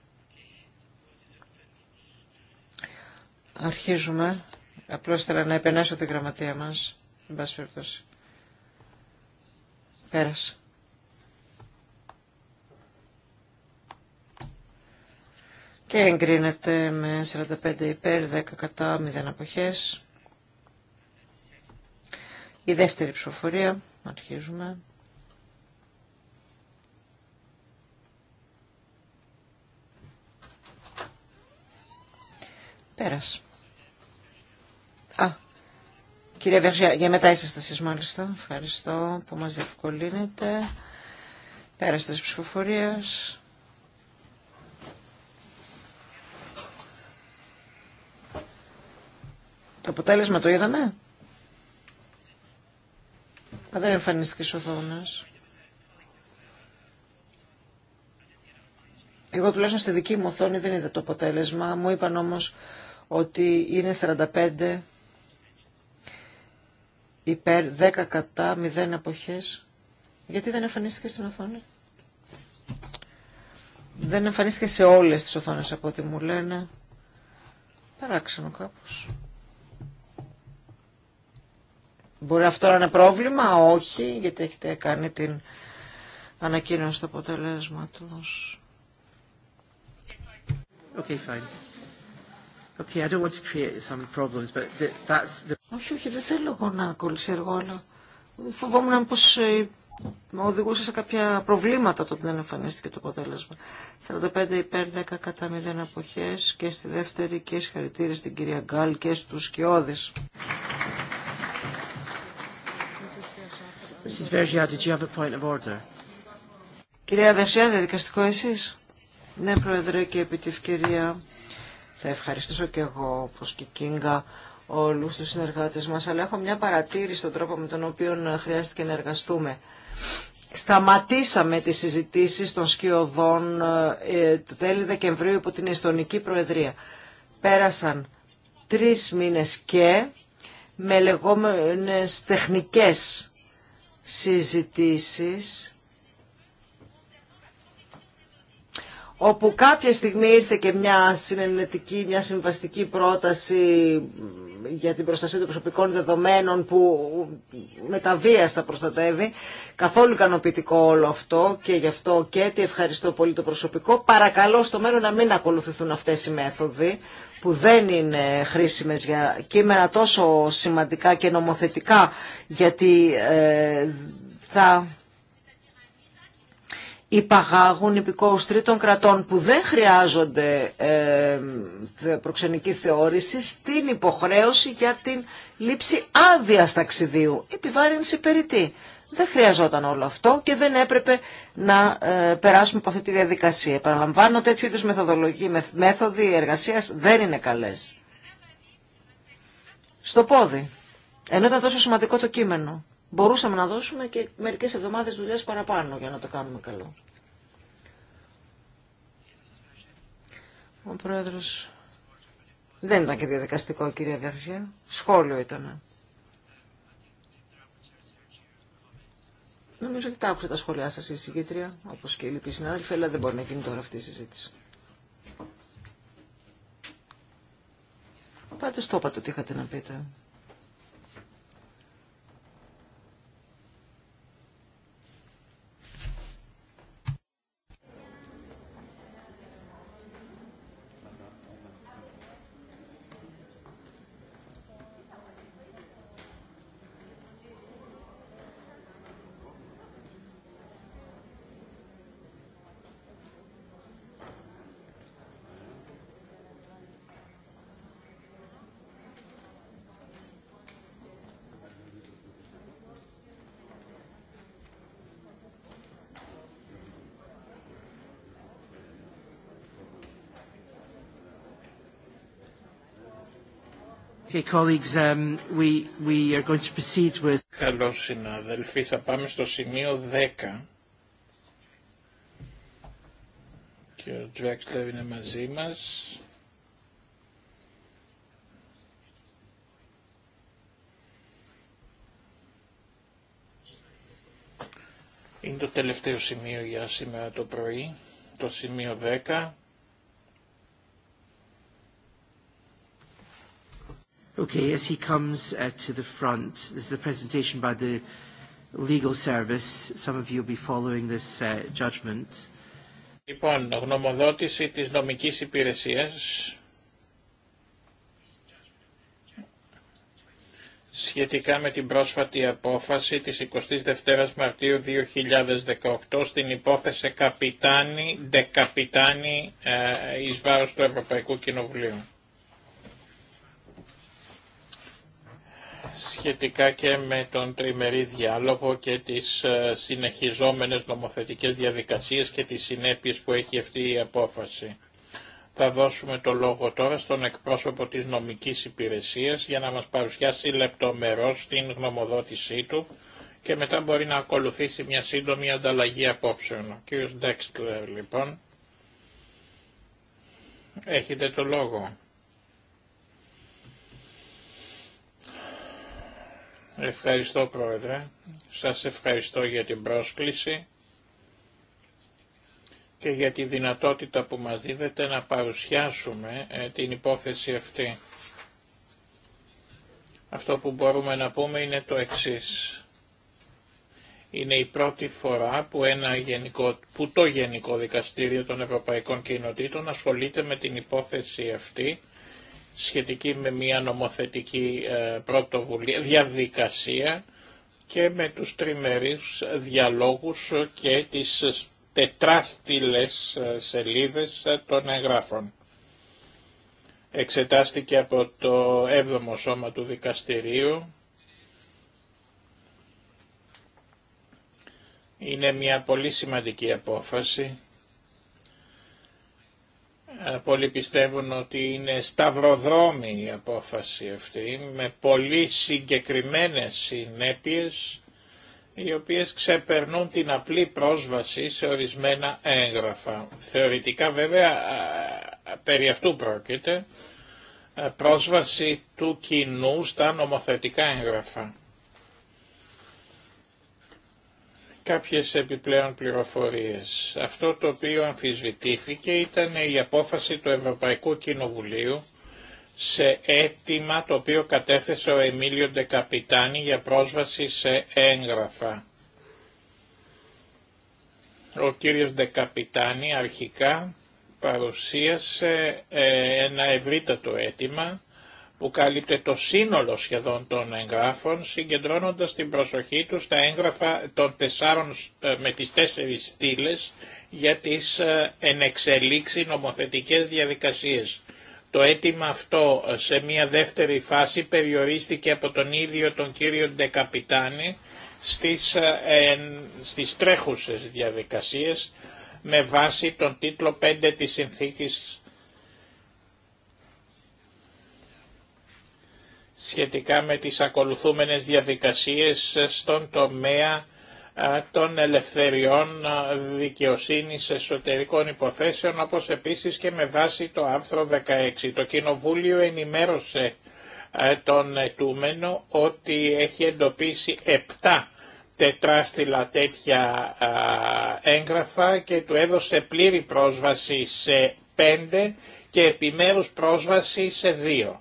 Speaker 2: Αρχίζουμε. Απλώς ήθελα να επενέσω την γραμματεία μας. Εν πάση περιπτώσει. Πέρασε. Και εγκρίνεται με 45 υπέρ, 10 κατά, 0 αποχές. Η δεύτερη ψηφοφορία. Αρχίζουμε. Πέρας. Α, κυρία Βεργιά, για μετά είσαστε εσείς μάλιστα. Ευχαριστώ που μας διευκολύνετε. Πέρας της ψηφοφορίας. Το αποτέλεσμα το είδαμε. Μα δεν εμφανίστηκε ο οθόνες. Εγώ τουλάχιστον στη δική μου οθόνη δεν είδα το αποτέλεσμα. Μου είπαν όμως ότι είναι 45 υπέρ 10 κατά 0 αποχές. Γιατί δεν εμφανίστηκε στην οθόνη. Δεν εμφανίστηκε σε όλες τις οθόνες από ό,τι μου λένε. Παράξενο κάπως. Μπορεί αυτό να είναι πρόβλημα, όχι, γιατί έχετε κάνει την ανακοίνωση του αποτελέσματος. Okay, fine. Okay, I don't want to create some problems, but that's the... Όχι, όχι, δεν θέλω εγώ να κολλήσει εργό, αλλά φοβόμουν πως οδηγούσε σε κάποια προβλήματα το ότι δεν εμφανίστηκε το αποτέλεσμα. 45 υπέρ 10 κατά 0 αποχές και στη δεύτερη και συγχαρητήρια στην κυρία Γκάλ και στους Σκιώδης. Κυρία Βερσιά, δικαστικό εσείς. Ναι, Πρόεδρε, και επί τη ευκαιρία θα ευχαριστήσω και εγώ, όπως και η Κίνγκα, όλους τους συνεργάτες μας, αλλά έχω μια παρατήρηση στον τρόπο με τον οποίο χρειάστηκε να εργαστούμε. Σταματήσαμε τις συζητήσεις των σκιωδών ε, το τέλη Δεκεμβρίου υπό την Εστονική Προεδρία. Πέρασαν τρεις μήνες και με λεγόμενες τεχνικές συζητήσεις όπου κάποια στιγμή ήρθε και μια συνενετική, μια συμβαστική πρόταση για την προστασία των προσωπικών δεδομένων που με τα βία τα προστατεύει. Καθόλου ικανοποιητικό όλο αυτό και γι' αυτό και τι ευχαριστώ πολύ το προσωπικό. Παρακαλώ στο μέλλον να μην ακολουθηθούν αυτές οι μέθοδοι που δεν είναι χρήσιμες για κείμενα τόσο σημαντικά και νομοθετικά γιατί ε, θα υπαγάγουν υπηκόους τρίτων κρατών που δεν χρειάζονται ε, προξενική θεώρηση στην υποχρέωση για την λήψη άδεια ταξιδίου. Επιβάρυνση περιττή. Δεν χρειαζόταν όλο αυτό και δεν έπρεπε να ε, περάσουμε από αυτή τη διαδικασία. Επαναλαμβάνω, τέτοιου είδους μεθοδολογή, μέθοδοι εργασίας δεν είναι καλές. Στο πόδι. Ενώ ήταν τόσο σημαντικό το κείμενο μπορούσαμε να δώσουμε και μερικές εβδομάδες δουλειάς παραπάνω για να το κάνουμε καλό. Ο πρόεδρος δεν ήταν και διαδικαστικό, κυρία Βεργιέ. Σχόλιο ήταν. Νομίζω ότι τα άκουσα τα σχόλιά σας η συγκήτρια, όπως και οι λοιποί συνάδελφοι, αλλά δεν μπορεί να γίνει τώρα αυτή η συζήτηση. Πάτε στο είπατε ότι είχατε να πείτε. Um,
Speaker 3: Καλώς συναδελφοί, θα πάμε στο σημείο 10. Και ο Τζουέξλερ είναι μαζί μας. Είναι το τελευταίο σημείο για σήμερα το πρωί, το σημείο 10
Speaker 2: Okay, as he comes uh, to the front, this is a presentation by the legal service. Some of you be following this uh, judgment.
Speaker 3: Λοιπόν, γνωμοδότηση της νομικής υπηρεσίας σχετικά με την πρόσφατη απόφαση της 22ης Μαρτίου 2018 στην υπόθεση Καπιτάνη, καπιτάνη-δεκαπιτάνη ε, εις βάρος του Ευρωπαϊκού Κοινοβουλίου. σχετικά και με τον τριμερή διάλογο και τις ε, συνεχιζόμενες νομοθετικές διαδικασίες και τις συνέπειες που έχει αυτή η απόφαση. Θα δώσουμε το λόγο τώρα στον εκπρόσωπο της νομικής υπηρεσίας για να μας παρουσιάσει λεπτομερώς την γνωμοδότησή του και μετά μπορεί να ακολουθήσει μια σύντομη ανταλλαγή απόψεων. Ο κύριος λοιπόν. Έχετε το λόγο. Ευχαριστώ Πρόεδρε. Σας ευχαριστώ για την πρόσκληση και για τη δυνατότητα που μας δίδεται να παρουσιάσουμε ε, την υπόθεση αυτή. Αυτό που μπορούμε να πούμε είναι το εξής. Είναι η πρώτη φορά που, ένα γενικό, που το Γενικό Δικαστήριο των Ευρωπαϊκών Κοινοτήτων ασχολείται με την υπόθεση αυτή σχετική με μια νομοθετική ε, πρωτοβουλία, διαδικασία και με τους τριμερείς διαλόγους και τις τετράστιλες ε, σελίδες των εγγράφων. Εξετάστηκε από το 7ο Σώμα του Δικαστηρίου. Είναι μια πολύ σημαντική απόφαση Πολλοί πιστεύουν ότι είναι σταυροδρόμη η απόφαση αυτή με πολύ συγκεκριμένες συνέπειες οι οποίες ξεπερνούν την απλή πρόσβαση σε ορισμένα έγγραφα. Θεωρητικά βέβαια περί αυτού πρόκειται πρόσβαση του κοινού στα νομοθετικά έγγραφα. Κάποιες επιπλέον πληροφορίες. Αυτό το οποίο αμφισβητήθηκε ήταν η απόφαση του Ευρωπαϊκού Κοινοβουλίου σε αίτημα το οποίο κατέθεσε ο Εμίλιο Ντεκαπιτάνη για πρόσβαση σε έγγραφα. Ο κύριος Ντεκαπιτάνη αρχικά παρουσίασε ε, ένα ευρύτατο αίτημα που κάλυπτε το σύνολο σχεδόν των εγγράφων, συγκεντρώνοντας την προσοχή του στα έγγραφα των τεσσάρων ε, με τις τέσσερις στήλε για τις ε, ενεξελίξει νομοθετικές διαδικασίες. Το αίτημα αυτό ε, σε μια δεύτερη φάση περιορίστηκε από τον ίδιο τον κύριο Ντεκαπιτάνη στις, ε, στις τρέχουσες διαδικασίες με βάση τον τίτλο 5 της Συνθήκης σχετικά με τις ακολουθούμενες διαδικασίες στον τομέα των ελευθεριών δικαιοσύνης εσωτερικών υποθέσεων, όπως επίσης και με βάση το άρθρο 16. Το Κοινοβούλιο ενημέρωσε τον ετούμενο ότι έχει εντοπίσει 7 τετράστιλα τέτοια έγγραφα και του έδωσε πλήρη πρόσβαση σε 5 και επιμέρους πρόσβαση σε 2.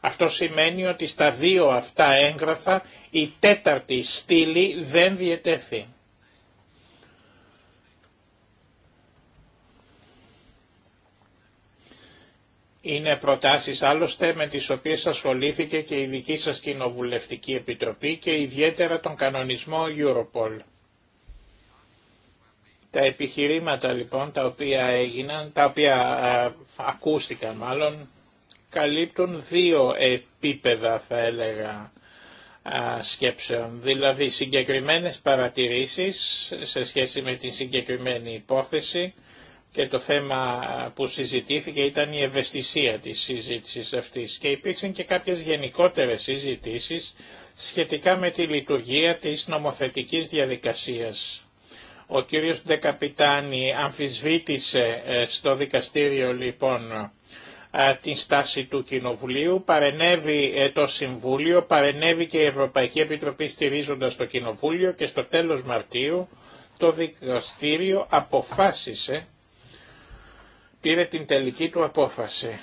Speaker 3: Αυτό σημαίνει ότι στα δύο αυτά έγγραφα η τέταρτη στήλη δεν διετέθη. Είναι προτάσεις άλλωστε με τις οποίες ασχολήθηκε και η δική σας Κοινοβουλευτική Επιτροπή και ιδιαίτερα τον κανονισμό Europol. Τα επιχειρήματα λοιπόν τα οποία έγιναν, τα οποία ε, ακούστηκαν μάλλον, καλύπτουν δύο επίπεδα θα έλεγα σκέψεων, δηλαδή συγκεκριμένες παρατηρήσεις σε σχέση με την συγκεκριμένη υπόθεση και το θέμα που συζητήθηκε ήταν η ευαισθησία της συζήτησης αυτής και υπήρξαν και κάποιες γενικότερες συζητήσεις σχετικά με τη λειτουργία της νομοθετικής διαδικασίας. Ο κύριος Ντεκαπιτάνη αμφισβήτησε ε, στο δικαστήριο λοιπόν την στάση του Κοινοβουλίου, παρενέβη ε, το Συμβούλιο, παρενέβη και η Ευρωπαϊκή Επιτροπή στηρίζοντας το Κοινοβούλιο και στο τέλος Μαρτίου το δικαστήριο αποφάσισε, πήρε την τελική του απόφαση.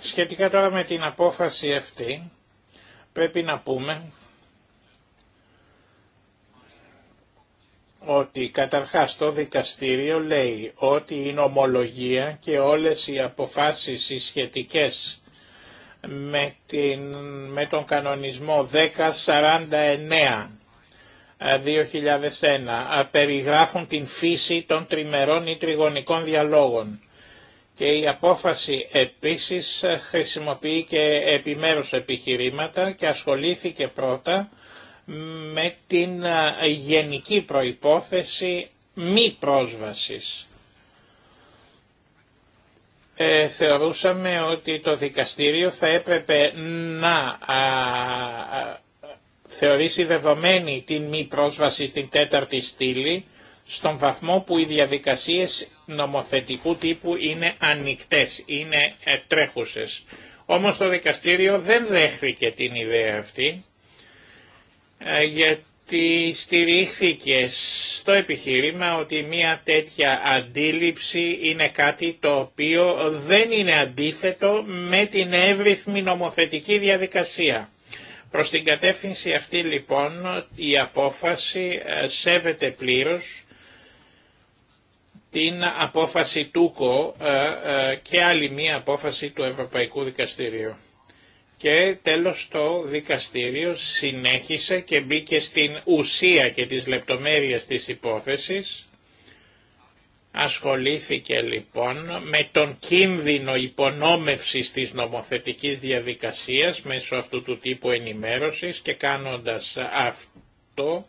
Speaker 3: Σχετικά τώρα με την απόφαση αυτή πρέπει να πούμε ότι καταρχάς το δικαστήριο λέει ότι η νομολογία και όλες οι αποφάσεις οι σχετικές με, με τον κανονισμό 1049 2001 ε, ε, περιγράφουν την φύση των τριμερών ή τριγωνικών διαλόγων και η απόφαση επίσης ε, χρησιμοποιεί και επιμέρους επιχειρήματα και ασχολήθηκε πρώτα με την γενική προϋπόθεση μη πρόσβασης. Ε, θεωρούσαμε ότι το δικαστήριο θα έπρεπε να θεωρήσει δεδομένη την μη πρόσβαση στην τέταρτη στήλη στον βαθμό που οι διαδικασίες νομοθετικού τύπου είναι ανοιχτές, είναι ε, τρέχουσες. Όμως το δικαστήριο δεν δέχθηκε την ιδέα αυτή ε, γιατί στηρίχθηκε στο επιχείρημα ότι μια τέτοια αντίληψη είναι κάτι το οποίο δεν είναι αντίθετο με την εύρυθμη νομοθετική διαδικασία. Προς την κατεύθυνση αυτή λοιπόν η απόφαση ε, σέβεται πλήρως την απόφαση Τούκο ε, και άλλη μία απόφαση του Ευρωπαϊκού Δικαστηρίου. Και τέλος το δικαστήριο συνέχισε και μπήκε στην ουσία και τις λεπτομέρειες της υπόθεσης. Ασχολήθηκε λοιπόν με τον κίνδυνο υπονόμευσης της νομοθετικής διαδικασίας μέσω αυτού του τύπου ενημέρωσης και κάνοντας αυτό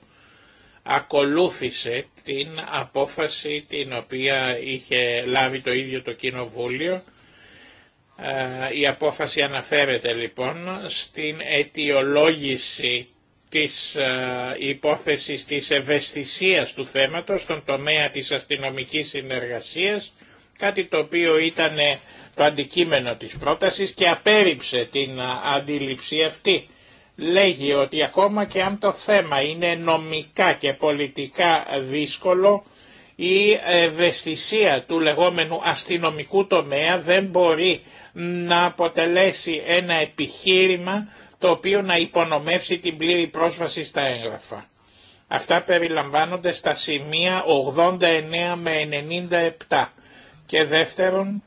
Speaker 3: ακολούθησε την απόφαση την οποία είχε λάβει το ίδιο το Κοινοβούλιο ε, η απόφαση αναφέρεται λοιπόν στην αιτιολόγηση της ε, υπόθεσης της ευαισθησίας του θέματος στον τομέα της αστυνομικής συνεργασίας, κάτι το οποίο ήταν ε, το αντικείμενο της πρότασης και απέρριψε την αντίληψη αυτή. Λέγει ότι ακόμα και αν το θέμα είναι νομικά και πολιτικά δύσκολο, η ευαισθησία του λεγόμενου αστυνομικού τομέα δεν μπορεί να αποτελέσει ένα επιχείρημα το οποίο να υπονομεύσει την πλήρη πρόσβαση στα έγγραφα. Αυτά περιλαμβάνονται στα σημεία 89 με 97. Και δεύτερον,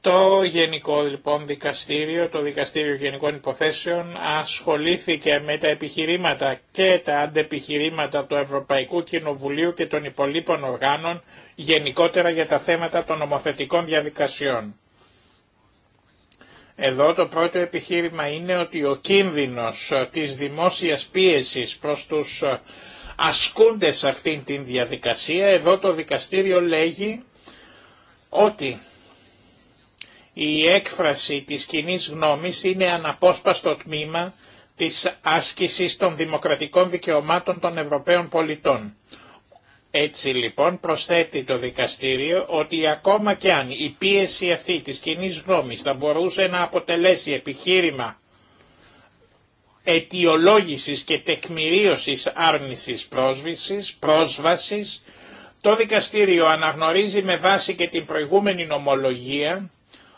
Speaker 3: το Γενικό λοιπόν, Δικαστήριο, το Δικαστήριο Γενικών Υποθέσεων ασχολήθηκε με τα επιχειρήματα και τα αντεπιχειρήματα του Ευρωπαϊκού Κοινοβουλίου και των υπολείπων οργάνων γενικότερα για τα θέματα των νομοθετικών διαδικασιών. Εδώ το πρώτο επιχείρημα είναι ότι ο κίνδυνος ε, της δημόσιας πίεσης προς τους ε, ασκούντες αυτήν την διαδικασία, εδώ το δικαστήριο λέγει ότι η έκφραση της κοινή γνώμης είναι αναπόσπαστο τμήμα της άσκησης των δημοκρατικών δικαιωμάτων των Ευρωπαίων πολιτών. Έτσι λοιπόν προσθέτει το δικαστήριο ότι ακόμα και αν η πίεση αυτή της κοινή γνώμης θα μπορούσε να αποτελέσει επιχείρημα αιτιολόγησης και τεκμηρίωσης άρνησης πρόσβησης, πρόσβασης, το δικαστήριο αναγνωρίζει με βάση και την προηγούμενη νομολογία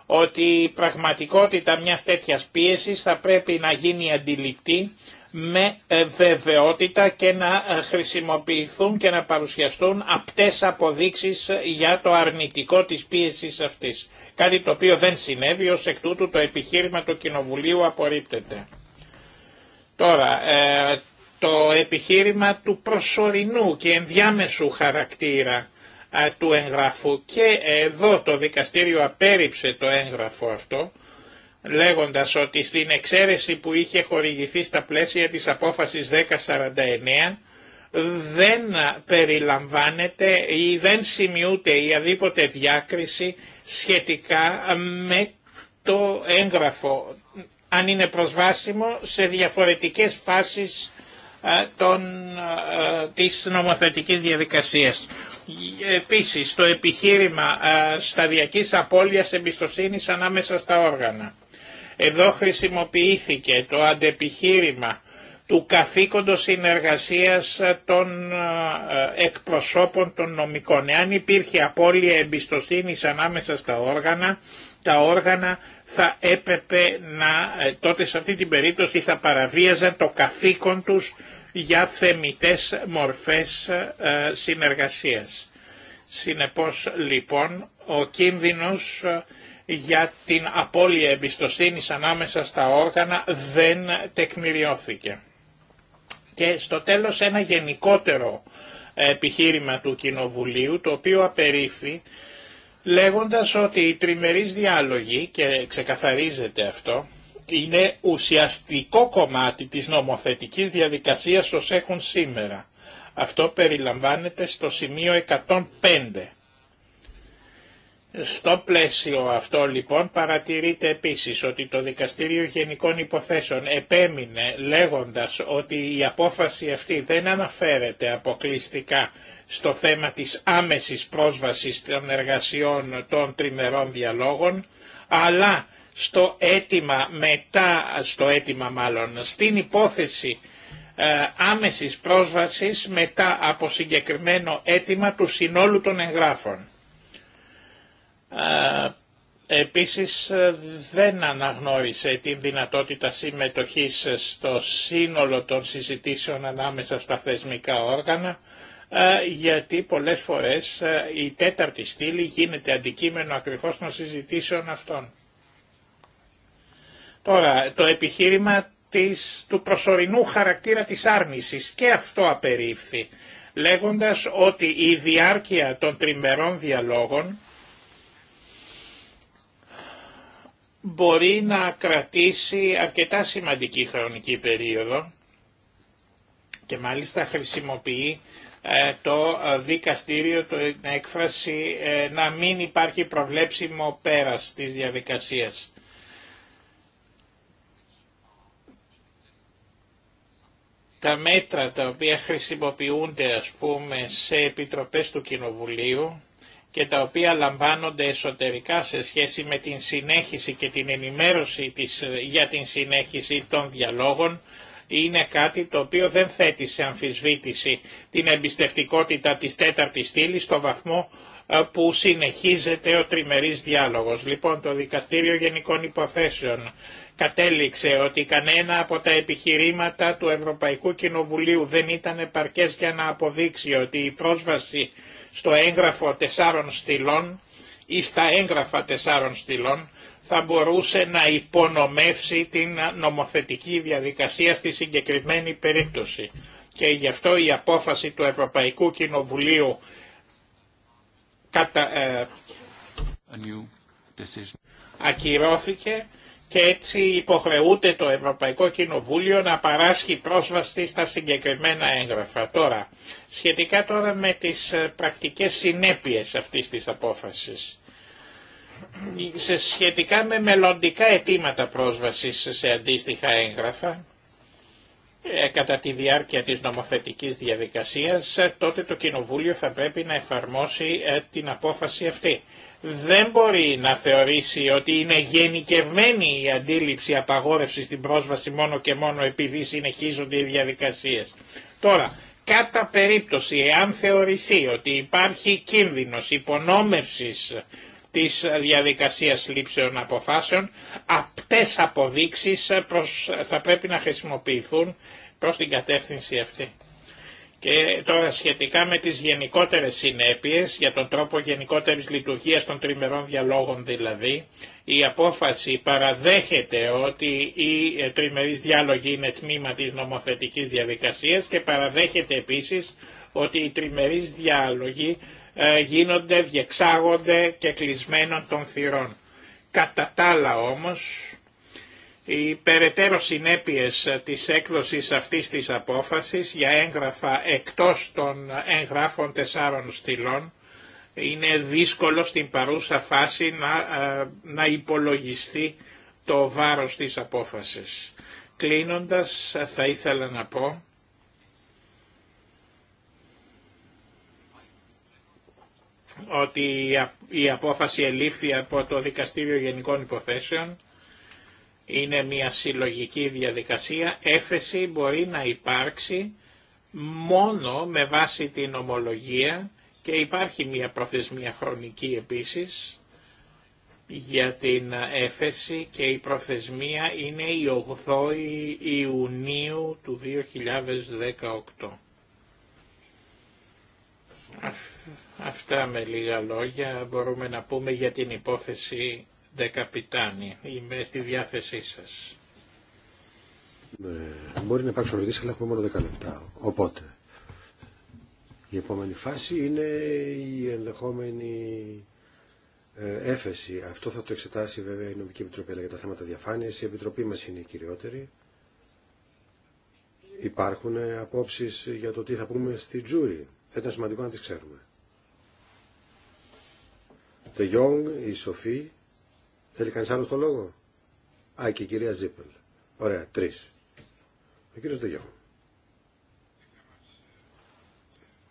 Speaker 3: ότι η πραγματικότητα μιας τέτοιας πίεσης θα πρέπει να γίνει αντιληπτή με ε, βεβαιότητα και να ε, χρησιμοποιηθούν και να παρουσιαστούν απτές αποδείξεις για το αρνητικό της πίεσης αυτής. Κάτι το οποίο δεν συνέβη, ως εκ τούτου το επιχείρημα του Κοινοβουλίου απορρίπτεται. Τώρα, ε, το επιχείρημα του προσωρινού και ενδιάμεσου χαρακτήρα του εγγράφου και εδώ το δικαστήριο απέρριψε το έγγραφο αυτό λέγοντας ότι στην εξαίρεση που είχε χορηγηθεί στα πλαίσια της απόφασης 1049 δεν περιλαμβάνεται ή δεν σημειούται η αδίποτε διάκριση σχετικά με το έγγραφο, αν είναι προσβάσιμο σε διαφορετικές φάσεις ε, των, ε, της νομοθετικής διαδικασίας. Επίσης, το επιχείρημα ε, σταδιακής απώλειας εμπιστοσύνης ανάμεσα στα όργανα. Εδώ χρησιμοποιήθηκε το αντεπιχείρημα του καθήκοντος συνεργασίας των ε, εκπροσώπων των νομικών. Εάν υπήρχε απώλεια εμπιστοσύνης ανάμεσα στα όργανα, τα όργανα θα έπρεπε να, ε, τότε σε αυτή την περίπτωση θα παραβίαζαν το καθήκον τους για θεμητές μορφές ε, συνεργασίας. Συνεπώς λοιπόν ο κίνδυνος για την απώλεια εμπιστοσύνης ανάμεσα στα όργανα δεν τεκμηριώθηκε. Και στο τέλος ένα γενικότερο επιχείρημα του Κοινοβουλίου, το οποίο απερίφθη, λέγοντας ότι οι τριμερείς διάλογοι, και ξεκαθαρίζεται αυτό, είναι ουσιαστικό κομμάτι της νομοθετικής διαδικασίας ως έχουν σήμερα. Αυτό περιλαμβάνεται στο σημείο 105 στο πλαίσιο αυτό λοιπόν παρατηρείται επίσης ότι το Δικαστήριο Γενικών Υποθέσεων επέμεινε λέγοντας ότι η απόφαση αυτή δεν αναφέρεται αποκλειστικά στο θέμα της άμεσης πρόσβασης των εργασιών των τριμερών διαλόγων, αλλά στο αίτημα μετά, στο αίτημα μάλλον, στην υπόθεση ε, άμεσης πρόσβασης μετά από συγκεκριμένο αίτημα του συνόλου των εγγράφων. Επίσης ε, δεν αναγνώρισε την δυνατότητα συμμετοχής στο σύνολο των συζητήσεων ανάμεσα στα θεσμικά όργανα ε, γιατί πολλές φορές ε, η τέταρτη στήλη γίνεται αντικείμενο ακριβώς των συζητήσεων αυτών. Τώρα, το επιχείρημα της, του προσωρινού χαρακτήρα της άρνησης και αυτό απερίφθη, λέγοντας ότι η διάρκεια των τριμερών διαλόγων μπορεί να κρατήσει αρκετά σημαντική χρονική περίοδο και μάλιστα χρησιμοποιεί ε, το δικαστήριο την έκφραση ε, να μην υπάρχει προβλέψιμο πέρας της διαδικασίας. Τα μέτρα τα οποία χρησιμοποιούνται ας πούμε σε επιτροπές του Κοινοβουλίου και τα οποία λαμβάνονται εσωτερικά σε σχέση με την συνέχιση και την ενημέρωση της, για την συνέχιση των διαλόγων είναι κάτι το οποίο δεν θέτει σε αμφισβήτηση την εμπιστευτικότητα της τέταρτης στήλη στο βαθμό ε, που συνεχίζεται ο τριμερής διάλογος. Λοιπόν, το Δικαστήριο Γενικών Υποθέσεων κατέληξε ότι κανένα από τα επιχειρήματα του Ευρωπαϊκού Κοινοβουλίου δεν ήταν επαρκές για να αποδείξει ότι η πρόσβαση στο έγγραφο τεσσάρων στυλών ή στα έγγραφα τεσσάρων στυλών θα μπορούσε να υπονομεύσει την νομοθετική διαδικασία στη συγκεκριμένη περίπτωση. Και γι' αυτό η απόφαση του Ευρωπαϊκού Κοινοβουλίου ε, ακυρώθηκε και έτσι υποχρεούται το Ευρωπαϊκό Κοινοβούλιο να παράσχει πρόσβαση στα συγκεκριμένα έγγραφα. Τώρα, σχετικά τώρα με τις ε, πρακτικές συνέπειες αυτής της απόφασης. Σε σχετικά με μελλοντικά αιτήματα πρόσβασης σε αντίστοιχα έγγραφα, ε, κατά τη διάρκεια της νομοθετικής διαδικασίας, ε, τότε το Κοινοβούλιο θα πρέπει να εφαρμόσει ε, την απόφαση αυτή. Δεν μπορεί να θεωρήσει ότι είναι γενικευμένη η αντίληψη απαγόρευση στην πρόσβαση μόνο και μόνο επειδή συνεχίζονται οι διαδικασίες. Τώρα, κατά περίπτωση, εάν θεωρηθεί ότι υπάρχει κίνδυνος υπονόμευσης της διαδικασίας λήψεων αποφάσεων, αυτές αποδείξεις ε, προς, ε, θα πρέπει να χρησιμοποιηθούν προς την κατεύθυνση αυτή. Και τώρα σχετικά με τις γενικότερες συνέπειες, για τον τρόπο γενικότερης λειτουργίας των τριμερών διαλόγων δηλαδή, η απόφαση παραδέχεται ότι οι ε, τριμερής διάλογοι είναι τμήμα της νομοθετικής διαδικασίας και παραδέχεται επίσης ότι οι τριμερής διάλογοι ε, γίνονται, διεξάγονται και κλεισμένων των θυρών. Κατά τα άλλα όμως, οι περαιτέρω συνέπειες της έκδοσης αυτής της απόφασης για έγγραφα εκτός των εγγράφων τεσσάρων στυλών είναι δύσκολο στην παρούσα φάση να, ε, να υπολογιστεί το βάρος της απόφασης. Κλείνοντας θα ήθελα να πω ότι η απόφαση ελήφθη από το Δικαστήριο Γενικών Υποθέσεων είναι μια συλλογική διαδικασία. Έφεση μπορεί να υπάρξει μόνο με βάση την ομολογία και υπάρχει μια προθεσμία χρονική επίσης για την έφεση και η προθεσμία είναι η 8η Ιουνίου του 2018. Αυτά με λίγα λόγια μπορούμε να πούμε για την υπόθεση Δεκαπιτάνη. Είμαι στη διάθεσή σας.
Speaker 1: Ε, μπορεί να υπάρξουν ερωτήσει, αλλά έχουμε μόνο 10 λεπτά. Οπότε, η επόμενη φάση είναι η ενδεχόμενη ε, έφεση. Αυτό θα το εξετάσει βέβαια η Νομική Επιτροπή, αλλά για τα θέματα διαφάνεια η Επιτροπή μα είναι η κυριότερη. Υπάρχουν απόψει για το τι θα πούμε στη Τζούρι. Θα ήταν σημαντικό να τι ξέρουμε. The Young, η Σοφή. Θέλει κανεί άλλο το λόγο. Α, και η κυρία Ζίπελ. Ωραία, τρει. Ο κύριο το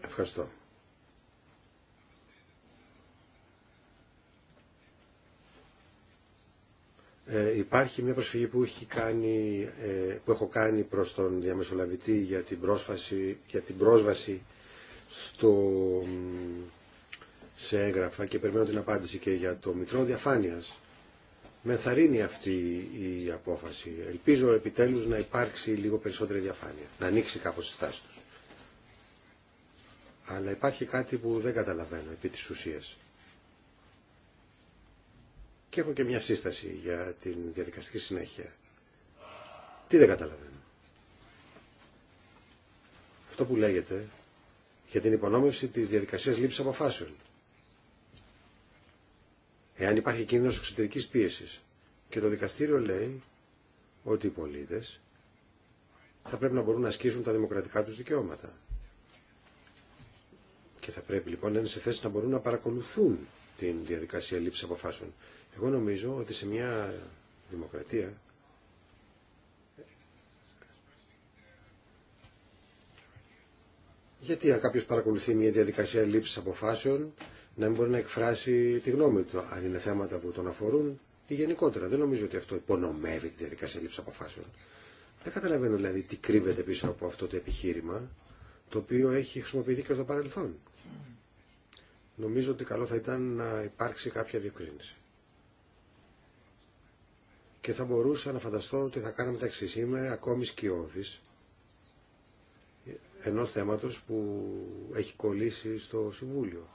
Speaker 1: Ευχαριστώ. Ε, υπάρχει μια προσφυγή που, κάνει, ε, που έχω κάνει προς τον διαμεσολαβητή για την, πρόσφαση, για την πρόσβαση στο σε έγγραφα και περιμένω την απάντηση και για το μικρό διαφάνειας. Με θαρρύνει αυτή η απόφαση. Ελπίζω επιτέλους να υπάρξει λίγο περισσότερη διαφάνεια, να ανοίξει κάπως η στάση τους. Αλλά υπάρχει κάτι που δεν καταλαβαίνω επί της ουσίας. Και έχω και μια σύσταση για την διαδικαστική συνέχεια. Τι δεν καταλαβαίνω. Αυτό που λέγεται για την υπονόμευση της διαδικασίας λήψης αποφάσεων εάν υπάρχει κίνδυνος εξωτερικής πίεσης. Και το δικαστήριο λέει ότι οι πολίτες θα πρέπει να μπορούν να ασκήσουν τα δημοκρατικά τους δικαιώματα. Και θα πρέπει λοιπόν να είναι σε θέση να μπορούν να παρακολουθούν την διαδικασία λήψη αποφάσεων. Εγώ νομίζω ότι σε μια δημοκρατία Γιατί αν κάποιο παρακολουθεί μια διαδικασία λήψη αποφάσεων, να μην μπορεί να εκφράσει τη γνώμη του, αν είναι θέματα που τον αφορούν ή γενικότερα. Δεν νομίζω ότι αυτό υπονομεύει τη διαδικασία λήψη αποφάσεων. Δεν καταλαβαίνω δηλαδή τι κρύβεται πίσω από αυτό το επιχείρημα, το οποίο έχει χρησιμοποιηθεί και στο παρελθόν. Νομίζω ότι καλό θα ήταν να υπάρξει κάποια διευκρίνηση. Και θα μπορούσα να φανταστώ ότι θα κάναμε μεταξύ Είμαι ακόμη σκιώδης ενός θέματος που έχει κολλήσει στο Συμβούλιο.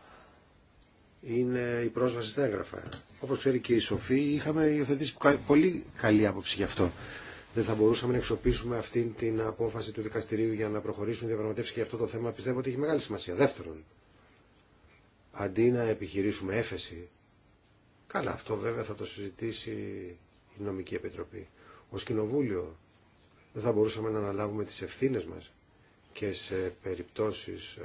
Speaker 1: Είναι η πρόσβαση στα έγγραφα. Όπως ξέρει και η Σοφή, είχαμε υιοθετήσει πολύ καλή άποψη γι' αυτό. Δεν θα μπορούσαμε να εξοπλίσουμε αυτή την απόφαση του δικαστηρίου για να προχωρήσουν διαπραγματεύσει και αυτό το θέμα πιστεύω ότι έχει μεγάλη σημασία. Δεύτερον, αντί να επιχειρήσουμε έφεση, καλά αυτό βέβαια θα το συζητήσει η νομική επιτροπή. Ω κοινοβούλιο δεν θα μπορούσαμε να αναλάβουμε τι ευθύνε μα και σε περιπτώσεις ε,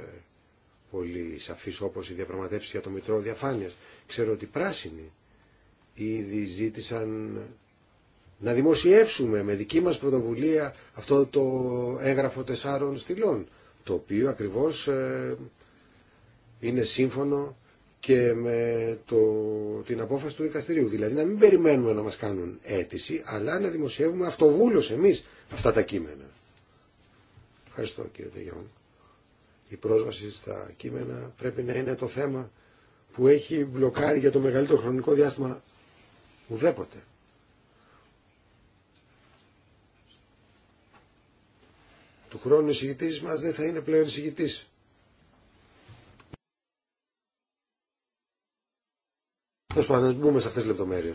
Speaker 1: πολύ σαφείς όπως οι διαπραγματεύσει για το Μητρό Διαφάνειας. Ξέρω ότι οι πράσινοι ήδη ζήτησαν να δημοσιεύσουμε με δική μας πρωτοβουλία αυτό το έγγραφο τεσσάρων στυλών, το οποίο ακριβώς ε, είναι σύμφωνο και με το, την απόφαση του δικαστηρίου. Δηλαδή να μην περιμένουμε να μας κάνουν αίτηση, αλλά να δημοσιεύουμε αυτοβούλως εμείς αυτά τα κείμενα. Ευχαριστώ κύριε Τεγιόν. Η πρόσβαση στα κείμενα πρέπει να είναι το θέμα που έχει μπλοκάρει για το μεγαλύτερο χρονικό διάστημα ουδέποτε. Του χρόνου εισηγητής μας δεν θα είναι πλέον εισηγητής. Τέλο πάντων, μπούμε σε αυτέ τι λεπτομέρειε.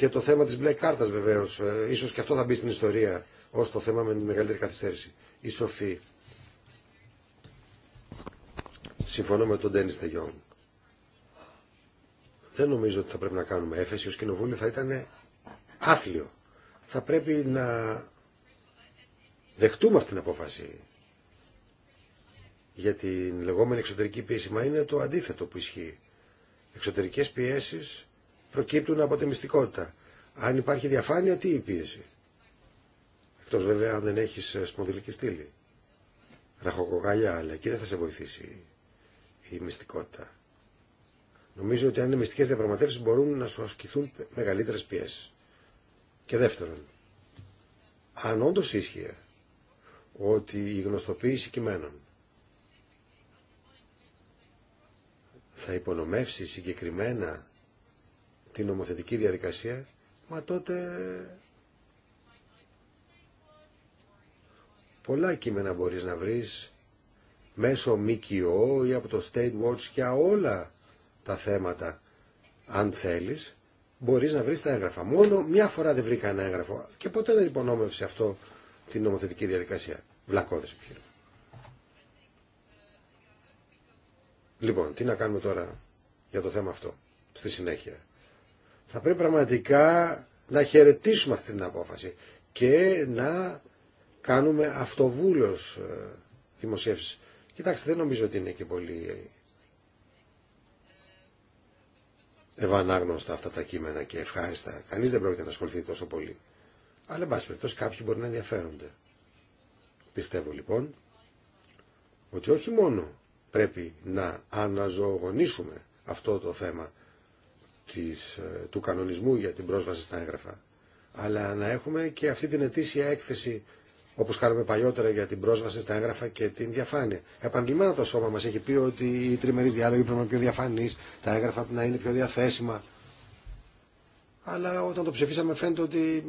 Speaker 1: Και το θέμα τη μπλε κάρτα βεβαίω. Ε, ίσως και αυτό θα μπει στην ιστορία ω το θέμα με τη μεγαλύτερη καθυστέρηση. Η Σοφή. Συμφωνώ με τον Ντένι Τεγιόν. Δεν νομίζω ότι θα πρέπει να κάνουμε έφεση. Ω κοινοβούλιο θα ήταν άθλιο. Θα πρέπει να δεχτούμε αυτή την απόφαση. Για την λεγόμενη εξωτερική πίεση. Μα είναι το αντίθετο που ισχύει. Εξωτερικές πιέσεις προκύπτουν από τη μυστικότητα. Αν υπάρχει διαφάνεια, τι η πίεση. Εκτό βέβαια αν δεν έχει ε, σπονδυλική στήλη. Ραχοκοκαλιά, αλλά εκεί δεν θα σε βοηθήσει η μυστικότητα. Νομίζω ότι αν είναι μυστικέ διαπραγματεύσει μπορούν να σου ασκηθούν μεγαλύτερε πιέσει. Και δεύτερον, αν όντω ίσχυε ότι η γνωστοποίηση κειμένων θα υπονομεύσει συγκεκριμένα την νομοθετική διαδικασία, μα τότε πολλά κείμενα μπορείς να βρεις μέσω ΜΚΟ ή από το State Watch για όλα τα θέματα. Αν θέλεις, μπορείς να βρεις τα έγγραφα. Μόνο μια φορά δεν βρήκα ένα έγγραφο και ποτέ δεν υπονόμευσε αυτό την νομοθετική διαδικασία. Βλακώδες επιχείρημα. Λοιπόν, τι να κάνουμε τώρα για το θέμα αυτό, στη συνέχεια θα πρέπει πραγματικά να χαιρετήσουμε αυτή την απόφαση και να κάνουμε αυτοβούλος ε, δημοσίευση. Κοιτάξτε, δεν νομίζω ότι είναι και πολύ ε, ευανάγνωστα αυτά τα κείμενα και ευχάριστα. Κανείς δεν πρόκειται να ασχοληθεί τόσο πολύ. Αλλά, εν πάση περιπτώσει, κάποιοι μπορεί να ενδιαφέρονται. Πιστεύω, λοιπόν, ότι όχι μόνο πρέπει να αναζωογονήσουμε αυτό το θέμα της, ε, του κανονισμού για την πρόσβαση στα έγγραφα, αλλά να έχουμε και αυτή την ετήσια έκθεση όπως κάνουμε παλιότερα για την πρόσβαση στα έγγραφα και την διαφάνεια. Επανειλημμένα το σώμα μας έχει πει ότι οι τριμερείς διάλογοι πρέπει να είναι πιο διαφανείς, τα έγγραφα να είναι πιο διαθέσιμα. Αλλά όταν το ψηφίσαμε φαίνεται ότι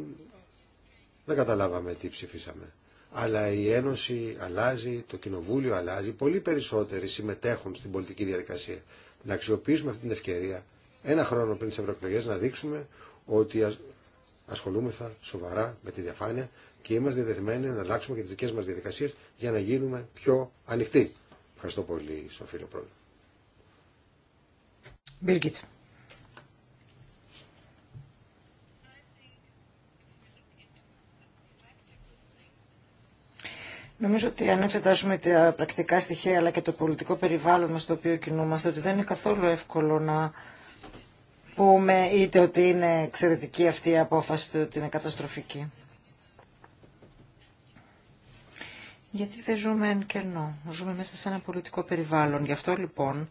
Speaker 1: δεν καταλάβαμε τι ψηφίσαμε. Αλλά η Ένωση αλλάζει, το Κοινοβούλιο αλλάζει, πολύ περισσότεροι συμμετέχουν στην πολιτική διαδικασία. Να αξιοποιήσουμε αυτή την ευκαιρία ένα χρόνο πριν τι ευρωεκλογέ να δείξουμε ότι ασχολούμεθα σοβαρά με τη διαφάνεια και είμαστε διαδεδομένοι να αλλάξουμε και τι δικέ μα διαδικασίε για να γίνουμε πιο ανοιχτοί. Ευχαριστώ πολύ, Σοφίλο Πρόεδρε.
Speaker 2: Birgit. Νομίζω ότι αν εξετάσουμε τα πρακτικά στοιχεία αλλά και το πολιτικό περιβάλλον στο οποίο κινούμαστε, ότι δεν είναι καθόλου εύκολο να είτε ότι είναι εξαιρετική αυτή η απόφαση, είτε ότι είναι καταστροφική. Γιατί δεν ζούμε εν κενό, ζούμε μέσα σε ένα πολιτικό περιβάλλον. Γι' αυτό λοιπόν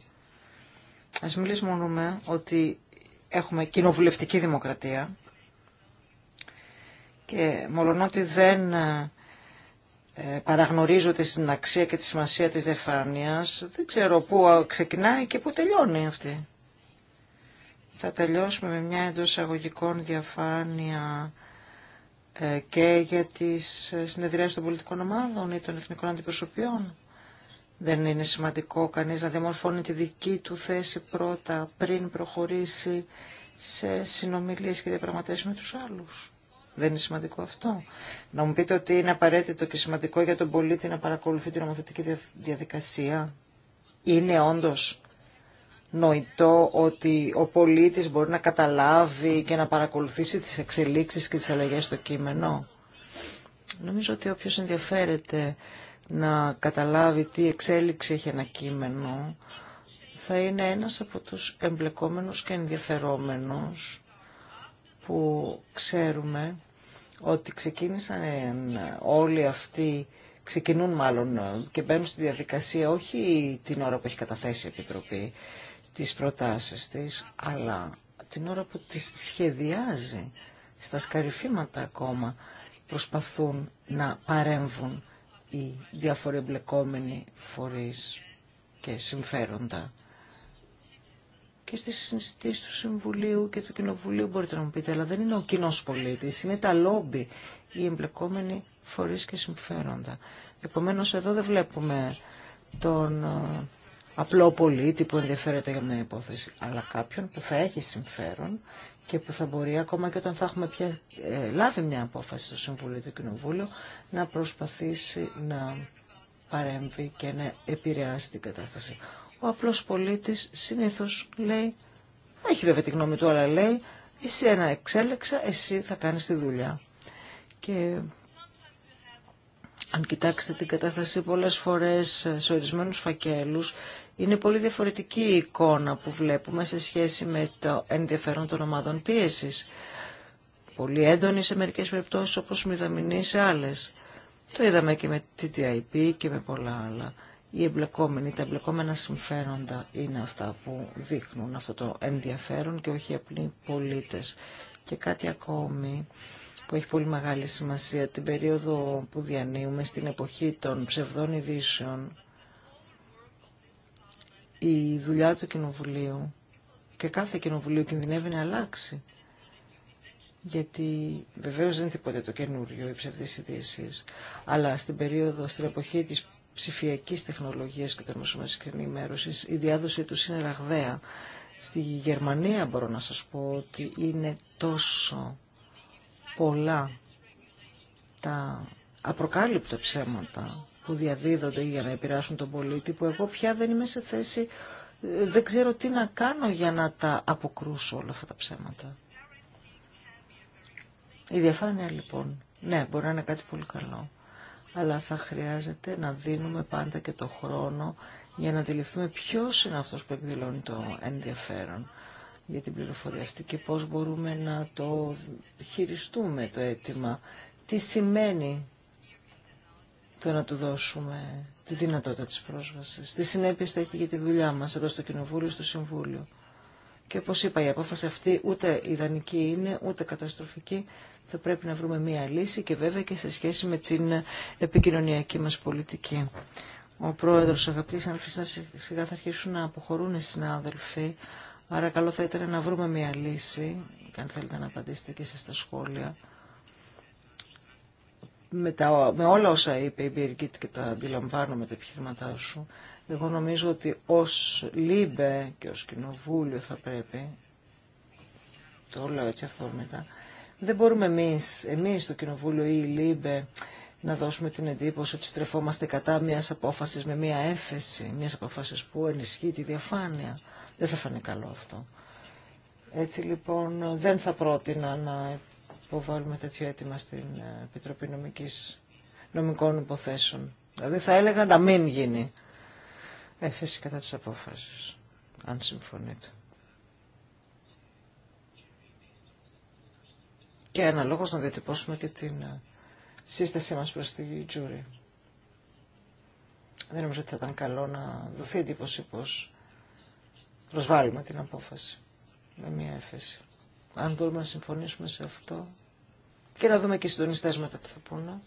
Speaker 2: ας μιλήσουμε ότι έχουμε κοινοβουλευτική δημοκρατία και μολονότι δεν ε, παραγνωρίζονται στην αξία και τη σημασία της διαφάνειας, δεν ξέρω πού ξεκινάει και πού τελειώνει αυτή θα τελειώσουμε με μια εντό αγωγικών διαφάνεια ε, και για τις ε, συνεδριάσεις των πολιτικών ομάδων ή των εθνικών αντιπροσωπιών. Δεν είναι σημαντικό κανείς να διαμορφώνει τη δική του θέση πρώτα πριν προχωρήσει σε συνομιλίες και διαπραγματεύσεις με τους άλλους. Δεν είναι σημαντικό αυτό. Να μου πείτε ότι είναι απαραίτητο και σημαντικό για τον πολίτη να παρακολουθεί την νομοθετική διαδικασία. Είναι όντως νοητό ότι ο πολίτης μπορεί να καταλάβει και να παρακολουθήσει τις εξελίξεις και τις αλλαγές στο κείμενο. Νομίζω ότι όποιος ενδιαφέρεται να καταλάβει τι εξέλιξη έχει ένα κείμενο, θα είναι ένας από τους εμπλεκόμενους και ενδιαφερόμενους που ξέρουμε ότι ξεκίνησαν όλοι αυτοί, ξεκινούν μάλλον και μπαίνουν στη διαδικασία όχι την ώρα που έχει καταθέσει η Επιτροπή, τις προτάσεις της, αλλά την ώρα που τις σχεδιάζει στα σκαριφήματα ακόμα προσπαθούν να παρέμβουν οι διάφοροι εμπλεκόμενοι φορείς και συμφέροντα. Και στις συζητήσεις του Συμβουλίου και του Κοινοβουλίου μπορείτε να μου πείτε, αλλά δεν είναι ο κοινό πολίτης, είναι τα λόμπι, οι εμπλεκόμενοι φορείς και συμφέροντα. Επομένως εδώ δεν βλέπουμε τον ε, απλό πολίτη που ενδιαφέρεται για μια υπόθεση, αλλά κάποιον που θα έχει συμφέρον και που θα μπορεί ακόμα και όταν θα έχουμε πια ε, λάβει μια απόφαση στο Συμβουλίο του Κοινοβούλιο να προσπαθήσει να παρέμβει και να επηρεάσει την κατάσταση. Ο απλός πολίτης συνήθως λέει, έχει βέβαια τη γνώμη του, αλλά λέει, εσύ ένα εξέλεξα, εσύ θα κάνεις τη δουλειά αν κοιτάξετε την κατάσταση πολλές φορές ε, σε ορισμένου φακέλους, είναι πολύ διαφορετική η εικόνα που βλέπουμε σε σχέση με το ενδιαφέρον των ομάδων πίεσης. Πολύ έντονη σε μερικές περιπτώσεις όπως μηδαμινή σε άλλες. Το είδαμε και με TTIP και με πολλά άλλα. Οι εμπλεκόμενοι, τα εμπλεκόμενα συμφέροντα είναι αυτά που δείχνουν αυτό το ενδιαφέρον και όχι απλοί πολίτες. Και κάτι ακόμη που έχει πολύ μεγάλη σημασία την περίοδο που διανύουμε στην εποχή των ψευδών ειδήσεων η δουλειά του Κοινοβουλίου και κάθε Κοινοβουλίο κινδυνεύει να αλλάξει γιατί βεβαίως δεν είναι τίποτε το καινούριο οι ψευδείς ειδήσει, αλλά στην περίοδο, στην εποχή της ψηφιακής τεχνολογίας και των μεσομασικής ενημέρωσης η διάδοση του είναι ραγδαία. Στη Γερμανία μπορώ να σας πω ότι είναι τόσο πολλά τα απροκάλυπτα ψέματα που διαδίδονται για να επηρεάσουν τον πολίτη που εγώ πια δεν είμαι σε θέση, δεν ξέρω τι να κάνω για να τα αποκρούσω όλα αυτά τα ψέματα. Η διαφάνεια λοιπόν, ναι, μπορεί να είναι κάτι πολύ καλό, αλλά θα χρειάζεται να δίνουμε πάντα και το χρόνο για να αντιληφθούμε ποιος είναι αυτός που εκδηλώνει το ενδιαφέρον για την πληροφορία αυτή και πώς μπορούμε να το χειριστούμε το αίτημα. Τι σημαίνει το να του δώσουμε τη δυνατότητα της πρόσβασης. Τι συνέπειες θα έχει για τη δουλειά μας εδώ στο Κοινοβούλιο, στο Συμβούλιο. Και όπως είπα η απόφαση αυτή ούτε ιδανική είναι, ούτε καταστροφική. Θα πρέπει να βρούμε μία λύση και βέβαια και σε σχέση με την επικοινωνιακή μας πολιτική. Ο πρόεδρος αγαπητής αν σιγά θα αρχίσουν να αποχωρούν οι συνάδελφοι Άρα καλό θα ήταν να βρούμε μια λύση, και αν θέλετε να απαντήσετε και εσείς στα σχόλια, με, τα, όλα όσα είπε η Μπιργκίτ και τα με τα επιχειρηματά σου, εγώ νομίζω ότι ως ΛΥΜΠΕ και ως Κοινοβούλιο θα πρέπει, το λέω έτσι αυθόρμητα, δεν μπορούμε εμείς, εμείς το Κοινοβούλιο ή η ΛΥΜΠΕ, να δώσουμε την εντύπωση ότι στρεφόμαστε κατά μιας απόφασης με μια έφεση, μιας απόφασης που ενισχύει τη διαφάνεια. Δεν θα φανεί καλό αυτό. Έτσι λοιπόν δεν θα πρότεινα να υποβάλουμε τέτοιο αίτημα στην ε, Επιτροπή Νομικής, Νομικών Υποθέσεων. Δηλαδή θα έλεγα να μην γίνει έφεση κατά της απόφασης, αν συμφωνείτε. Και αναλόγως να διατυπώσουμε και την ε, σύστασή μας προς τη Τζούρι. Δεν νομίζω ότι θα ήταν καλό να δοθεί εντύπωση πως προσβάλλουμε την απόφαση με μια έφεση. Αν μπορούμε να συμφωνήσουμε σε αυτό και να δούμε και οι συντονιστές μετά τι θα πούνε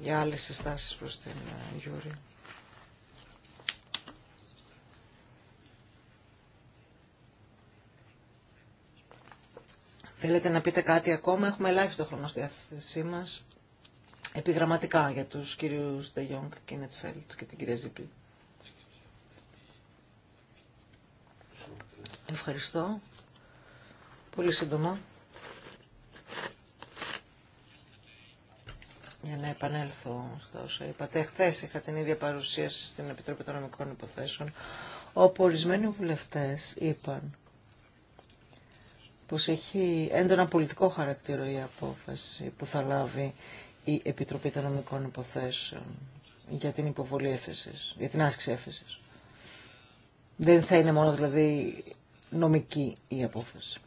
Speaker 2: για άλλες συστάσεις προς την Τζούρη. Ε, Θέλετε να πείτε κάτι ακόμα, έχουμε ελάχιστο χρόνο στη διάθεσή μας. Επιγραμματικά για τους κύριους Δε και Νετφέλτ και την κυρία Ζήπη. Ευχαριστώ. Πολύ σύντομα. Για να επανέλθω στα όσα είπατε. Χθε είχα την ίδια παρουσίαση στην Επιτροπή των Νομικών Υποθέσεων, όπου ορισμένοι βουλευτέ, είπαν πως έχει έντονα πολιτικό χαρακτήρο η απόφαση που θα λάβει η Επιτροπή των Νομικών Υποθέσεων για την υποβολή έφεσης, για την άσκηση έφεσης. Δεν θα είναι μόνο δηλαδή νομική η απόφαση.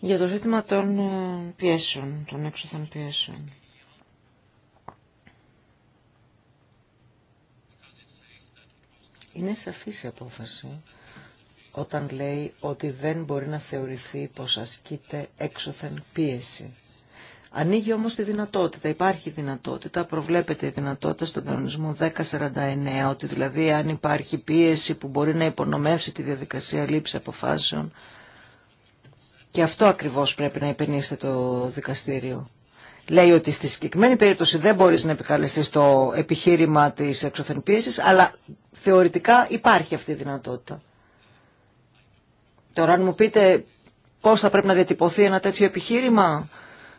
Speaker 2: Για το ζήτημα των ε, πιέσεων, των έξωθεν πιέσεων. Είναι σαφής η απόφαση όταν λέει ότι δεν μπορεί να θεωρηθεί πως ασκείται έξωθεν πίεση. Ανοίγει όμως τη δυνατότητα, υπάρχει δυνατότητα, προβλέπεται η δυνατότητα στον κανονισμό 1049, ότι δηλαδή αν υπάρχει πίεση που μπορεί να υπονομεύσει τη διαδικασία λήψη αποφάσεων, και αυτό ακριβώς πρέπει να υπενήσετε το δικαστήριο. Λέει ότι στη συγκεκριμένη περίπτωση δεν μπορείς να επικαλεστείς το επιχείρημα της εξωθενπίεσης, αλλά θεωρητικά υπάρχει αυτή η δυνατότητα. Τώρα αν μου πείτε πώς θα πρέπει να διατυπωθεί ένα τέτοιο επιχείρημα,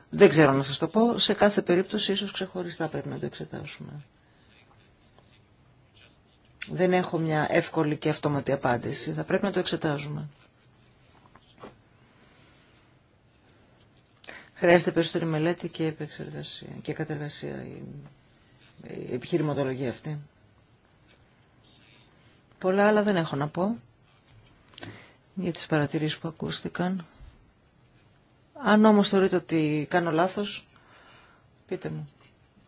Speaker 2: δεν ξέρω να σας το πω. Σε κάθε περίπτωση ίσως ξεχωριστά πρέπει να το εξετάσουμε. Δεν έχω μια εύκολη και αυτόματη απάντηση. Θα πρέπει να το εξετάζουμε. Χρειάζεται περισσότερη μελέτη και επεξεργασία και κατεργασία η, η επιχειρηματολογία αυτή. Πολλά άλλα δεν έχω να πω για τις παρατηρήσεις που ακούστηκαν. Αν όμως θεωρείτε ότι κάνω λάθος, πείτε μου.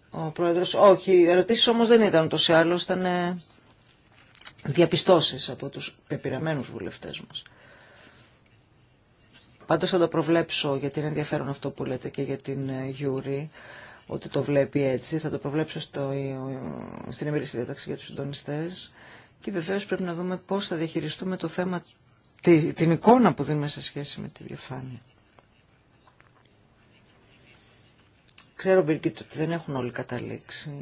Speaker 2: Ο πρόεδρος, όχι, οι ερωτήσεις όμως δεν ήταν ούτως ή ήταν ε, διαπιστώσεις από τους πεπειραμένους βουλευτές μας. Πάντως θα το προβλέψω, γιατί είναι ενδιαφέρον αυτό που λέτε και για την ε, Γιούρη, ότι το βλέπει έτσι. Θα το προβλέψω στο, ε, στην ημερήσια διάταξη για τους συντονιστές. Και βεβαίως πρέπει να δούμε πώς θα διαχειριστούμε το θέμα την εικόνα που δίνουμε σε σχέση με τη διαφάνεια. Ξέρω, Μπιρκίτ, ότι δεν έχουν όλοι καταλήξει,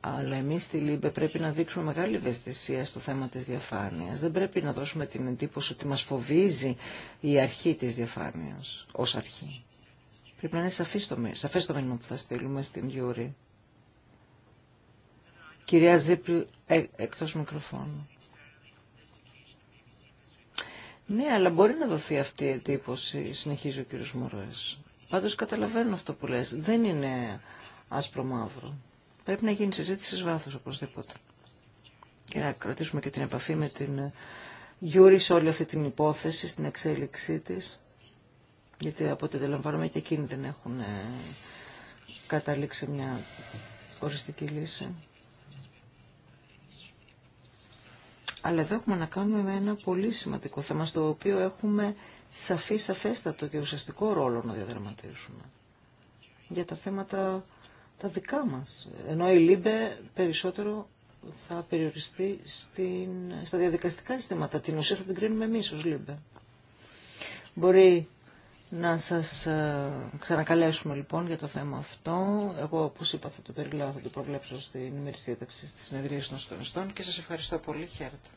Speaker 2: αλλά εμείς στη ΛΥΜΠΕ πρέπει να δείξουμε μεγάλη ευαισθησία στο θέμα της διαφάνειας. Δεν πρέπει να δώσουμε την εντύπωση ότι μας φοβίζει η αρχή της διαφάνειας ως αρχή. Πρέπει να είναι σαφές το, σαφές το μήνυμα που θα στείλουμε στην Γιούρη. Κυρία Ζήπλ, ε, εκτός μικροφώνου. Ναι, αλλά μπορεί να δοθεί αυτή η εντύπωση, συνεχίζει ο κύριος Μωρές. Πάντως καταλαβαίνω αυτό που λες. Δεν είναι άσπρο μαύρο. Πρέπει να γίνει συζήτηση σε βάθος οπωσδήποτε. Και να κρατήσουμε και την επαφή με την Γιούρη σε όλη αυτή την υπόθεση, στην εξέλιξή της. Γιατί από ό,τι αντιλαμβάνομαι και εκείνοι δεν έχουν ε, καταλήξει μια οριστική λύση. Αλλά εδώ έχουμε να κάνουμε με ένα πολύ σημαντικό θέμα, στο οποίο έχουμε σαφή, σαφέστατο και ουσιαστικό ρόλο να διαδραματίσουμε. Για τα θέματα τα δικά μας. Ενώ η ΛΥΜΠΕ περισσότερο θα περιοριστεί στην, στα διαδικαστικά συστήματα. Την ουσία θα την κρίνουμε εμείς ως ΛΥΜΠΕ. Μπορεί να σας ε, ξανακαλέσουμε λοιπόν για το θέμα αυτό. Εγώ, όπως είπα, θα το περιλάω, θα το προβλέψω στην ημερησία της συνεδρίας των συντονιστών και σας ευχαριστώ πολύ. Χαίρετε.